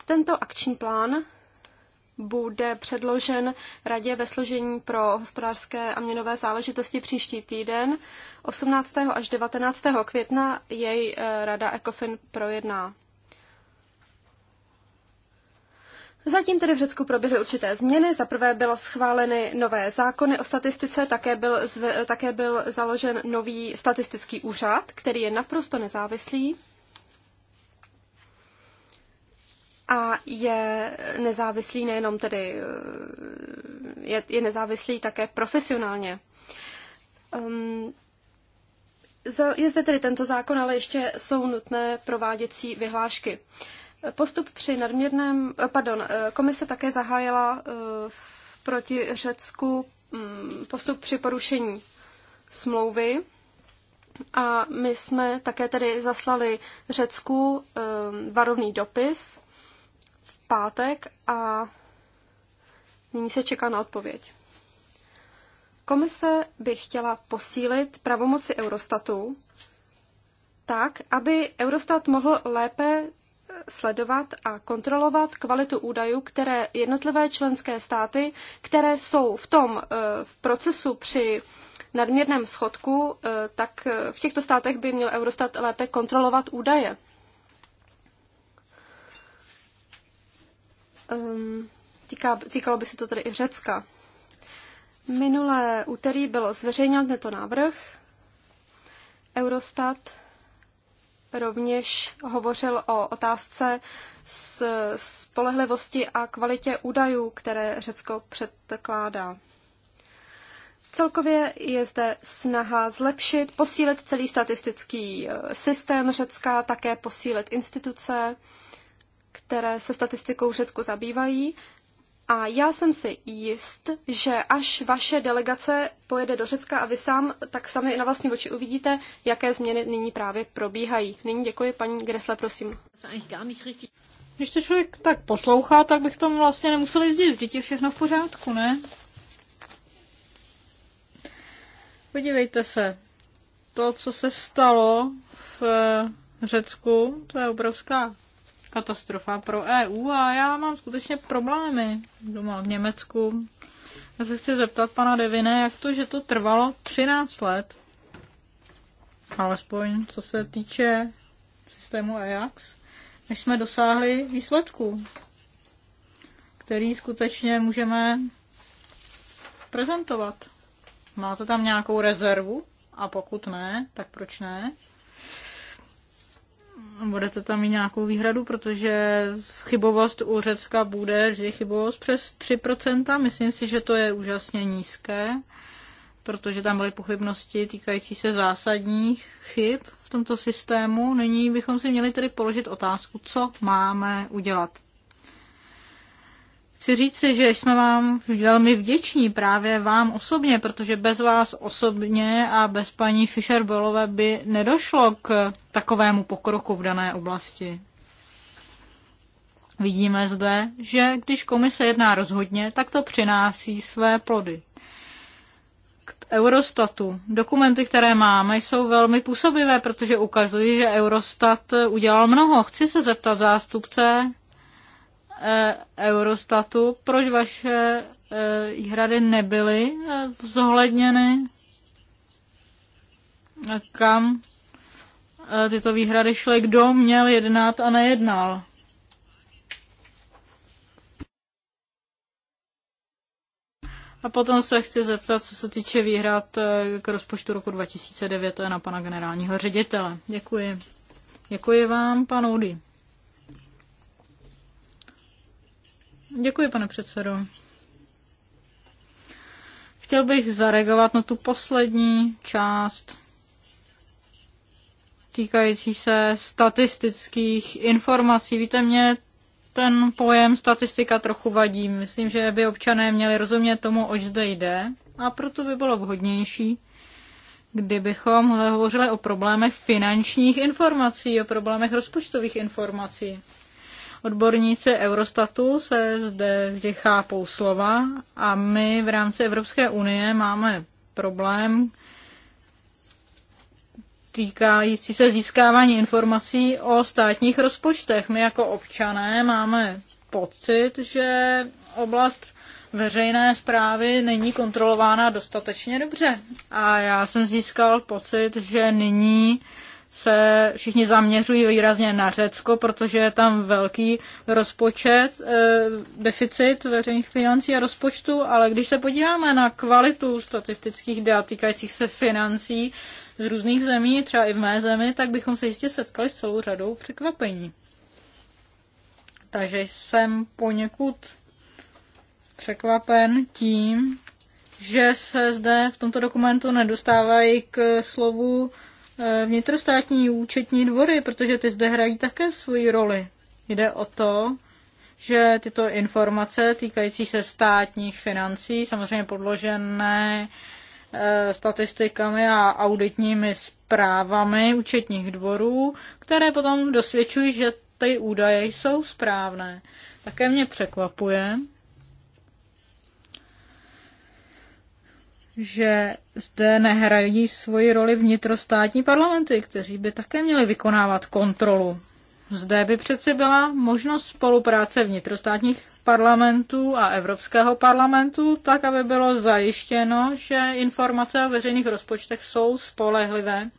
Tento akční plán bude předložen Radě ve složení pro hospodářské a měnové záležitosti příští týden. 18. až 19. května jej eh, Rada ECOFIN projedná. Zatím tedy v Řecku proběhly určité změny. Za prvé bylo schváleny nové zákony o statistice, také byl, zv, také byl založen nový statistický úřad, který je naprosto nezávislý a je nezávislý nejenom tedy, je, je nezávislý také profesionálně. Um, je zde tedy tento zákon, ale ještě jsou nutné prováděcí vyhlášky. Uh, Postup při nadměrném, eh, pardon, eh, komise také zahájila eh, proti Řecku mm, postup při porušení smlouvy a my jsme také tedy zaslali Řecku varovný dopis v pátek a nyní se čeká na odpověď. Komise by chtěla posílit pravomoci Eurostatu tak, aby Eurostat mohl lépe sledovat a kontrolovat kvalitu údajů, které jednotlivé členské státy, které jsou v tom eh, v procesu při nadměrném schodku, eh, tak eh, v těchto státech by měl Eurostat lépe kontrolovat údaje. Ehm, týká, týkalo by se to tedy i Řecka. Minulé úterý bylo zveřejněn tento návrh. Eurostat rovněž hovořil o otázce spolehlivosti a kvalitě údajů, které Řecko předkládá. Celkově je zde snaha zlepšit, posílit celý statistický eh, systém Řecka, také posílit instituce, které se statistikou Řecku zabývají a já jsem si jist, že až vaše delegace pojede do Řecka a vy sám, tak sami na vlastní oči uvidíte, jaké změny nyní právě probíhají. Nyní děkuji paní Gresle, prosím. Když to člověk tak poslouchá, tak bych tomu vlastně nemusel jezdit. Vždyť je všechno v pořádku, ne? Podívejte se. To, co se stalo v eh, Řecku, to je obrovská katastrofa pro EU a já mám skutečně problémy doma v Německu. Já se chci zeptat pana Devine, jak to, že to trvalo 13 let, alespoň co se týče systému Ajax, než jsme dosáhli výsledku, který skutečně můžeme prezentovat. Máte tam nějakou rezervu? A pokud ne, tak proč ne? budete tam mít nějakou výhradu, protože chybovost u Řecka bude vždy chybovost přes 3%. Myslím si, že to je úžasně nízké, protože tam byly pochybnosti týkající se zásadních chyb v tomto systému. Nyní bychom si měli tedy položit otázku, co máme udělat chci říci, že jsme vám velmi vděční, právě vám osobně, protože bez vás osobně a bez paní fischer bolové by nedošlo k takovému pokroku v dané oblasti. Vidíme zde, že když komise jedná rozhodně, tak to přináší své plody. K Eurostatu. Dokumenty, které máme, jsou velmi působivé, protože ukazují, že Eurostat udělal mnoho. Chci se zeptat zástupce Eh, Eurostatu, proč vaše eh, výhrady nebyly eh, zohledněny? Kam tyto výhrady šly? Kdo měl jednat a nejednal? A potom se chci zeptat, co se týče výhrad k rozpočtu roku 2009, to je na pana generálního ředitele. Děkuji. Děkuji vám, pan Udy. Děkuji, pane předsedo. Chtěl bych zareagovat na tu poslední část týkající se statistických informací. Víte, mě ten pojem statistika trochu vadí. Myslím, že by občané měli rozumět tomu, oč zde jde a proto by bylo vhodnější, kdybychom hovořili o problémech finančních informací, o problémech rozpočtových informací. Odborníci Eurostatu se zde vždy chápou slova a my v rámci Evropské unie máme problém týkající se získávání informací o státních rozpočtech. My jako občané máme pocit, že oblast veřejné zprávy není kontrolována dostatečně dobře. A já jsem získal pocit, že nyní se všichni zaměřují výrazně na Řecko, protože je tam velký rozpočet, eh, deficit veřejných financí a rozpočtu, ale když se podíváme na kvalitu statistických dat týkajících se financí z různých zemí, třeba i v mé zemi, tak bychom se jistě setkali s celou řadou překvapení. Takže jsem poněkud překvapen tím, že se zde v tomto dokumentu nedostávají k slovu Eh, vnitrostátní účetní dvory, protože ty zde hrají také svoji roli. Jde o to, že tyto informace týkající se státních financí, samozřejmě podložené eh, statistikami a auditními zprávami účetních dvorů, které potom dosvědčují, že ty údaje jsou správné. Také mě překvapuje, že zde nehrají svoji roli vnitrostátní parlamenty, kteří by také měli vykonávat kontrolu. Zde by přece byla možnost spolupráce vnitrostátních parlamentů a Evropského parlamentu, tak aby bylo zajištěno, že informace o veřejných rozpočtech jsou spolehlivé,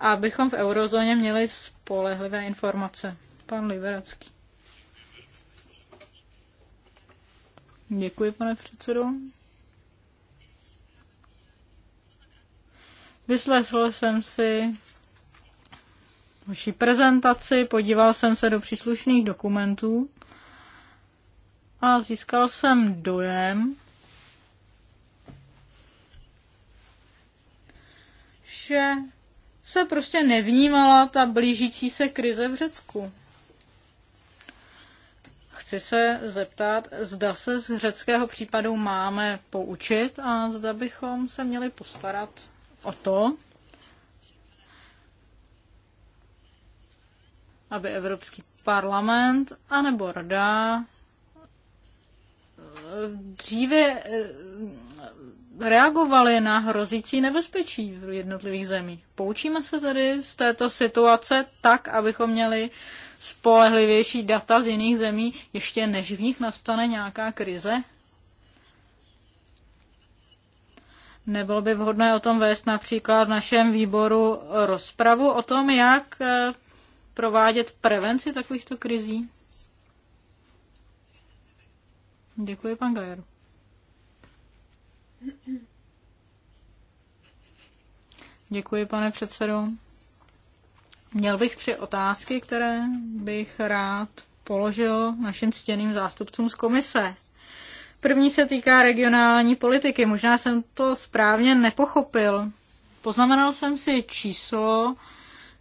abychom v eurozóně měli spolehlivé informace. Pan Liberacký. Děkuji, pane předsedo. Vyslechl jsem si vaši prezentaci, podíval jsem se do příslušných dokumentů a získal jsem dojem, že se prostě nevnímala ta blížící se krize v Řecku. Chci se zeptat, zda se z řeckého případu máme poučit a zda bychom se měli postarat o to, aby Evropský parlament anebo rada eh, dříve eh, reagovali na hrozící nebezpečí v jednotlivých zemích. Poučíme se tedy z této situace tak, abychom měli spolehlivější data z jiných zemí, ještě než v nich nastane nějaká krize? Nebylo by vhodné o tom vést například v našem výboru rozpravu o tom, jak eh, provádět prevenci takovýchto krizí? Děkuji, pan Gajer. Děkuji, pane předsedo. Měl bych tři otázky, které bych rád položil našim ctěným zástupcům z komise. První se týká regionální politiky. Možná jsem to správně nepochopil. Poznamenal jsem si číslo,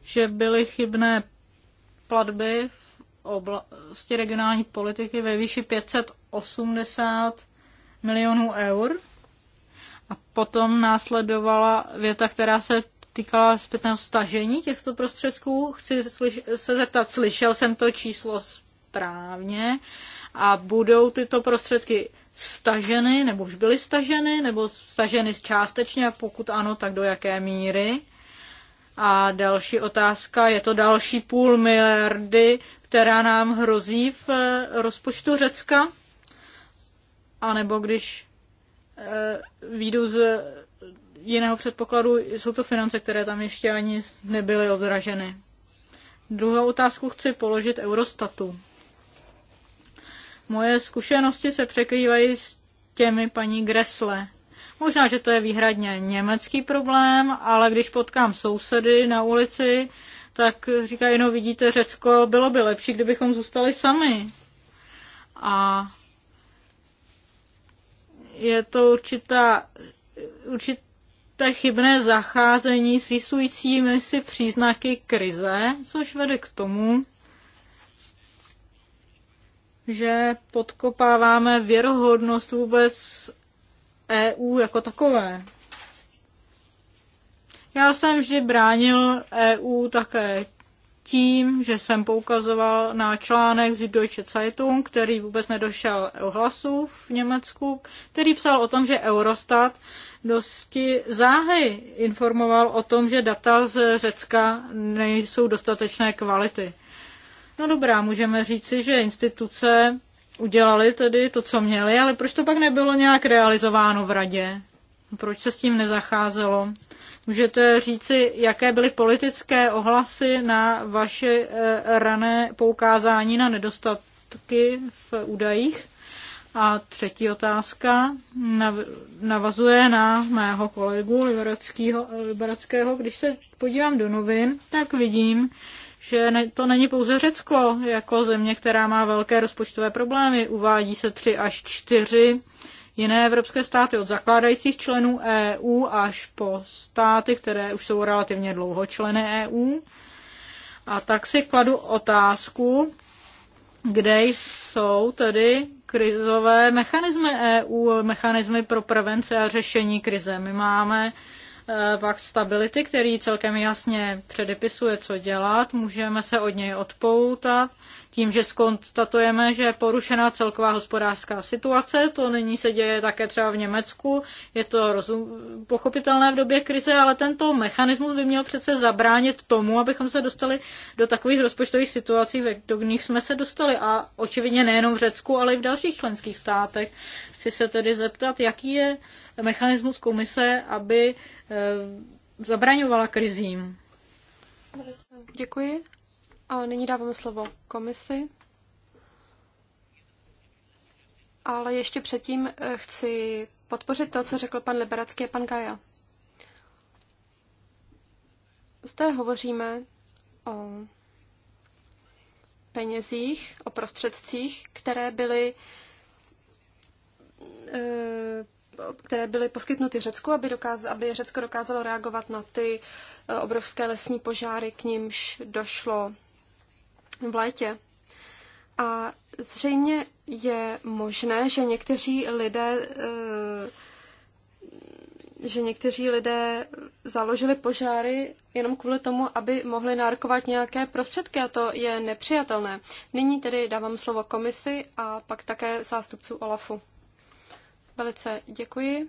že byly chybné platby v oblasti regionální politiky ve výši 580 milionů eur. A potom následovala věta, která se týkala zpětného stažení těchto prostředků. Chci se zeptat, slyšel jsem to číslo správně a budou tyto prostředky staženy, nebo už byly staženy, nebo staženy částečně, a pokud ano, tak do jaké míry. A další otázka, je to další půl miliardy, která nám hrozí v eh, rozpočtu Řecka? A nebo když eh, výjdu z jiného předpokladu, jsou to finance, které tam ještě ani nebyly odraženy. Druhou otázku chci položit Eurostatu. Moje zkušenosti se překrývají s těmi paní Gresle. Možná, že to je výhradně německý problém, ale když potkám sousedy na ulici, tak říkají, no vidíte, Řecko, bylo by lepší, kdybychom zůstali sami. A je to určitá, určité chybné zacházení s vysujícími si příznaky krize, což vede k tomu, že podkopáváme věrohodnost vůbec EU jako takové. Já jsem vždy bránil EU také tím, že jsem poukazoval na článek z Deutsche Zeitung, který vůbec nedošel hlasu v Německu, který psal o tom, že Eurostat dosti záhy informoval o tom, že data z Řecka nejsou dostatečné kvality. No dobrá, můžeme říci, že instituce udělali tedy to, co měli, ale proč to pak nebylo nějak realizováno v radě? Proč se s tím nezacházelo? Můžete říci, jaké byly politické ohlasy na vaše eh, rané poukázání na nedostatky v údajích? A třetí otázka navazuje na mého kolegu Liberackého. Když se podívám do novin, tak vidím, že ne, to není pouze Řecko jako země, která má velké rozpočtové problémy. Uvádí se tři až čtyři jiné evropské státy od zakládajících členů EU až po státy, které už jsou relativně dlouho členy EU. A tak si kladu otázku, kde jsou tedy krizové mechanismy EU, mechanismy pro prevenci a řešení krize. My máme Eh, pak stability, který celkem jasně předepisuje, co dělat, můžeme se od něj odpoutat tím, že skonstatujeme, že je porušená celková hospodářská situace. To nyní se děje také třeba v Německu. Je to rozum, pochopitelné v době krize, ale tento mechanismus by měl přece zabránit tomu, abychom se dostali do takových rozpočtových situací, do kterých jsme se dostali. A očividně nejenom v Řecku, ale i v dalších členských státech. Chci se tedy zeptat, jaký je mechanismus komise, aby eh, zabraňovala krizím. Děkuji. A nyní dáváme slovo komisi. Ale ještě předtím eh, chci podpořit to, co řekl pan Liberacký a pan Gaja. Zde hovoříme o penězích, o prostředcích, které byly eh, které byly poskytnuty Řecku, aby, dokáz, aby Řecko dokázalo reagovat na ty eh, obrovské lesní požáry, k nímž došlo v létě. A zřejmě je možné, že někteří lidé eh, že někteří lidé založili požáry jenom kvůli tomu, aby mohli nárkovat nějaké prostředky a to je nepřijatelné. Nyní tedy dávám slovo komisi a pak také zástupců OLAFu. Velice děkuji.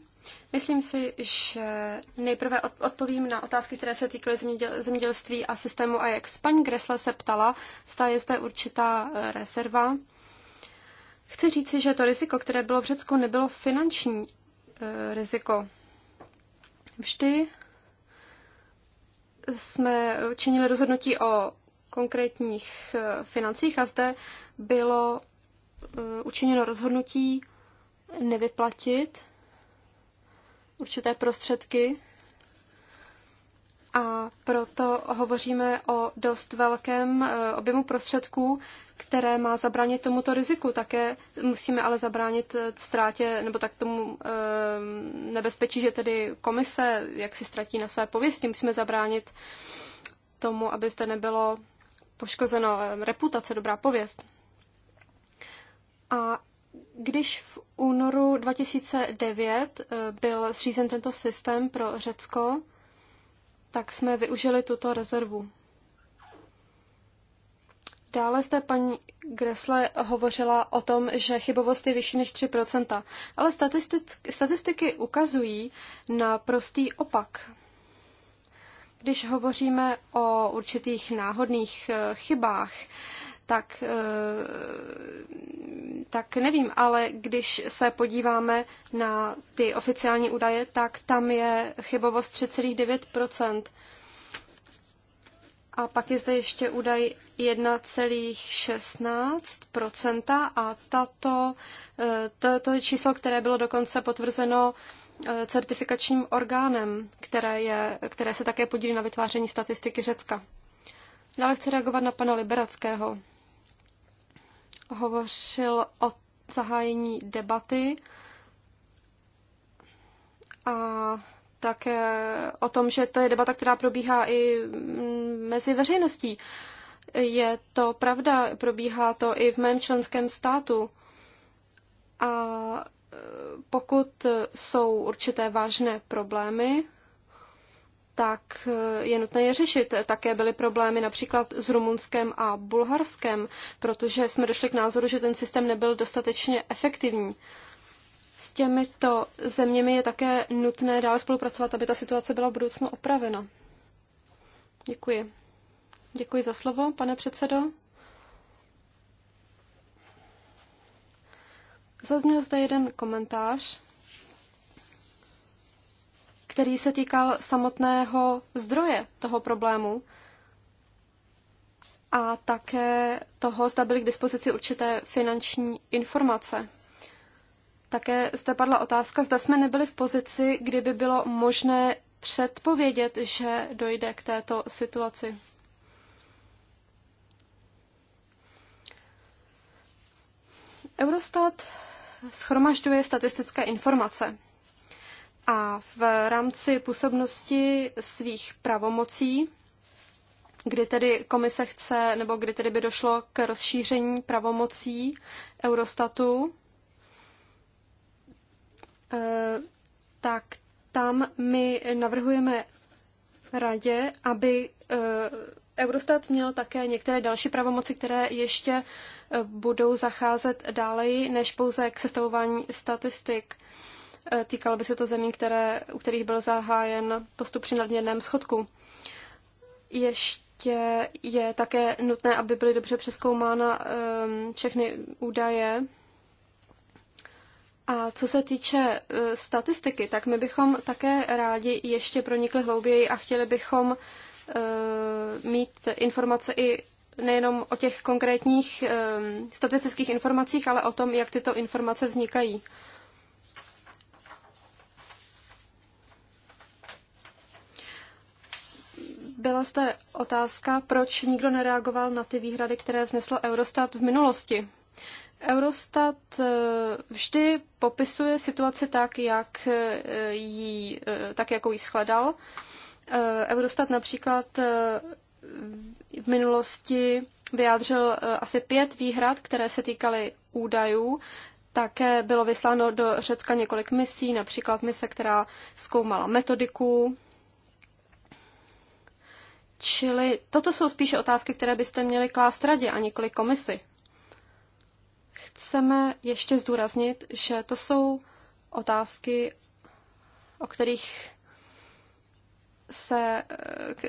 Myslím si, že nejprve odpovím na otázky, které se týkaly zemědělství a systému AJAX. Paní Gresle se ptala, zda je zde určitá eh, rezerva. Chci říci, že to riziko, které bylo v Řecku, nebylo finanční eh, riziko. Vždy jsme činili rozhodnutí o konkrétních eh, financích a zde bylo učiněno rozhodnutí nevyplatit určité prostředky a proto hovoříme o dost velkém eh, objemu prostředků, které má zabránit tomuto riziku. Také musíme ale zabránit eh, ztrátě nebo tak tomu eh, nebezpečí, že tedy komise jak si ztratí na své pověsti. Musíme zabránit tomu, aby zde nebylo poškozeno reputace, dobrá pověst. A když v únoru 2009 eh, byl zřízen tento systém pro Řecko, tak jsme využili tuto rezervu. Dále zde paní Gresle hovořila o tom, že chybovost je vyšší než 3%, ale statistiky ukazují na prostý opak. Když hovoříme o určitých náhodných eh, chybách, tak, eh, tak nevím, ale když se podíváme na ty oficiální údaje, tak tam je chybovost 3,9%. A pak je zde ještě údaj 1,16% a tato, eh, to, to je číslo, které bylo dokonce potvrzeno eh, certifikačním orgánem, které, je, které se také podílí na vytváření statistiky Řecka. Dále chci reagovat na pana Liberackého hovořil o zahájení debaty a také o tom, že to je debata, která probíhá i mezi veřejností. Je to pravda, probíhá to i v mém členském státu. A pokud jsou určité vážné problémy, tak eh, je nutné je řešit. Také byly problémy například s Rumunskem a Bulharskem, protože jsme došli k názoru, že ten systém nebyl dostatečně efektivní. S těmito zeměmi je také nutné dále spolupracovat, aby ta situace byla v budoucnu opravena. Děkuji. Děkuji za slovo, pane předsedo. Zazněl zde jeden komentář který se týkal samotného zdroje toho problému a také toho, zda byly k dispozici určité finanční informace. Také zde padla otázka, zda jsme nebyli v pozici, kdyby bylo možné předpovědět, že dojde k této situaci. Eurostat schromažďuje statistické informace a v rámci působnosti svých pravomocí, kdy tedy komise chce, nebo kdy tedy by došlo k rozšíření pravomocí Eurostatu, eh, tak tam my navrhujeme radě, aby eh, Eurostat měl také některé další pravomoci, které ještě eh, budou zacházet dále, než pouze k sestavování statistik. Eh, týkalo by se to zemí, které, u kterých byl zahájen postup při nadměrném schodku. Ještě je také nutné, aby byly dobře přeskoumána ehm, všechny údaje. A co se týče eh, statistiky, tak my bychom také rádi ještě pronikli hlouběji a chtěli bychom eh, mít informace i nejenom o těch konkrétních ehm, statistických informacích, ale o tom, jak tyto informace vznikají. Byla zde otázka, proč nikdo nereagoval na ty výhrady, které vznesl Eurostat v minulosti. Eurostat eh, vždy popisuje situaci tak, jak eh, jí, eh, tak jako ji shledal. Eurostat například v minulosti vyjádřil asi pět výhrad, které se týkaly údajů. Také bylo vysláno do Řecka několik misí, například mise, která zkoumala metodiku Čili toto jsou spíše otázky, které byste měli klást radě a nikoli komisy. Chceme ještě zdůraznit, že to jsou otázky, o kterých se,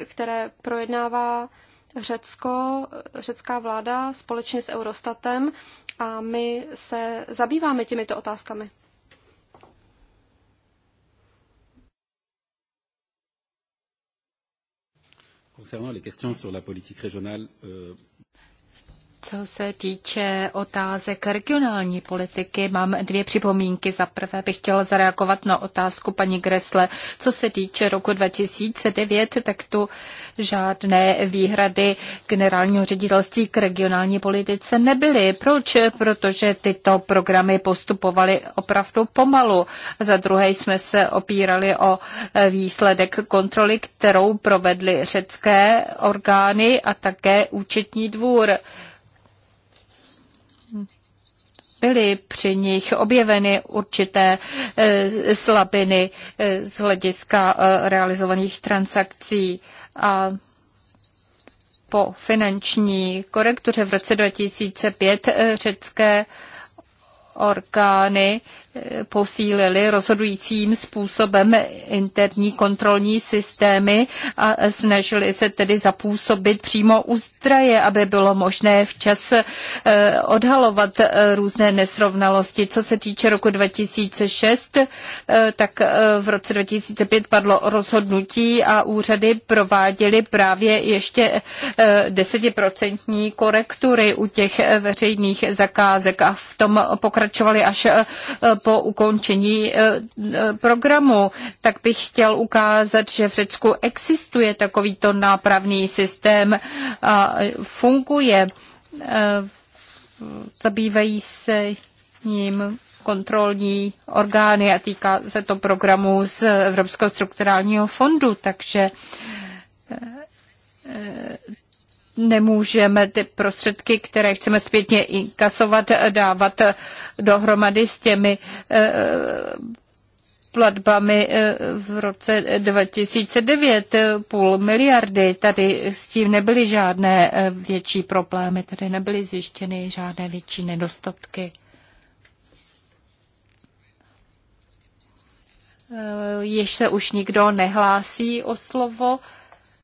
které projednává Řecko, řecká vláda společně s Eurostatem a my se zabýváme těmito otázkami. concernant les questions sur la politique régionale euh, co se týče otázek regionální politiky, mám dvě připomínky. Za prvé bych chtěla zareagovat na otázku paní Gresle. Co se týče roku 2009, tak tu žádné výhrady generálního ředitelství k regionální politice nebyly. Proč? Protože tyto programy postupovaly opravdu pomalu. Za druhé jsme se opírali o výsledek kontroly, kterou provedly řecké orgány a také účetní dvůr byly při nich objeveny určité eh, slabiny eh, z hlediska eh, realizovaných transakcí a po finanční korektuře v roce 2005 řecké orgány eh, posílily rozhodujícím způsobem interní kontrolní systémy a snažili se tedy zapůsobit přímo u zdraje, aby bylo možné včas eh, odhalovat eh, různé nesrovnalosti. Co se týče roku 2006, tak v roce 2005 padlo rozhodnutí a úřady prováděly právě ještě desetiprocentní korektury u těch veřejných zakázek a v tom pokračování pokračovali až eh, po ukončení eh, eh, programu. Tak bych chtěl ukázat, že v Řecku existuje takovýto nápravný systém a funguje. Zabývají se ním kontrolní orgány a týká se to programu z Evropského strukturálního fondu, takže nemůžeme ty prostředky, které chceme zpětně inkasovat, dávat dohromady s těmi eh, platbami eh, v roce 2009 půl miliardy. Tady s tím nebyly žádné eh, větší problémy, tady nebyly zjištěny žádné větší nedostatky. Již se už nikdo nehlásí o slovo.